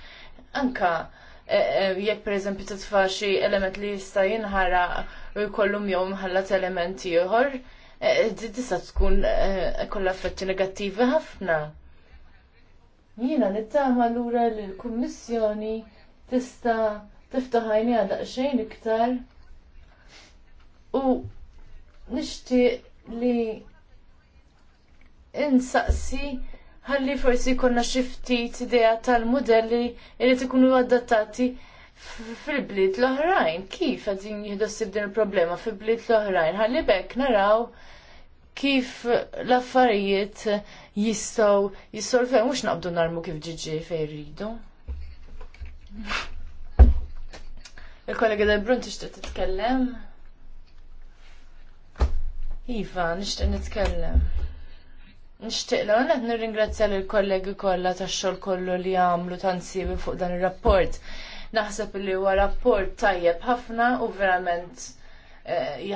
Anka eh, jekk pereżempju titfa' xi element li jista' jinħaraq u jkollhom jew ħallat elementi ieħor Eh, tista' tkun eh, kolla effetti negattivi ħafna. Jiena nittama lura li l-Kummissjoni tista' tiftaħajni għajnija daqsxejn iktar u nixtieq li insaqsi ħalli forsi konna xi ftit idea tal-modelli li tkunu adattati fil-bliet l-oħrajn, kif jieħdu jihdossib din il-problema fil-bliet l-oħrajn, ħalli bekk naraw kif l-affarijiet jistaw jissolvew, mux naqbdu narmu kif ġiġi fej rridu. Il-kollega del tixtieq titkellem? Iva, nixtieq nitkellem. Nixtieq l għonet nirringrazzja lill kollegi kollha tax-xogħol kollu li għamlu tansibi fuq dan ir-rapport. Naħseb li huwa rapport tajjeb ħafna u verament eh,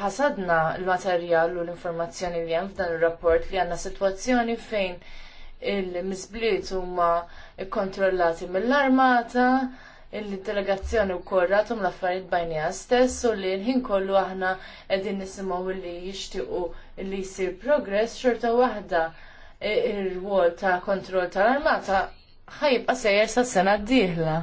ħasadna l-materjal u l-informazzjoni li hemm f'dan ir-rapport li għandna sitwazzjoni fejn il-misbliet huma kontrollati mill-armata, il-delegazzjoni u korratum l-affarijiet bajnija stess u li l-ħin kollu aħna qegħdin nisimgħu li jixtiequ li jsir progress xorta waħda eh, il rwol ta' kontroll tal-armata ħajibqa' sejjer sas-sena d-dieħla.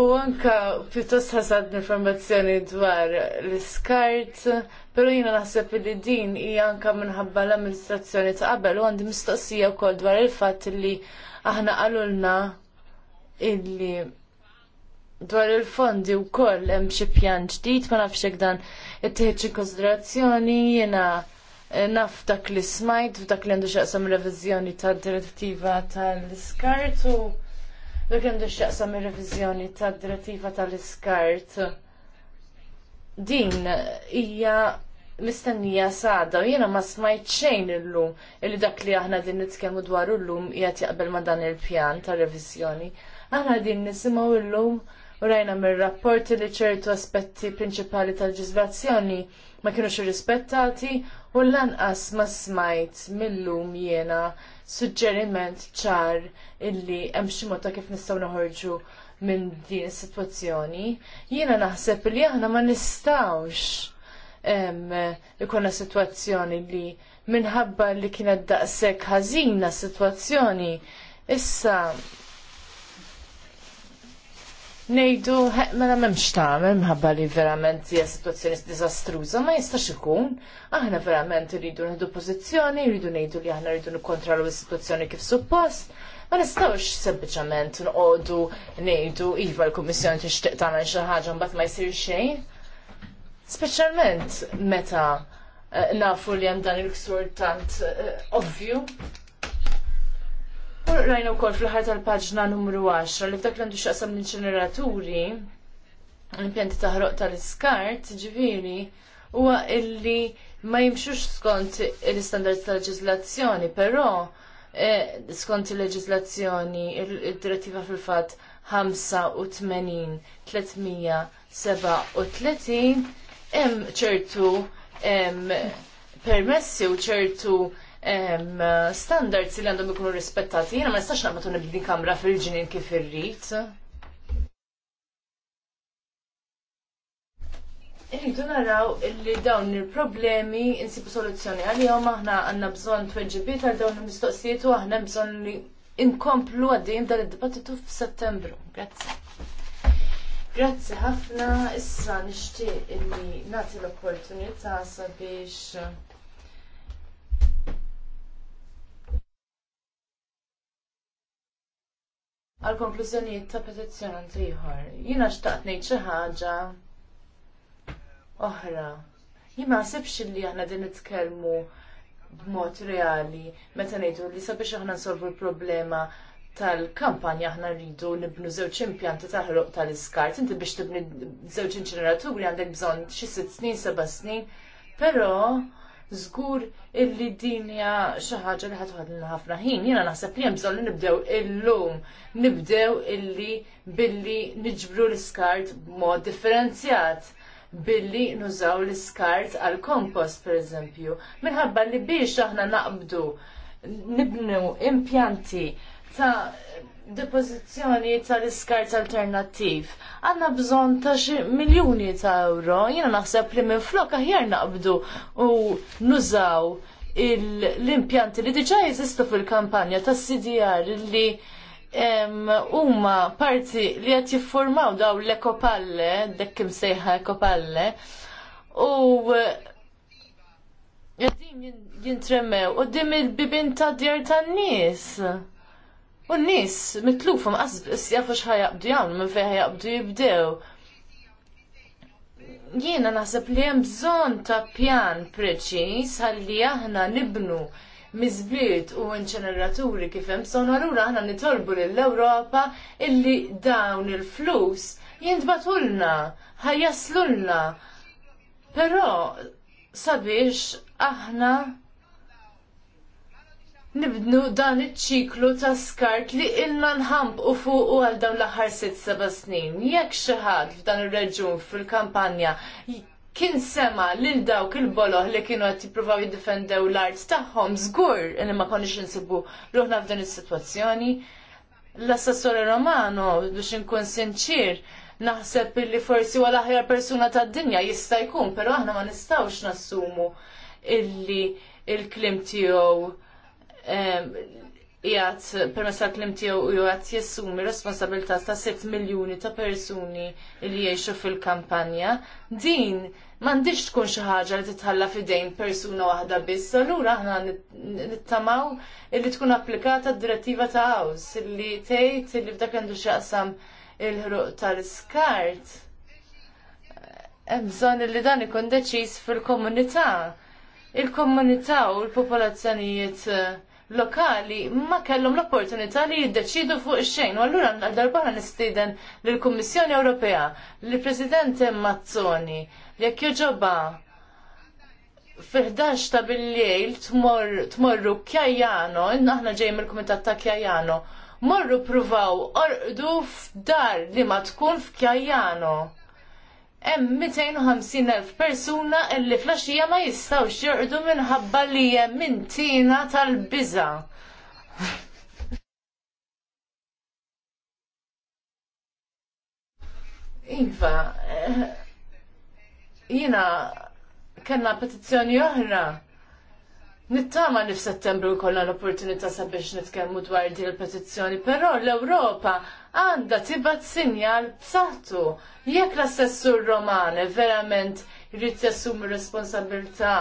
U anka pjuttost ħasad informazzjoni dwar l-iskart, pero jina naħseb li din hija anka minħabba l-amministrazzjoni ta' qabel u għandi mistoqsija wkoll dwar il-fatt li aħna qalulna illi dwar il-fondi wkoll hemm xi pjan ġdid ma nafx hekk dan ittieħed xi konsiderazzjoni jiena eh, naf dak li smajt, dak li għandu xaqsam reviżjoni tad direttiva tal-iskart u Dak għandu x'jaqsam ir-reviżjoni tad-direttiva tal-iskart. Din hija mistennija sada u jiena ma smajt xejn illum illi dak li aħna din nitkellmu dwar illum hija jaqbel ma dan il-pjan ta' reviżjoni. Aħna din nisimgħu illum u rajna mir-rapporti li ċertu aspetti prinċipali tal-ġizvazzjoni ma kienux irrispettati u lanqas ma smajt millum jiena suġġeriment ċar illi hemm xi mod ta' kif nistgħu noħorġu minn din is-sitwazzjoni. Jiena naħseb li aħna ma nistgħux ikonna sitwazzjoni li minħabba li kienet daqshekk ħażina s-sitwazzjoni issa nejdu mela memx tagħmel minħabba li verament hija situazzjoni diżastruża ma jistax ikun. Aħna verament rridu nieħdu pożizzjoni, rridu ngħidu li aħna rridu nikkontrollu is-sitwazzjoni kif suppost. Ma nistgħux sempliċement nqogħdu ngħidu iva l-Kummissjoni tixtieq tagħmel xi ħaġa mbagħad ma jsir xejn. Speċjalment meta eh, nafu li hemm dan il-ksur tant eh, ovvju. Rajna koll fl-ħar tal-paġna numru 10 li f'dak l-għandu xaqsam l-inċeneraturi, impjanti taħroq tal-iskart, ġifieri, huwa illi ma jimxux skont l-istandard tal-leġislazzjoni, però e, skont il-leġislazzjoni, il-direttiva fil-fat 85-337 hemm ċertu permessi u ċertu standards li għandhom ikunu rispettati. Jiena ma nistax naqbatu nibdin kamra fil-ġinin kif irrid. Irridu naraw li dawn il-problemi insibu soluzzjoni għalihom aħna għandna bżonn tweġibiet għal dawn il-mistoqsijiet u aħna bżonn li inkomplu għaddejjem dan id-dibattitu f'Settembru. Grazzi. Grazzi ħafna, issa nixtieq illi nagħti l-opportunità sabiex għal konklużjonijiet ta' petizzjoni ieħor. Jiena xtaqt ngħid xi ħaġa oħra. Jien ma nsibx li aħna din nitkellmu b'mod reali meta ngħidu li sabiex aħna nsolvu l-problema tal-kampanja aħna rridu nibnu żewġ impjanti ta' tal-iskart. Inti biex tibni żewġ inċineraturi għandek bżonn xi sitt snin, seba' snin, però żgur illi din hija xi ħaġa li ħadħadilna ħafna ħin. Jiena naħseb li hemm bżonn li nibdew illum, nibdew illi billi niġbru l-iskart b'mod differenzjat billi nużaw l-iskart għal kompost pereżempju. Minħabba li biex aħna naqbdu nibnu impjanti ta' Depożizzjoni tal-iskart alternattiv. Għanna bżon ta' xi miljuni ta' euro. Jiena naħseb li minn flok aħjar naqbdu u nużaw l-impjanti li diġà jeżistu fil-kampanja tas CDR li huma parti li qed jiffurmaw daw l-ekopalle, dekk imsejħa ekopalle, u qegħdin eh, jintremew u dim il-bibin ta' djar tan-nies. U n-nis mitlufum għas jafu xħajabdu jgħamlu, minn fej ħajabdu jibdew. Jiena naħseb li hemm bżonn ta' pjan preċis ħalli aħna nibnu miżbiet u inċeneraturi kif hemm bżonn allura aħna nitolbu lill-Ewropa illi dawn il-flus jintbatulna, ħajjaslulna. Però sabiex aħna nibnu dan iċ-ċiklu ta' skart li ilna nħamp u fuq u għal dawn l-aħħar sitt seba' snin. Jekk xi ħadd f'dan ir-reġun fil-kampanja kien sema lil dawk il-boloħ li kienu qed jipruvaw jiddefendew l-art taħħom zgur li ma konniex insibu ruħna f'dan is-sitwazzjoni. L-assessore Romano, biex inkun sinċir, naħseb li forsi wara aħjar persuna tad dinja jista' jkun, però aħna ma nistgħux nassumu illi il-klim tiegħu jgħat permess tal-klim tiegħu jgħat jessumi responsabilità ta' 7 miljuni ta' persuni li jgħixu fil-kampanja, din m'għandix tkun xi ħaġa li titħalla f'idejn persuna waħda biss, allura aħna nittamaw li tkun applikata d-direttiva ta' Haws li tgħid li f'dak għandu x'jaqsam il-ħruq tal-iskart. Hemm bżonn li dan ikun deċiż fil-komunità. Il-komunità u l-popolazzjonijiet lokali ma kellhom l-opportunità li jiddeċidu fuq ix-xejn. U allura għal darbaħna nistieden lill-Kummissjoni Ewropea li President Mazzoni jekk joġoba fi 11 ta' bil-lejl tmorru Kjajano, aħna ġejjin mill-Kumitat ta' Kjajano, morru pruvaw orqdu f'dar li ma tkun f'Kjajano hemm 250,000 persuna illi flaxija ma jistawx jorqdu minħabba li hemm mintina tal-biża. iva, eh, jina, kena petizzjoni oħra Nittama li f'Settembru jkollna l-opportunità sabiex nitkellmu dwar din il-petizzjoni, però l-Ewropa għandha tibat sinjal b'saħħtu. Jekk l-assessur Romane verament jrid jassumi responsabilità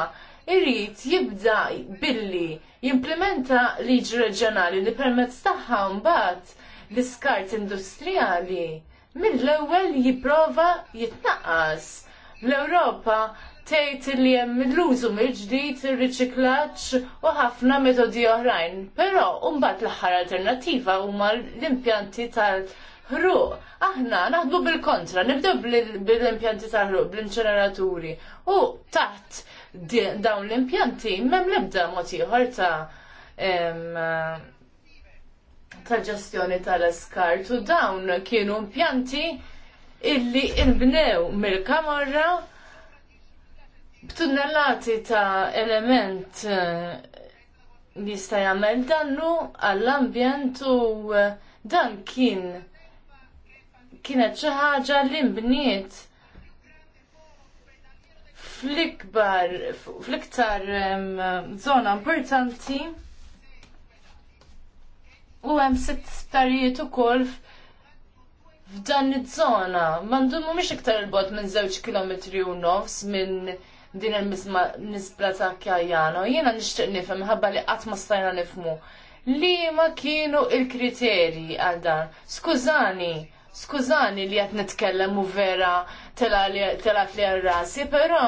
irrit jibda billi jimplementa liġi reġjonali li permezz tagħha mbagħad l-iskart industrijali mill-ewwel jipprova jitnaqqas. L-Ewropa tgħid li hemm l-użu mill-ġdid, ir-riċiklaġġ u ħafna metodi oħrajn. Però mbagħad l-aħħar alternattiva huma l-impjanti tal ħru Aħna naħdbu bil-kontra, nibdew bil-impjanti tal-ħruq, bl-inċeneraturi. U taħt dawn l-impjanti m'hemm l-ebda mod ieħor ta' tal-ġestjoni tal-eskart u dawn kienu impjanti illi inbnew mill-kamorra b'tunnellati ta' element eh, li jista' jagħmel dannu għall-ambjent u eh, dan kien kienet xi ħaġa li mbniet fl-ikbar, fl-iktar zona importanti u hemm sitt starijiet ukoll f'dan iż-żona. M'għandhom mhumiex iktar il-bot minn żewġ kilometri u nofs minn din il-misma nisbla ta' kjajjano. Jena nishtiq nifhem ħabba li qatt ma stajna nifmu. Li ma kienu il-kriterji għal dan. Skużani, skużani li qed nitkellem u vera telat li rasi, però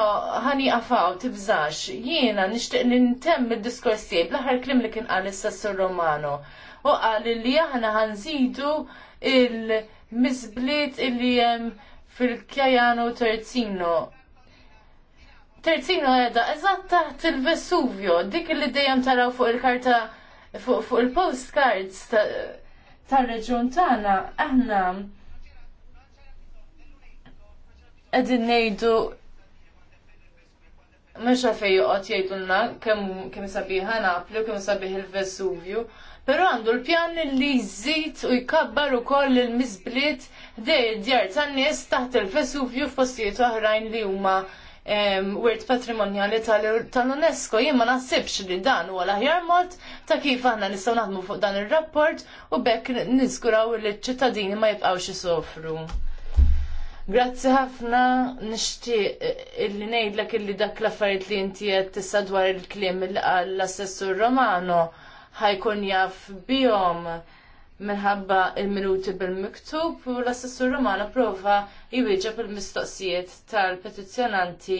ħani għafaw tibżax. Jiena nixtieq nintemm id-diskors tiegħi bl-aħħar klim li kien għal is Romano. U għal li aħna ħanżidu il il-li jem fil-Kjajano Terzino Terzino edha, eżatta taħt il-Vesuvio, dik li dejjem taraw fuq il-karta, fuq il-postcards tal-reġun tagħna, aħna nejdu ngħidu fejju għot joqgħod jgħidulna kemm kemm sabiħ Naplu, kemm sabiħ il-Vesuvio, però għandu l-pjan li jżid u jkabbar ukoll il-miżbliet dejjer djar tan-nies taħt il-Vesuvio f'postijiet oħrajn li huma wirt patrimonjali tal-UNESCO. Jien ma naħsibx li dan huwa l-aħjar mod ta' kif aħna nistgħu naħdmu fuq dan ir-rapport u bekk niżguraw li ċ-ċittadini ma jibqgħux isofru. Grazzi ħafna nixtieq eh, illi ngħidlek illi dak l-affarijiet li inti qed tista' dwar il-kliem l-assessur Romano ħajkun jaf bihom minħabba il-minuti bil-miktub u l-assessur Romana prova jwieġeb il-mistoqsijiet tal-petizzjonanti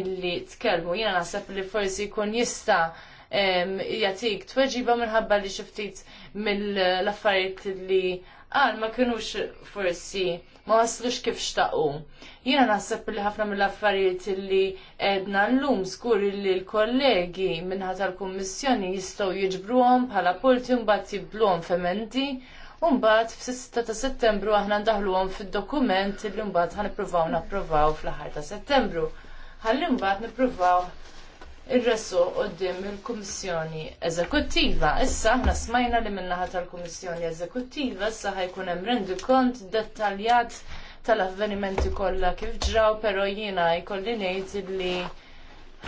illi tkellmu. Jiena naħseb li forsi jkun jista' jagħtik tweġiba minħabba li xi ftit mill-affarijiet li qal ma kinux forsi ma waslux kif xtaqu. Jiena naħseb li ħafna mill-affarijiet li edna llum skur li l-kollegi minnħa tal-Kummissjoni jistgħu jiġbruhom bħala pulti mbagħad għom femendi u mbagħad f'6 ta' Settembru aħna ndaħluhom fid-dokument li mbagħad ħanippruvaw napprovaw fl-aħħar ta' Settembru. Ħalli mbagħad nippruvaw irressu qoddim il-Kummissjoni Eżekuttiva. Issa aħna smajna li minnaħa tal-Kummissjoni Eżekuttiva issa ħajkun hemm rendi kont dettaljat tal-avvenimenti kollha kif ġraw, però jiena jkolli ngħid li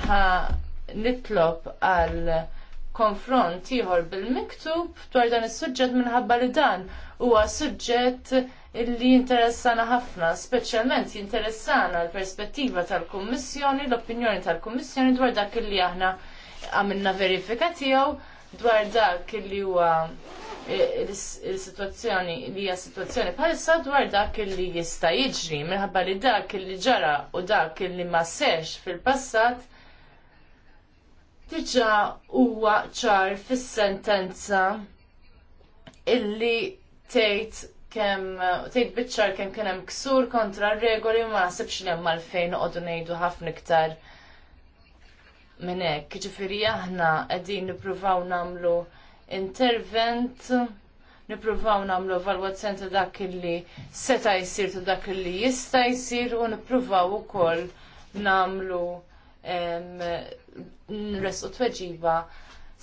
ħa nitlob għal konfront ieħor bil-miktub dwar dan is-suġġett minħabba li dan huwa suġġett illi interessana ħafna, speċjalment jinteressana l-perspettiva tal-Kummissjoni, l-opinjoni tal-Kummissjoni dwar dak illi aħna għamilna verifika tiegħu dwar dak illi huwa eh, il-situazzjoni li hija situazzjoni bħalissa dwar dak illi jista' jiġri minħabba li dak illi ġara u dak illi ma sex fil-passat diġa huwa ċar fis-sentenza illi tgħid kemm tgħid biċċar kemm kien hemm ksur kontra r-regoli ma naħsibx li hemm għalfejn noqogħdu ngħidu ħafna iktar minn hekk. Ġifieri aħna qegħdin nippruvaw nagħmlu intervent nippruvaw nagħmlu valwazzjoni ta' dak li seta' jsir ta' dak li jista' jsir u nippruvaw ukoll nagħmlu nresqu tweġiba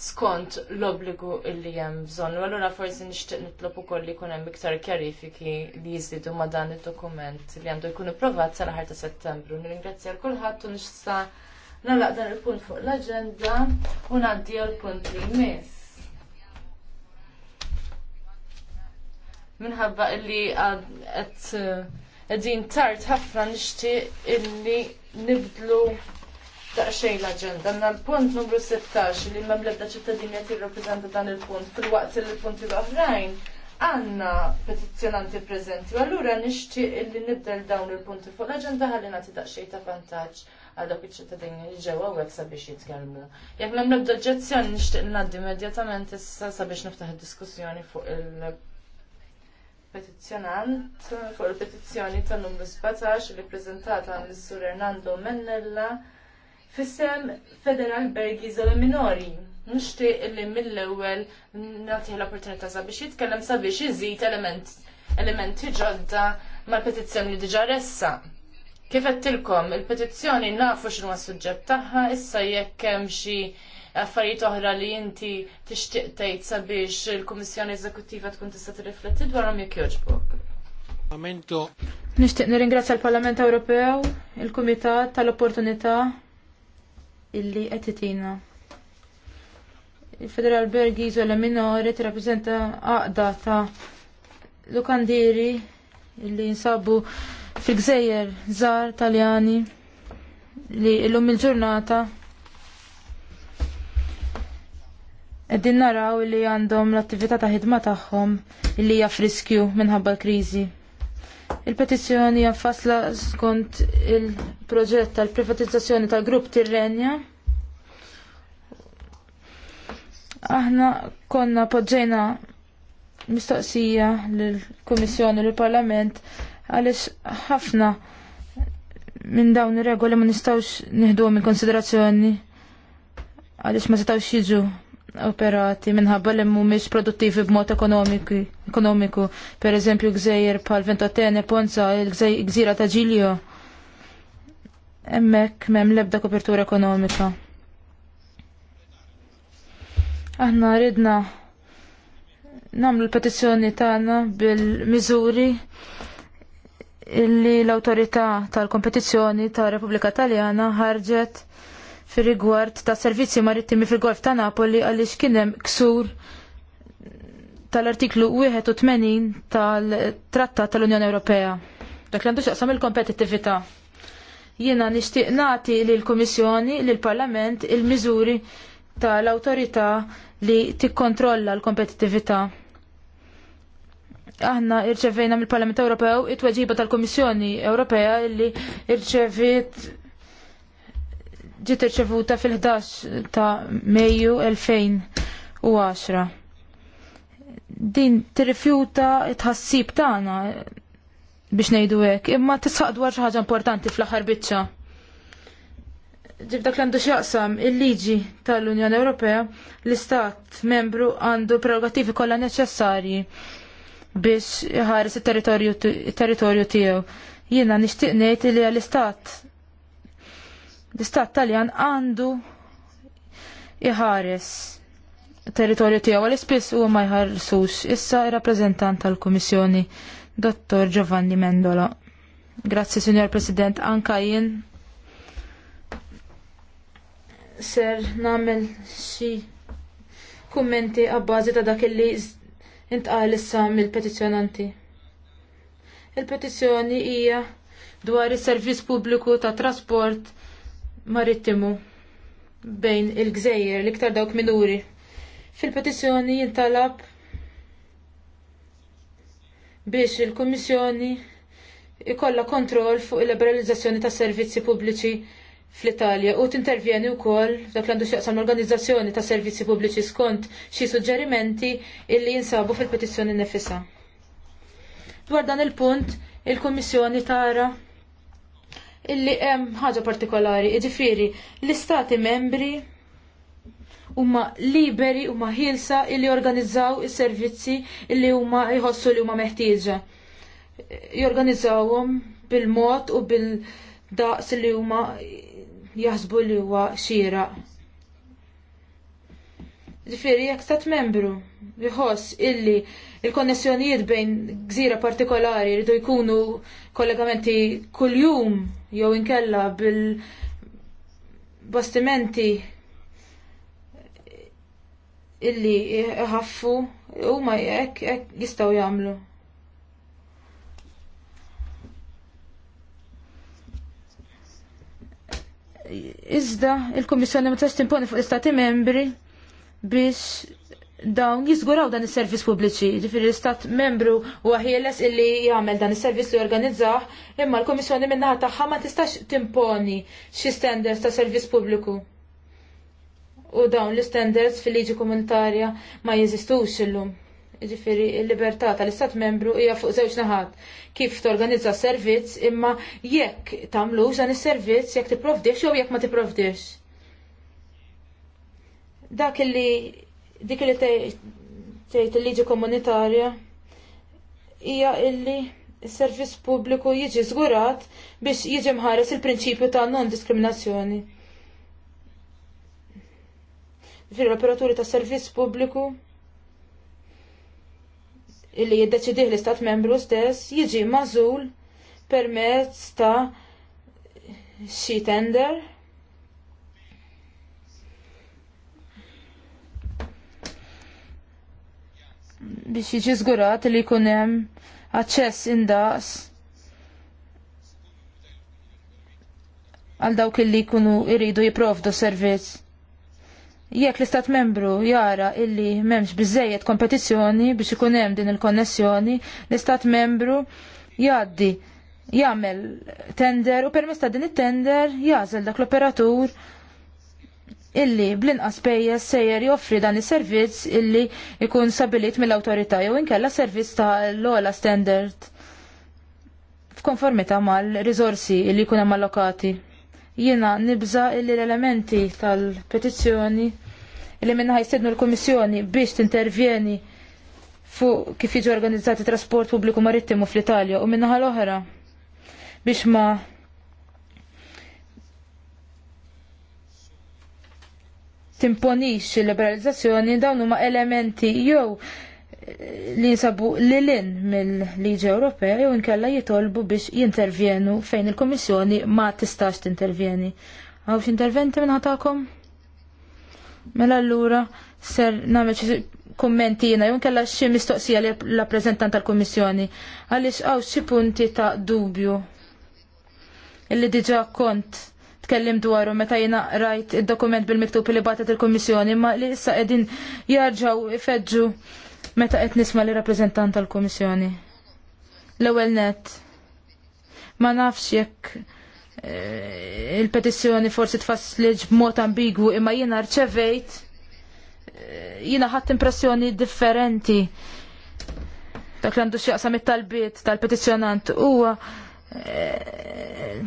skont l-obbligu illi hemm bżonn. allura forsi nixtieq nitlob ukoll li jkun hemm iktar kjarifiki li jiżdiedu ma' dan id-dokument li għandu jkun ipprovat sal aħar ta' Settembru. Nirringrazzja kulħadd u nixsa nagħlaq dan il-punt fuq l-aġenda u ngħaddi għal punt li jmiss. minħabba illi għed eh, din tard ħafna nixtieq illi nibdlu daqxejn l-agenda. Għanna l-punt numru 16 li mamlebda ċittadini għati rappresenta dan il-punt fil-waqt il-punti l-oħrajn għanna petizjonanti prezenti. Allura nixtieq li nibdel dawn il-punti fuq l-agenda ħalli nagħti daqsxejn ta' vantaġġ għal dawk iċ-ċittadini li ġewwa għek sabiex jitkellmu. Jekk mamlebda oġġezzjoni nixtieq ngħaddi immedjatament issa sabiex niftaħ id-diskussjoni fuq il- petizzjonant fuq il-petizzjoni tan numru 17 li ppreżentata mis sur Hernando Mennella Fissem Federal Bergi Zola Minori. Nishti illi mill-ewel nagħtih l-opportunità sabiex jitkellem sabiex iżid element elementi ġodda mal-petizzjoni li diġa ressa. Kif għettilkom, il-petizzjoni nafu xinu għas-sujġet taħħa, issa jekk hemm xi affarijiet oħra li inti tixtieq tgħid sabiex il-Kummissjoni Eżekuttiva tkun tista' tirrifletti dwarhom jekk jogħġbok. Nixtieq nirringrazzja l-Parlament Ewropew, il-Kumitat tal-Opportunità illi qed titina. Il-Federal Bergi żola minori tirrappreżenta għaqda ta' lukandiri illi jinsabu fil-gżejjer żar taljani li llum il-ġurnata qegħdin naraw li għandhom l-attività ta' ħidma tagħhom illi hija friskju minħabba l-kriżi. Il-petizzjoni jaffasla skont il-proġett tal-privatizzazzjoni tal-grupp Tirrenja. Aħna konna poġġejna mistoqsija l-Komissjoni l parlament għaliex ħafna minn dawn ir-regoli ma nistgħux nieħduhom in konsiderazzjoni għaliex ma setgħux jiġu operati minħabba li mhumiex produttivi b'mod ekonomiku. Per eżempju, gżejjer bħal Ventotene, Ponza, il-gżira ta' Ġilio. Hemmhekk m'hemm l-ebda kopertura ekonomika. Aħna ridna nagħmlu l-petizzjoni tagħna bil-miżuri illi l-autorità tal-kompetizzjoni tar Repubblika Taljana ħarġet fir-rigward ta' servizzi marittimi fil-Golf ta' Napoli għaliex kien hemm ksur tal-artiklu 81 tal-Trattat tal-Unjoni Ewropea. Dak li għandu xaqsam il-kompetittività. Jiena nixtieq nagħti lill-Kummissjoni lill-Parlament il-miżuri tal-awtorità li tikkontrolla l-kompetittività. Aħna irċevejna mill-Parlament Ewropew it-tweġiba tal-Kummissjoni Ewropea li irċevit ġiet irċevuta fil-11 ta' Mejju 2010. Din tirrifjuta tħassib tagħna biex ngħidu hekk, imma tisħaq dwar xi ħaġa importanti fl-aħħar biċċa. Ġib dak l-għandu x'jaqsam il-liġi tal-Unjoni Ewropea l-istat membru għandu prerogativi kollha neċessarji biex iħares it-territorju tiegħu. Jiena nixtieq ngħid li għall-istat l-istat taljan għandu iħares territorju tiegħu għal spiss huwa ma jħarsux. Issa ir-rappreżentant tal-Kummissjoni, Dottor Giovanni Mendola. Grazzi, Signor President, anka jien ser nagħmel xi kummenti għabbażi ta' dak li intqal issa mill-petizzjonanti. Il-petizzjoni hija dwar is-servizz pubbliku ta' trasport marittimu bejn il-gżejjer liktar dawk minuri. Fil-petizzjoni jintalab biex il-Kummissjoni ikolla kontroll fuq il-liberalizzazzjoni ta' servizzi pubbliċi fl-Italja u tintervjeni wkoll dak l-għandu xaqsam l-organizzazzjoni ta' servizzi pubbliċi skont xi suġġerimenti illi jinsabu fil-petizzjoni nefisa. Dwar dan il-punt, il-Kummissjoni tara illi hemm ħaġa partikolari, jiġifieri l-istati membri huma liberi huma ħilsa illi jorganizzaw is-servizzi illi huma jħossu li huma meħtieġa. Jorganizzawhom bil-mod u bil-daqs li huma jaħsbu li huwa xieraq Ġifieri jekk stat membru jħoss illi il-konnessjonijiet bejn gżira partikolari jridu jkunu kollegamenti kuljum jew inkella bil-bastimenti illi ħaffu huma jek jistgħu jagħmlu. Iżda il-Kummissjoni ma timponi fuq l-Istati membri biex dawn jizguraw dan is-servizz pubbliċi, ġifiri l-istat membru u għahieles illi jagħmel dan is-servizz li jorganizzah, imma l-Kummissjoni minnaħa tagħha ma tistax timponi xi standards ta' servizz pubbliku u dawn l-standards fil-liġi komunitarja ma jeżistux illum. Ġifiri, il-libertà tal-istat membru hija fuq żewġ naħat kif torganizza servizz imma jekk tagħmlux dan is-servizz jekk tipprovdix jew jekk ma tipprovdix. Dak illi dik li tgħid il-liġi komunitarja hija illi s-servizz pubbliku jiġi żgurat biex jiġi mħares il-prinċipju ta' non-diskriminazzjoni. Fir l-operaturi ta' servizz pubbliku illi jiddeċidih l-istat membru stess jiġi mażul permezz ta' xi tender biex jiġi żgurat li jkun hemm aċċess indaqs għal dawk illi jkunu jridu jipprovdu servizz. Jekk l-Istat membru jara illi m'hemmx biżejjed kompetizzjoni biex ikun hemm din il-konnessjoni, l-Istat membru jgħaddi jagħmel tender u permezz ta' din it-tender jażel dak l-operatur illi bl-inqas pejjeż sejjer joffri dan is-servizz illi jkun sabilit mill-awtorità jew inkella servizz ta' l ola standard f'konformità mal rizorsi illi jkun hemm allokati. Jiena nibża illi l-elementi tal-petizzjoni illi minna ħajstednu l-Kummissjoni biex tintervjeni fuq kif jiġu organizzati trasport pubbliku marittimu fl-Italja u minnaħa l-oħra biex ma' timponix il-liberalizzazzjoni dawn huma elementi jew eh, li jinsabu lilin mill-liġi Ewropea jew inkella jitolbu biex jintervjenu fejn il-Kommissjoni ma tistax tintervjeni. Għaw interventi minn ħatakom? Mela allura ser nagħmel xi kummenti jiena jew inkella xi mistoqsija li rappreżentant tal-Kummissjoni għaliex hawn xi punti ta' dubju illi diġà kont tkellim dwaru meta jiena rajt id-dokument bil-miktub li batet il komissjoni ma li issa qegħdin jarġgħu ifedġu meta qed nisma' li rappresentant tal-Kummissjoni. L-ewwel net. Ma nafx jekk eh, il-petizzjoni forsi tfassliġ b'mod ambigwu imma jiena rċevejt eh, jiena ħadd impressjoni differenti dak li għandu x'jaqsam it-talbiet tal-petizzjonant huwa eh,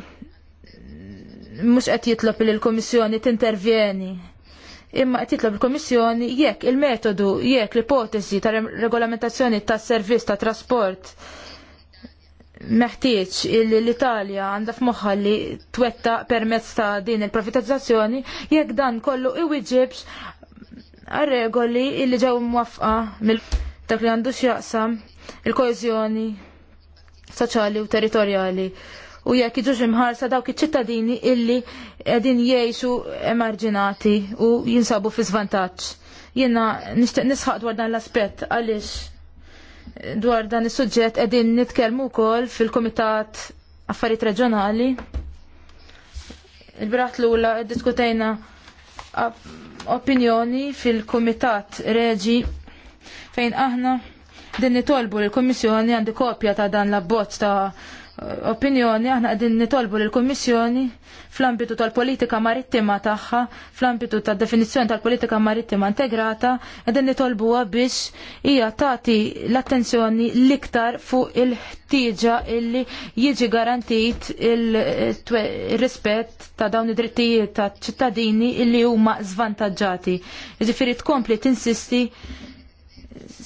mhux qed jitlob il komissjoni kummissjoni intervjeni Imma qed jitlob il-Kummissjoni jekk il-metodu, jekk l-ipotesi ta' regolamentazzjoni tas servizz ta' trasport meħtieġ l-Italja għandha f'moħħa li twetta permezz ta' din il-privatizzazzjoni jekk dan kollu iwiġibx għal-regoli illi ġew mwafqa mill dak li għandu x'jaqsam il-koeżjoni soċjali u territorjali u jekk iġuġ imħarsa dawk iċ-ċittadini illi qegħdin jgħixu emarġinati u jinsabu fi żvantaġġ. Jiena nixtieq nisħaq dwar dan l-aspett għaliex dwar dan is-suġġett qegħdin nitkellmu wkoll fil-Kumitat Affarijiet Reġjonali. Il-braħt l-ula diskutejna opinjoni fil-Kumitat Reġi fejn aħna din nitolbu l kummissjoni għandi kopja ta' dan l-abbozz ta' opinjoni aħna qegħdin nitolbu lill kummissjoni fl-ambitu tal-politika marittima tagħha, fl-ambitu tad-definizzjoni tal-politika marittima integrata, qegħdin nitolbuha biex hija tagħti l-attenzjoni l-iktar fuq il-ħtieġa illi jiġi garantit il-rispett ta' dawn id-drittijiet ta' ċittadini illi huma żvantaġġati. Jiġifieri tkompli tinsisti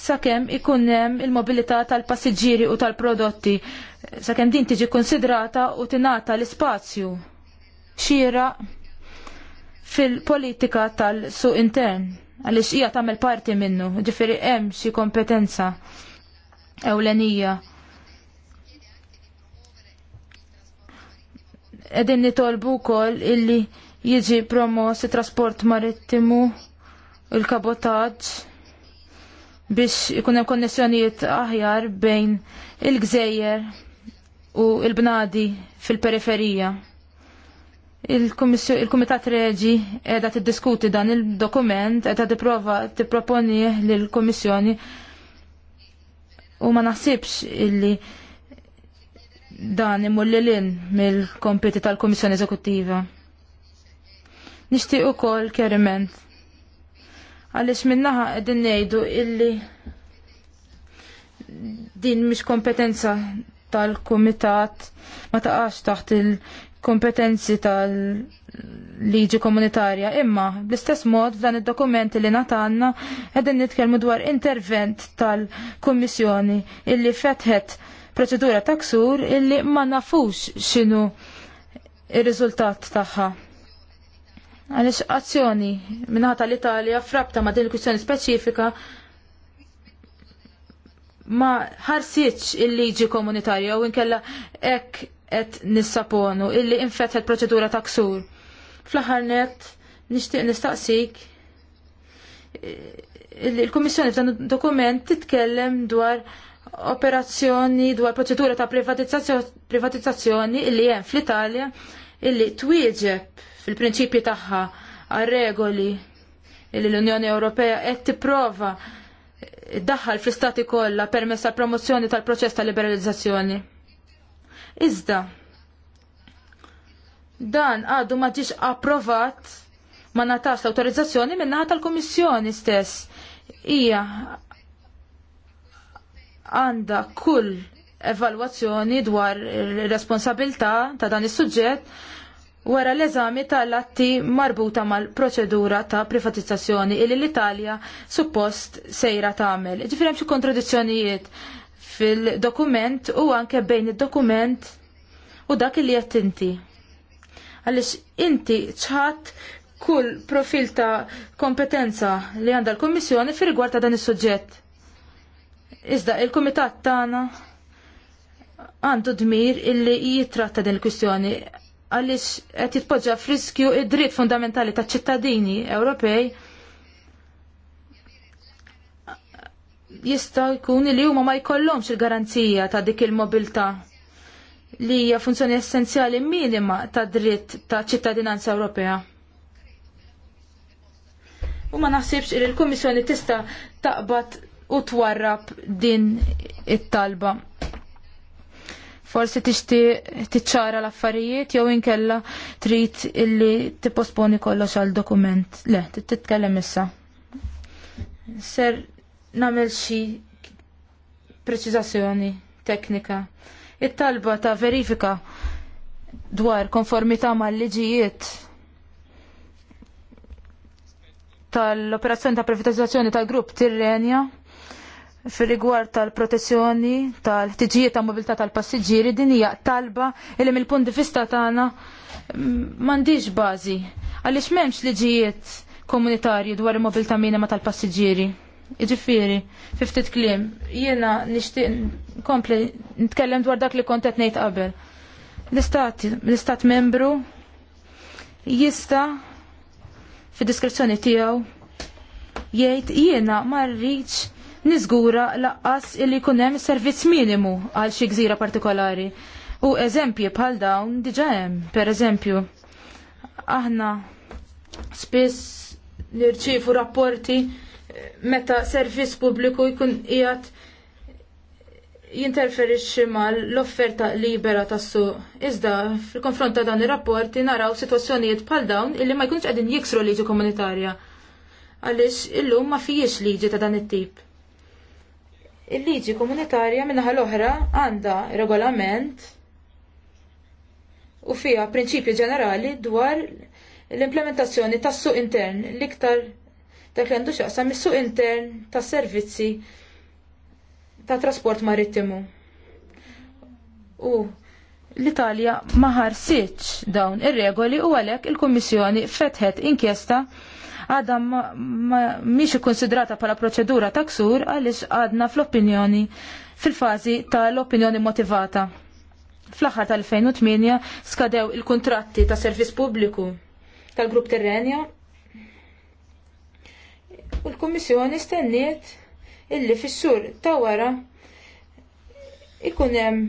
sakemm ikun hemm il-mobilità tal-passiġġieri u tal-prodotti sakemm din tiġi konsidrata u tingħata l-ispazju xira fil-politika tal-suq intern għaliex hija tagħmel parti minnu, ġifieri hemm xi kompetenza ewlenija. Qegħdin nitolbu wkoll illi jiġi promos trasport marittimu, il-kabotaġġ biex ikun hemm konnessjonijiet aħjar bejn il-gżejjer u l-bnadi fil-periferija. Il-Kumitat Reġi edha tiddiskuti dan il-dokument, edha tipprova tipproponi lill-Kummissjoni u ma naħsibx illi dan imullilin lilin mill-kompiti tal-Kummissjoni Eżekuttiva. Nixtieq ukoll kjeriment. Għaliex minnaħa qegħdin ngħidu illi din mhix kompetenza tal-Kumitat ma taqax taħt il-kompetenzi tal-liġi komunitarja. Imma, bl-istess mod, f'dan id-dokumenti li natanna, għedin nitkelmu dwar intervent tal-Kummissjoni illi fetħet proċedura taksur illi ma nafux xinu il-riżultat tagħha. Għaliex azzjoni minnaħta tal-Italja frabta ma din il-kwistjoni speċifika ma ħarsitx il-liġi komunitarja u inkella ek et nissaponu illi infetħet proċedura ta' ksur. Fl-aħħar net nixtieq nistaqsik eh, il-Kummissjoni f'dan dokument titkellem dwar operazzjoni dwar proċedura ta' privatizzazzjoni illi hemm fl-Italja illi twieġeb fil-prinċipji tagħha għal regoli illi l-Unjoni Ewropea qed tipprova prova daħħal fl-istati kollha permess tal promozzjoni tal-proċess ta' liberalizzazzjoni. Iżda, dan għadu ma ġiex approvat ma natax l-autorizzazzjoni minnaħa tal-Komissjoni stess. Ija għanda kull evalwazzjoni dwar responsabilità ta' dan is-suġġett wara l-eżami tal-atti marbuta mal-proċedura ta' privatizzazzjoni illi l-Italja suppost sejra tagħmel. Ġifier hemm xi kontradizzjonijiet fil-dokument u anke bejn id-dokument u dak li qed inti. Għaliex inti ċħat kull profil ta' kompetenza li għandha l-Kummissjoni fir rigward ta' dan is-suġġett. Iżda il-Kumitat tagħna għandu dmir illi jitratta din il-kwistjoni għaliex qed jitpoġġa friskju id-dritt fundamentali taċ ċittadini Ewropej jista' jkun li huma ma jkollhomx il-garanzija ta' dik il-mobilità li hija funzjoni essenzjali minima ta' dritt ta' ċittadinanza Ewropea. U ma naħsibx li l-Kummissjoni tista' taqbad u twarrab din it-talba. Forsi tixti tiċċara l-affarijiet jew inkella trid illi tipposponi kollox għal dokument. Le, titkellem issa. Ser nagħmel xi preċiżazzjoni teknika. It-talba ta' verifika dwar konformità mal-liġijiet tal-operazzjoni ta' privatizzazzjoni tal-grupp Tirrenja fil-rigward tal-protezzjoni tal-ħtiġijiet ta' mobilità tal-passiġġieri din hija talba li mill-punt di vista tagħna mm, m'għandix bażi għaliex m'hemmx liġijiet komunitarji dwar il-mobilità minima tal-passiġġieri. Iġifieri, fi ftit kliem, jiena nixtieq kompli nitkellem dwar dak li kont qed ngħid qabel. L-istat, l-istat membru jista fid diskrezzjoni tiegħu jgħid jiena ma rridx niżgura laqqas illi jkun hemm servizz minimu għal xi gżira partikolari. U eżempji bħal dawn diġa hemm, pereżempju, aħna spiss nirċievu rapporti eh, meta servizz pubbliku jkun qiegħed jinterferixxi mal l-offerta libera tas-suq. Iżda, fil-konfront ta' dan ir-rapporti naraw sitwazzjonijiet bħal dawn illi ma jkunx qegħdin jiksru liġi komunitarja. Għaliex illum ma fijiex liġi ta' dan it-tip. Il-liġi komunitarja minnaħa l-oħra għandha regolament u fija prinċipji ġenerali dwar l-implementazzjoni tas suq intern l-iktar dak li għandu xaqsam is suq intern tas servizzi ta' trasport marittimu. U l-Italja ma ħarsitx dawn ir-regoli u għalhekk il-Kummissjoni fetħet inkjesta għadha mhix ikkonsidrata bħala proċedura ta' ksur għaliex għadna fl-opinjoni fil-fażi tal-opinjoni motivata. Fl-aħħar tal-2008 skadew il-kontratti ta' servizz pubbliku tal-grupp Terrenja u l-Kummissjoni stenniet illi fis-sur ta' wara ikun hemm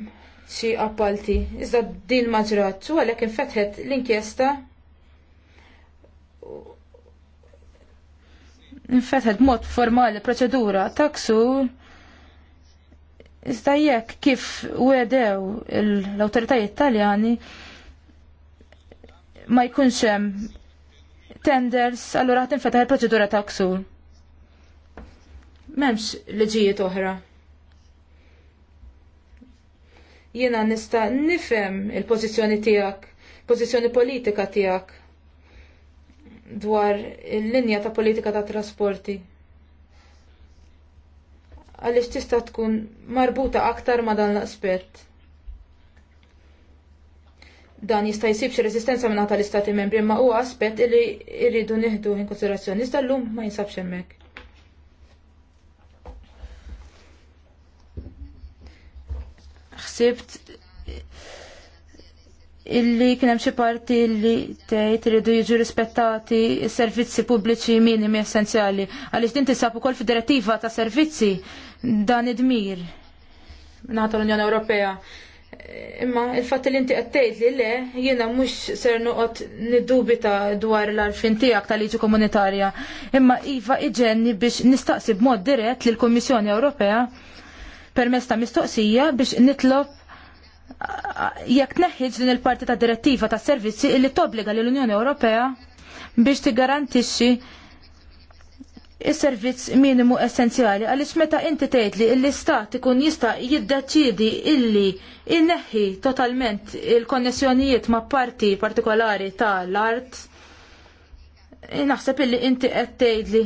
xi appalti. Iżda din maġrat u għalhekk infetħet l-inkjesta infetħed mod formali proċedura ta' ksur iżda jekk kif wedew l-awtoritajiet taljani ma jkunx hemm tenders allura ħadd infetaħ il-proċedura ta' ksur. M'hemmx liġijiet oħra. Jiena nista' nifhem il-pożizzjoni tiegħek, pożizzjoni politika tiegħek dwar il-linja ta' politika ta' trasporti. Għaliex tista' tkun marbuta aktar ma' dan l-aspett. Dan jista' jsib resistenza minn tal-Istati Membri imma huwa aspett li jridu nieħdu in konsiderazzjoni iżda llum ma jinsabx hemmhekk. Ħsibt illi kien hemm xi parti li tgħid iridu jiġu rispettati s-servizzi pubbliċi minimi essenzjali għaliex din tisab ukoll fid ta' servizzi dan id-dmir nagħta l-Unjoni Ewropea. Imma il fat li inti qed tgħid li le jiena mhux ser noqgħod niddubita dwar l-arfin tiegħek tal-liġi komunitarja. Imma iva iġenni biex nistaqsi b'mod dirett lill-Kummissjoni Ewropea permesta ta' mistoqsija biex nitlob jekk tneħħiġ din il-parti ta' direttiva ta' servizzi li tobbliga lill unjoni Ewropea biex tigarantixxi is-servizz minimu essenzjali għaliex meta inti tgħidli l-istat ikun jista' jiddeċidi illi inneħħi totalment il-konnessjonijiet ma' parti partikolari tal-art naħseb illi inti qed tgħidli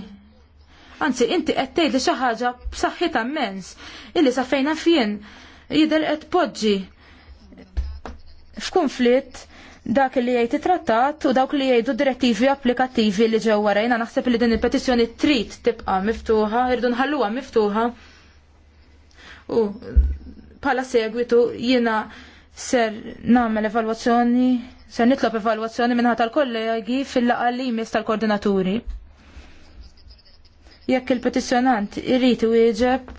Anzi, inti qed tgħidli xi ħaġa b'saħħitha immens illi sa fejn fien jidher qed poġġi f'konflitt dak li jgħid trattat u dawk li jgħidu direttivi applikattivi li ġew warajna naħseb li din il-petizzjoni trid tibqa' miftuħa, irdu nħalluha miftuħa. U bħala segwitu jiena ser nagħmel evalwazzjoni, ser nitlob evalwazzjoni ħadd tal-kollegi fil-laqgħa li jmiss tal-koordinaturi. Jekk il-petizzjonant irrid wieġeb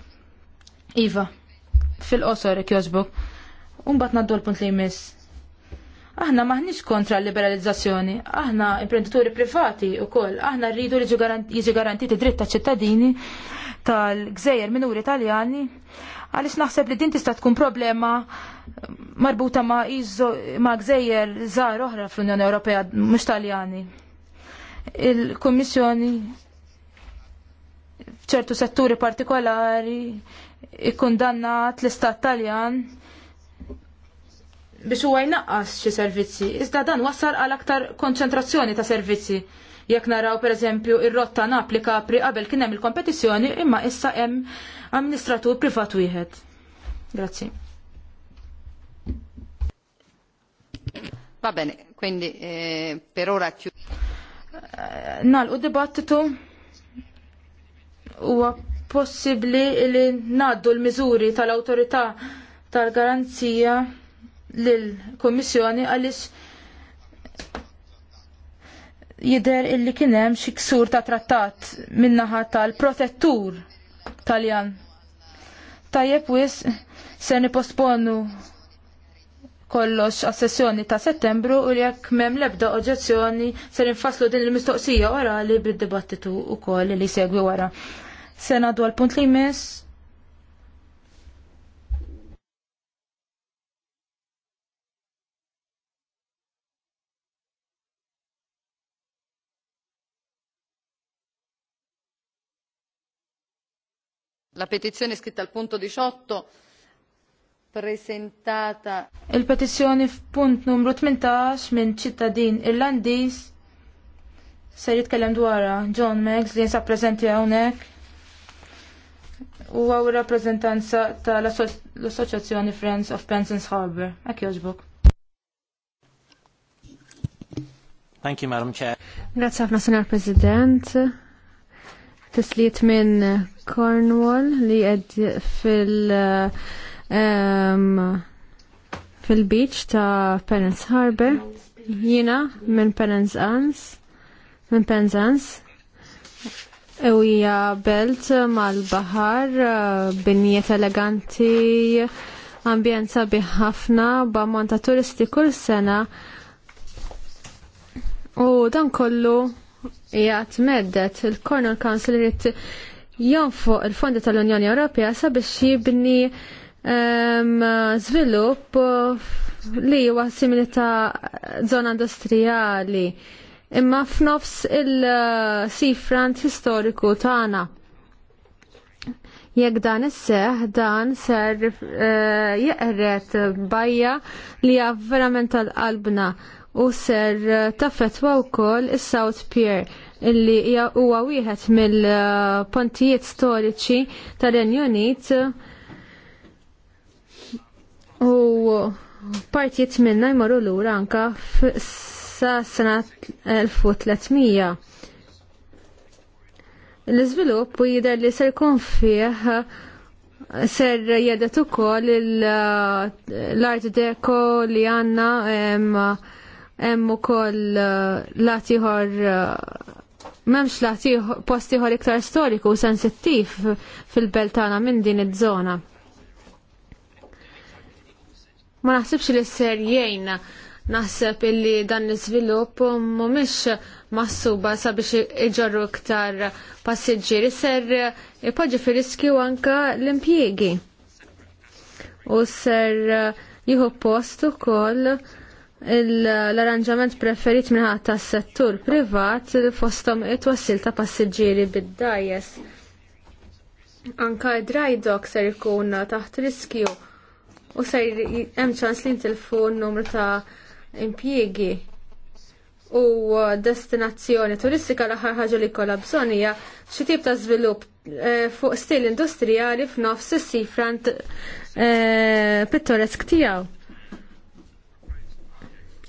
iva fil-qosor jekk jogħġbok. u mbagħad ngħaddu l-punt li jmiss. Aħna maħniex kontra liberalizzazzjoni, aħna imprenditori privati u koll, aħna rridu li jiġi garantiti dritt ta' ċittadini tal-gżejjer minuri taljani, għalix naħseb li din tista' tkun problema marbuta ma' izzo, ma' gżejjer żgħar oħra fl-Unjoni Ewropea mhux taljani. Il-Kummissjoni f'ċertu setturi partikolari ikkundannat l-Istat Taljan biex huwa jnaqqas xi servizzi, iżda dan wassar għal aktar konċentrazzjoni ta' servizzi. Jekk naraw pereżempju ir-rotta Napli Kapri qabel kien hemm il-kompetizzjoni imma issa hemm amministratur privat wieħed. Grazzi. Va bene, quindi eh, per ora chiudo. Eh, u dibattitu huwa possibbli li ngħaddu l-miżuri tal-awtorità tal-garanzija lill-Kummissjoni għaliex jidher illi kien hemm xi ksur ta' trattat min-naħa tal-protettur Taljan. Tajjeb wis se niposponu kollox għas sessjoni ta' settembru u li jekk m'hemm l-ebda oġġezzjoni se ninfasslu din il-mistoqsija orali bid-dibattitu wkoll li segwi wara. Se ngħadu punt li jmiss La petizione scritta al punto 18 presentata. Il-petizzjoni f'punt numru 18 minn ċittadin Irlandiż se jitkellem dwarha John Max li jinsab preżenti hawnhekk. Huwa rappreżentanza tal-Assoċjazzjoni Friends of Pensons Harbour. Hekk jogħġbok. Thank you, Madam Chair. Grazie, Signor President tisliet minn Cornwall li għed fil- um, fil-beach ta' Penance Harbor. Jiena minn Penance Ans, minn Penance Ans. Ewija belt mal-bahar, binjiet eleganti, ambjenza biħafna, b'ammont ta' turisti kull sena. U dan kollu hija meddet il-Cornell Council irid jonfoq il-fondi tal-Unjoni Ewropea sabiex jibni ehm, żvilupp li huwa simili ta' żona industrijali imma f'nofs il-seafront historiku tagħna. Jekk dan isseħ dan ser eh, jeqret bajja li hija verament tal-qalbna u ser eh, taffetwa wkoll is-South Pier illi huwa wieħed mill-pontijiet storiċi tal-Renju Unit u partijiet minna jmorru lura anka sa sena 1300. l u jidher li ser kun fih ser jedet ukoll eh, l-art deko li għanna hemm ukoll uh, latiħor uh, m'hemmx latiħor ieħor iktar storiku u sensittiv fil-beltana minn din iż-żona. Ma naħsibx li ser jgħin naħseb illi dan l-iżvilupp mhumiex massuba sabiex iġorru iktar passiġġieri ser ipoġġi fi riskju anka l-impjiegi. U ser jieħu post ukoll l-arranġament preferit minħat tas settur privat fostom it-wassil ta' passiġġieri bid-dajes. Anka dry dock ser ikun taħt riskju u ser hemm ċans li ntilfu n-numru ta' impjiegi u destinazzjoni turistika l-aħħar ħaġa li kollha bżonn hija xi tip ta' żvilupp eh, fuq stil industrijali f'nofs is-sifrant eh, pittoresk tiegħu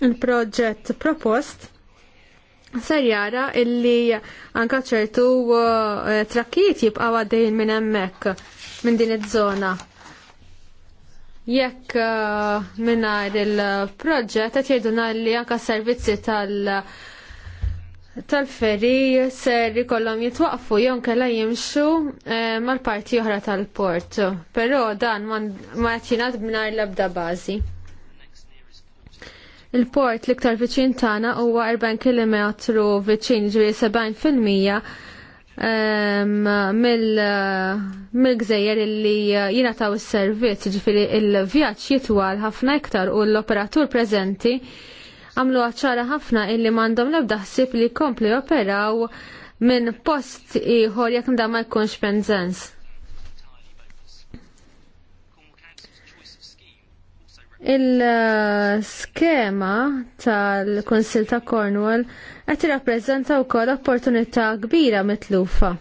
il-proġett propost ser jara illi anka ċertu uh, trakkijiet jibqaw għaddejn minn hemmhekk minn din iż-żona. Jekk uh, mingħajr il-proġett qed jgħiduna li anke servizzi tal- tal-ferri ser ikollhom jitwaqfu jew kella jimxu eh, mal-parti oħra tal-port. Però dan ma qed jingħad mingħajr l-ebda bażi. Il-port l-iktar viċin tagħna huwa 40 km viċin ġri 70% ehm, mill-gżejjer li taw is-servizz, ġifiri il-vjaġġ jitwal ħafna iktar u l-operatur preżenti għamlu għacċara ħafna illi m'għandhom l-ebda ħsieb li kompli operaw minn post ieħor jekk da ma jkunx penzens. Il-skema tal-Konsil ta' Cornwall qed u wkoll opportunità kbira mitlufa.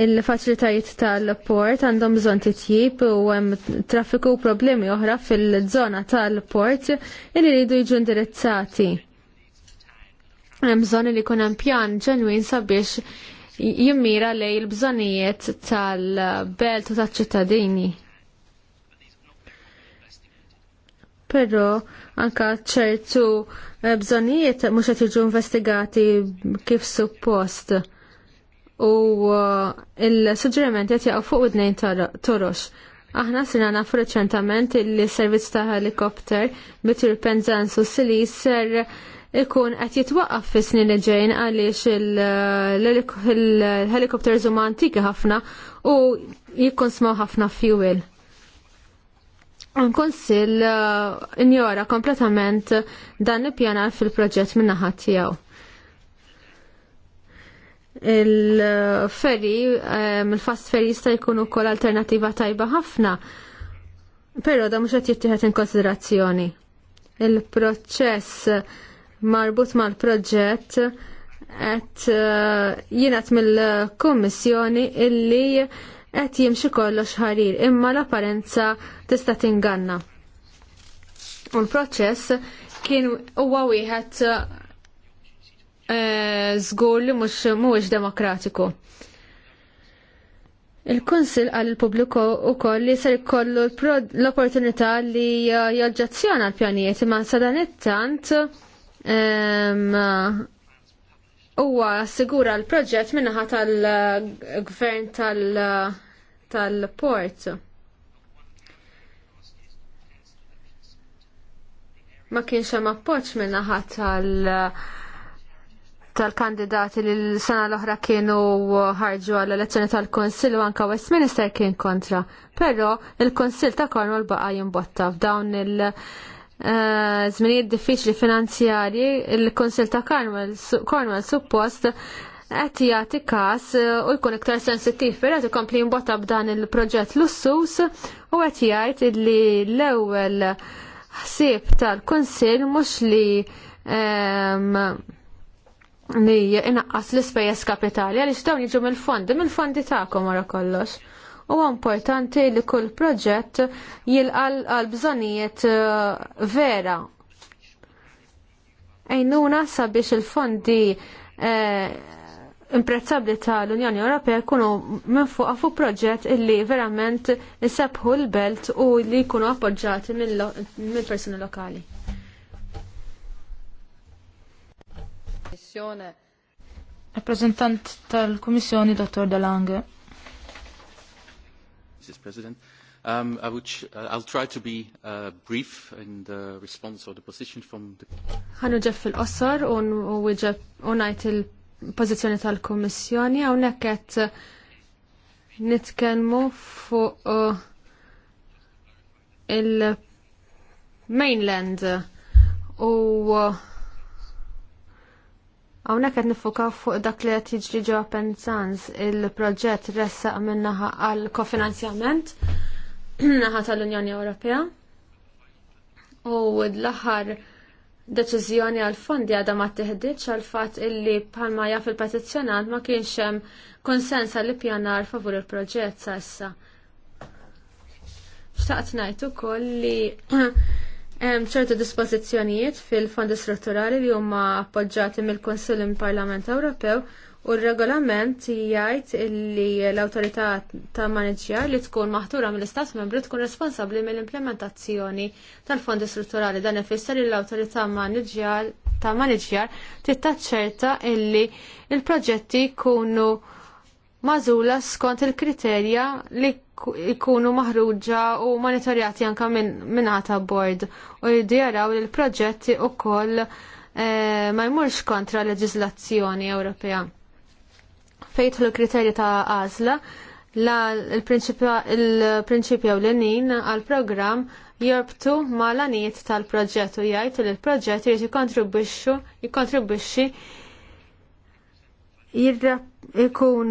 il facilitajiet tal-port għandhom bżonn titjib u hemm traffiku problemi oħra fil-żona tal-port li jridu jiġu indirizzati. Hemm bżonn li jkun hemm pjan ġenwin sabiex jimmira lej il-bżonijiet tal-belt u taċ-ċittadini. però anka ċertu eh, bżonijiet mhux qed jiġu investigati kif suppost. U eh, il-suġġerimenti qed jaqgħu fuq id-nejn torox. Aħna sirna nafu reċentament il servizz ta' helikopter bit penzansu u ser ikun qed jitwaqqaf fi snin li ġejn għaliex il eh, helikopter huma antiki ħafna u jikkonsmaw ħafna fuel. Konsil uh, injora kompletament dan il-pjanar fil-proġett minna ħatijaw. Il-ferri, eh, il-fast ferri jista' jkun ukoll alternativa tajba ħafna, però da mhux qed jittieħed in konsiderazzjoni. Il-proċess marbut mal-proġett qed eh, jingħat mill-Kummissjoni illi qed jimxi kollox ħarir imma l-apparenza tista' tinganna. U l-proċess kien huwa wieħed eh, żgur li mhux mhuwiex demokratiku. Il-Kunsil għal il-pubbliku wkoll li ser ikollu l-opportunità li eh, joġġazzjona l-pjanijiet imma sa dan it-tant ehm, huwa sigura l-proġett minnaħa tal-gvern tal-port. Ma kienx hemm appoġġ minnaħa tal- tal-kandidati li l-sena l-oħra kienu ħarġu għall elezzjoni tal-Konsil u anka Westminster kien kontra. Però il-Konsil ta' Cornwall baqa' jimbotta f'dawn il- Eh, zminijiet diffiċli finanzjarji, il-Konsil ta' Cornwall suppost qed jagħti każ eh, u jkun iktar sensittiv però qed ikompli jimbotta b'dan il-proġett lussus u qed jgħid li l-ewwel ħsieb tal-Kunsill mhux li ehm, li inaqqas l-ispejjeż kapitali għaliex dawn jiġu mill-fondi, mill-fondi tagħkom wara kollox huwa importanti li kull proġett jilqal għal bżonijiet eh, vera. Ejnuna sabiex il-fondi eh, imprezzabli tal-Unjoni Ewropea jkunu minn fuq fuq proġett illi verament isebħu l-belt u li jkunu appoġġati mill-persuni lokali. Rappresentant tal-Kummissjoni Dottor Delange. Mrs. President. Um, I would uh, I'll try to be uh, brief in the response or the position from the... Għanu ġef fil-qossar u unajt il-pozizjoni tal-Kommissjoni għawnek għet nitkelmu fuq uh, il-mainland u uh, Hawnhekk qed nifukaw fuq dak li qed jiġri ġewwa Penzans il-proġett ressaq minnaħa għal kofinanzjament naħa tal-Unjoni Ewropea. U l-aħħar deċiżjoni għal fondi għadha ma teħdiċ għal fatt illi bħalma jaf il-petizzjonant ma kienx hemm konsens għall ippjanar favur il-proġett sa issa. Xtaqt ngħid ukoll li Hemm ċertu dispożizzjonijiet fil-fondi strutturali li huma appoġġjati mill-Konsil Parlament Ewropew u r-regolament jgħid li l-awtorità ta' maniġjar li tkun maħtura mill-Istat membri tkun responsabbli mill-implementazzjoni tal-fondi strutturali dan ifisser li l-awtorità maniġjar ta' maniġjar tittaċċerta illi l proġetti jkunu mażula skont il-kriterja li ikunu maħruġa u monitorjati anka minnata bord u jidjaraw li l-proġetti u koll eh, ma jmurx kontra leġizlazzjoni Ewropea. Fejtħu l-kriterji ta' għazla la l-prinċipja u l-nin għal-program jorbtu ma l-anijiet tal-proġett u jgħid li l-proġett jrid jikontribwixxu jikontribwixxi ikun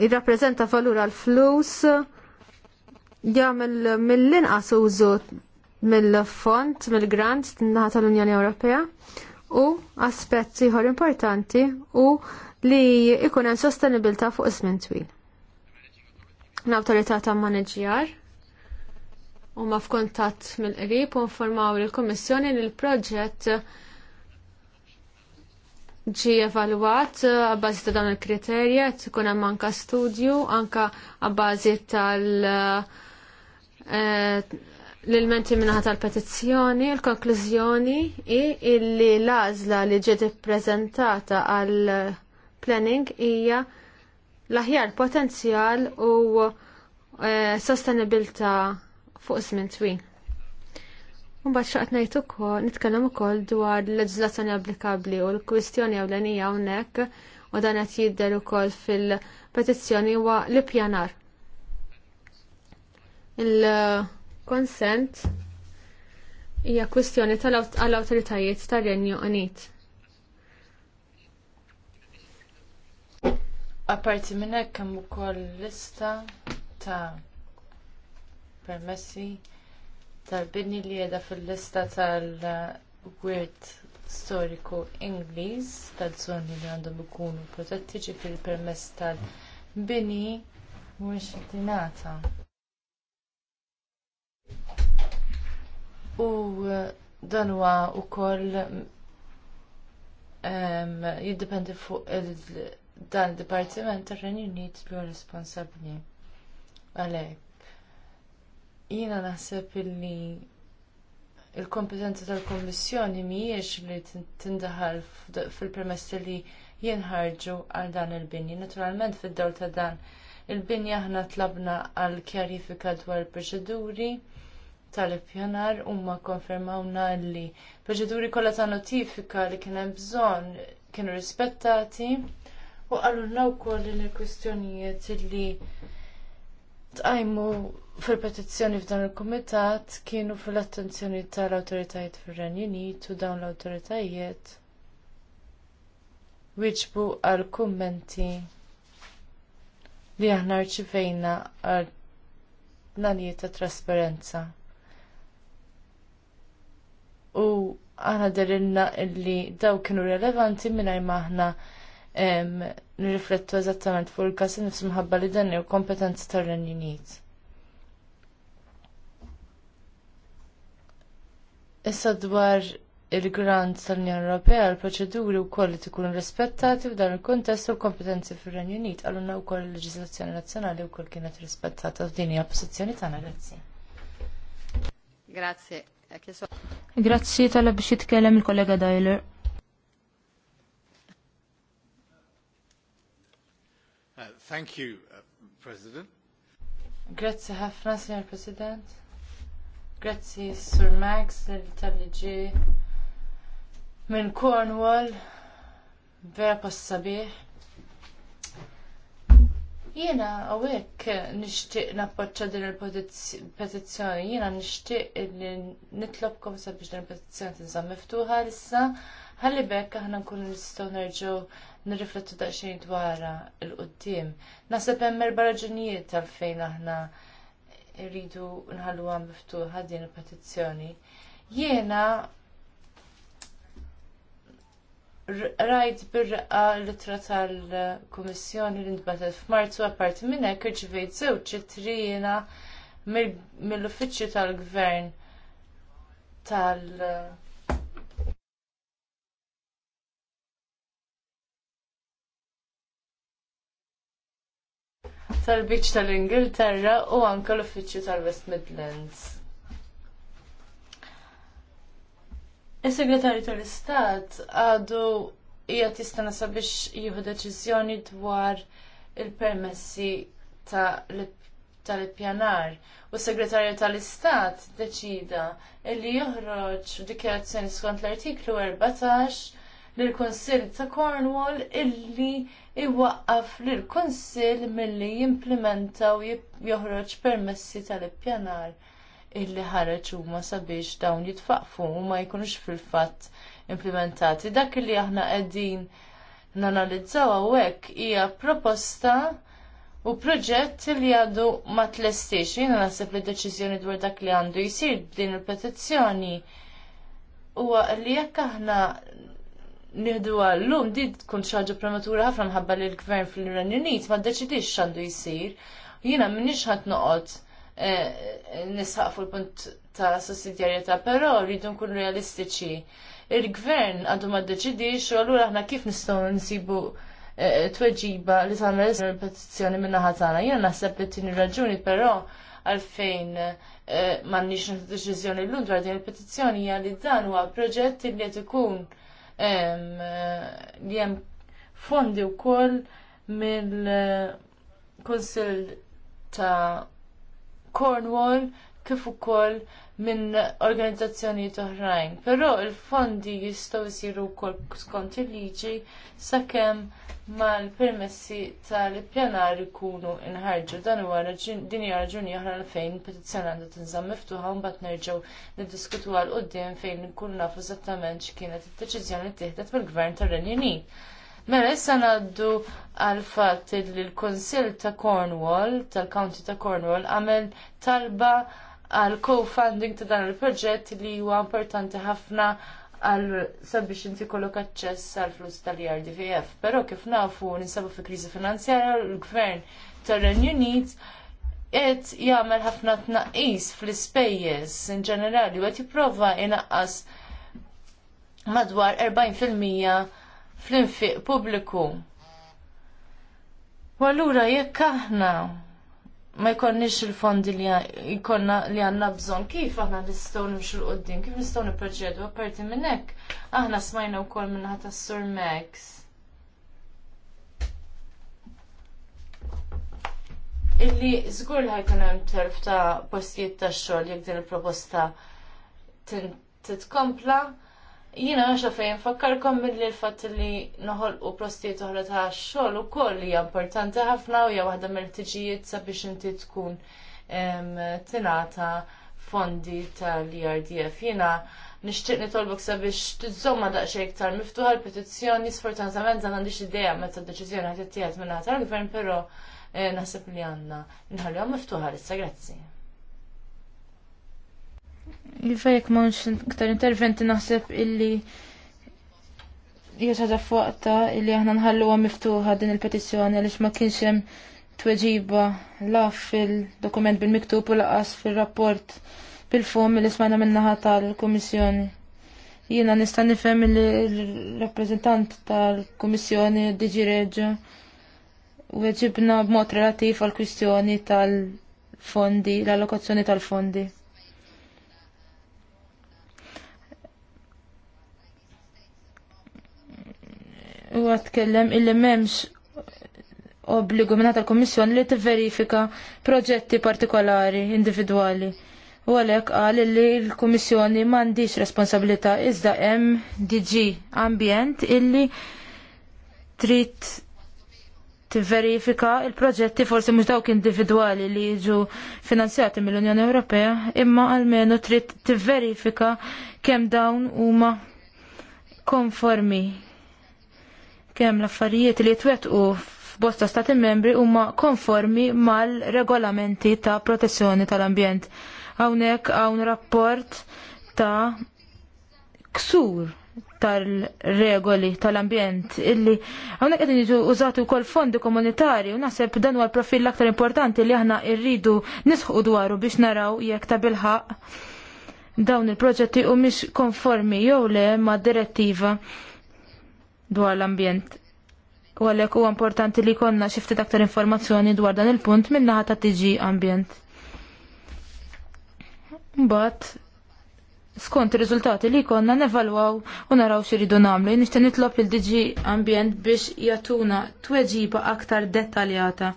jirrappreżenta valur għal flus jagħmel mill-inqas użu mill-font, mill-grant naħat tal-Unjoni Ewropea u aspetti ieħor importanti u li ikun hemm sostenibilità fuq żmien twil. L-awtorità ta' maneġjar huma f'kuntatt mill-qrib u informaw lill-Kummissjoni li l-proġett ġi evalwat eh, għabbażi ta' dawn il-kriterja, tkun hemm anka studju, anka għabbażi tal- eh, eh, l-elementi minnaħa tal-petizzjoni, l-konklużjoni i illi l-għażla li ġiet ippreżentata għal planning hija l-aħjar potenzjal u sostenibilta fuq żmien twil. Mbagħad xaqt ngħid ukoll nitkellem ukoll dwar il leġiżlazzjoni applikabbli u l-kwistjoni ewlenija hawnhekk u dan qed jidher ukoll fil-petizzjoni huwa l-ippjanar. Il-konsent hija kwistjoni tal-awtoritajiet tar-Renju Unit. Apparti minn hekk hemm ukoll lista ta' permessi tal-bini li jeda fil-lista tal-wirt storiku Ingliż tal-żoni li għandhom ikunu protetti ġifiri permess tal-bini mhux dinata. U eh, dan huwa wkoll jiddependi fuq il dan il-Dipartiment tar-Renju Unit li responsabbli għalhekk. Jiena naħseb illi il-kompetenza tal kummissjoni mhijiex li tindaħal fil-permess li jinħarġu għal dan il-binji. Naturalment fid-dawl ta' dan il binja aħna tlabna għal kjarifika dwar il-proċeduri tal-ippjanar huma konfermawna li proċeduri kollha ta' notifika li kien hemm bżonn kienu rispettati u għallunna wkoll li l-kwistjonijiet li tqajmu fil-petizzjoni f'dan il-kumitat kienu fil-attenzjoni tal-awtoritajiet fir-Renju Unit u dawn l-awtoritajiet wieġbu għal kummenti li aħna rċifejna għal nanijiet ta' trasparenza. U aħna derilna illi daw kienu relevanti mingħajr ma aħna nirriflettu eżattament fuq il-kas nifs mħabba li dan u kompetenzi tar-Renju Unit. Issa dwar il-grant tal-Unjoni Ewropea l-proċeduri wkoll li tkun rispettati f'dan il-kuntest u kompetenzi fir-Renju Unit għalunna wkoll il-leġiżlazzjoni nazzjonali wkoll kienet rispettata f'din hija pożizzjoni tagħna grazzi. Grazie. Grazzi tal-biex jitkellem il-kollega Dajler. Uh, thank you, uh, President. Grazie ħafna, Signor President. Grazie, Sir Max tal-liġi minn Cornwall. Vera passabiħ. Jena, għawek nishtiq nappoċċa din il-petizzjoni, Jena, nishtiq li nitlobkom sabiex din il-petizzjoni tinżam miftuħa l-issa ħalli bekk aħna nkunu nistgħu nerġgħu nirriflettu daqsxejn dwarha il-qudiem. Naħseb hemm erba' raġunijiet fejn aħna rridu nħalluha miftuħa din il-petizzjoni. Jiena rajt bir birraqa l-ittra tal-Kummissjoni li ntbatet f'Marzu apparti minn hekk irċivejt żewġ ittrijiena mill-uffiċċju tal-Gvern tal- tal-Biċ tal-Ingilterra u anke l-Uffiċċju tal-West Midlands. Is-Segretarju tal-Istat għadu hija tistana sabiex jieħu deċiżjoni dwar il-permessi tal-ippjanar. U s-segretarju tal-Istat deċida li joħroġ dikjarazzjoni skont l-artiklu 14 lill kunsill ta' Cornwall illi iwaqqaf lill kunsill milli jimplementa u joħroġ permessi tal-ippjanar illi ħareġ huma sabiex dawn jitfaqfu u ma jkunux fil-fatt implementati. Dak li aħna qegħdin nanalizzaw hawnhekk hija proposta U proġett li għadu ma tlestix, jina nasib li deċizjoni dwar dak li għandu jisir din il-petizzjoni. U li jekk aħna nieħdu għallum di tkun xaġa prematura ħafna mħabba li l-gvern fil-Iran Unit ma ddeċidix x'għandu jsir. Jiena m'iniex ħadd noqgħod eh, nisħaq fuq il-punt ta' sussidjarjetà, però rridu nkunu realistiċi. Il-gvern għadu ma ddeċidix u allura aħna kif nistgħu nsibu eh, tweġiba li tagħmel il-petizzjoni minn naħa tagħna. Jiena naħseb li tieni raġuni però għalfejn eh, m'għandniex deċiżjoni llum dwar din il-petizzjoni hija li dan huwa proġett li qed ikun li jem fondi koll mill konsil ta' Cornwall kif ukoll minn organizzazzjonijiet oħrajn. Però il-fondi jistgħu jsiru wkoll skont il-liġi sakemm ma l-permessi tal ippjanar ikunu inħarġu. Dan huwa din hija raġuni oħra fejn petizzjoni għandha tinżamm miftuħa mbagħad nerġgħu niddiskutu għal quddiem fejn nkun nafu eżattament x'kienet id-deċiżjoni li tieħdet mill-Gvern tar-Renju Unit. Mela issa ngħaddu għal fatt li l-Kunsill ta' Cornwall, tal-County ta' Cornwall, għamel talba għal co-funding ta' dan il-proġett li huwa importanti ħafna għal sabiex inti kollok aċċess għal flus tal jrdvf Però kif nafu nisabu fi kriżi finanzjarja l-gvern tal-Renju Unit qed jagħmel ħafna tnaqqis fl-ispejjeż in ġenerali u qed jipprova inaqqas madwar 40% fl-infiq pubbliku. U allura jekk aħna ma jkonniex il-fondi li jkonna li għanna bżon, kif aħna nistgħu nimxu l-qoddim, kif nistgħu niproġedu, apparti minn hekk, aħna smajna wkoll minnaħa tas Sur Max. Illi żgur li ħajkun hemm telf ta' postijiet ta' xogħol jekk din il-proposta titkompla Jina għaxa fejn kom mill l-fat li noħol u prostiet uħra ta' xol u koll hija importanti ħafna u hija waħda mill-tiġijiet sabiex inti tkun tinata fondi tal-IRDF. Jina nixtieq nitolbok sabiex tiżomma daqsxejn iktar miftuħa l-petizzjoni sfortunatament dan għandix ideja meta d-deċiżjoni qed tittieħed minn tal-gvern però eh, naħseb li għandna nħallihom miftuħa issa grazzi. Jifajek mawx iktar interventi naħseb illi jieċaġa fuqta illi aħna nħalluha miftuħa din il-petizzjoni għaliex ma kienx hemm tweġiba laf fil-dokument bil-miktub u laqas fil-rapport bil-fum illi smajna minnaħa tal-Kummissjoni. Jiena nista' nifhem li l-rappreżentant tal-Kummissjoni Diġi Reġġo weġibna b'mod relativ għal kwistjoni tal-fondi, l-allokazzjoni tal-fondi. u għatkellem illi memx obbligu minnata tal-Komissjoni li t-verifika proġetti partikolari, individuali. U għalek għal li l-Komissjoni mandiċ responsabilita iżda hemm Ambient illi trid t-verifika il-proġetti forsi mux dawk individuali li jiġu finanzjati mill-Unjoni Ewropea, imma għalmenu trid t-verifika kem dawn huma konformi kemm l-affarijiet li jitwettqu f'bosta stati membri huma konformi mal-regolamenti ta' protezzjoni tal-ambjent. Hawnhekk hawn rapport ta' ksur tal-regoli tal-ambjent illi hawnhekk għedin jiġu użati wkoll fondi komunitari u naħseb dan huwa profil l-aktar importanti li aħna rridu nisħu dwaru biex naraw jekk ta' bilħaq dawn il-proġetti u mish konformi jew le mad direttiva dwar l-ambjent. U għalhekk huwa importanti li konna xi ftit aktar informazzjoni dwar dan il-punt min-naħa ta' tiġi ambjent. Mbagħad skont ir-riżultati li konna nevalwaw u naraw xiridu namlu. Nishtan nitlob il-DG Ambient biex jatuna tweġiba aktar dettaljata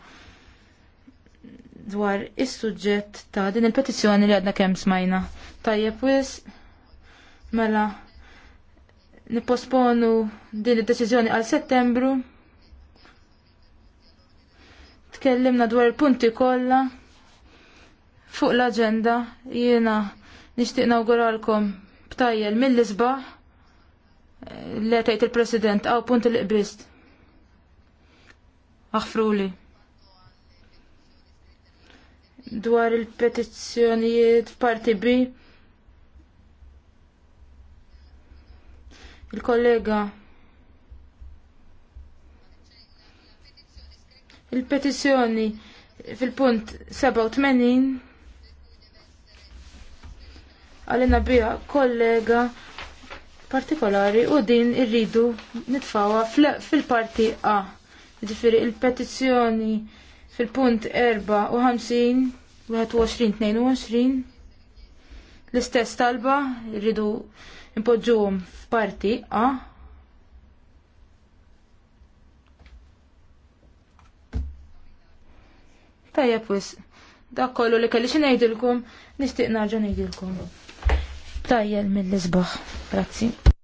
dwar is-suġġett ta' din il-petizzjoni li għadna kemm smajna. Tajjeb wis, mela nipposponu din id-deċiżjoni għal settembru. Tkellimna dwar il-punti kollha fuq l-aġenda jiena nixtieq nawguralkom b'tajjel mill-isbaħ eh, le tgħid il-President aw punt li qbrist. Aħfruli. Dwar il-petizzjonijiet f'parti B il-kollega il-petizzjoni fil-punt 87 għalina bija kollega partikolari u din irridu nitfawa fil-parti A. Ġifiri il-petizzjoni fil-punt 54 21-22 l-istess talba irridu impoġġuhom f'parti A Tajjeb wis, dak kollu li kelli xi ngħidilkom nixtieq narġa' ngħidilkom. Tajjel mill-isbaħ. Grazzi.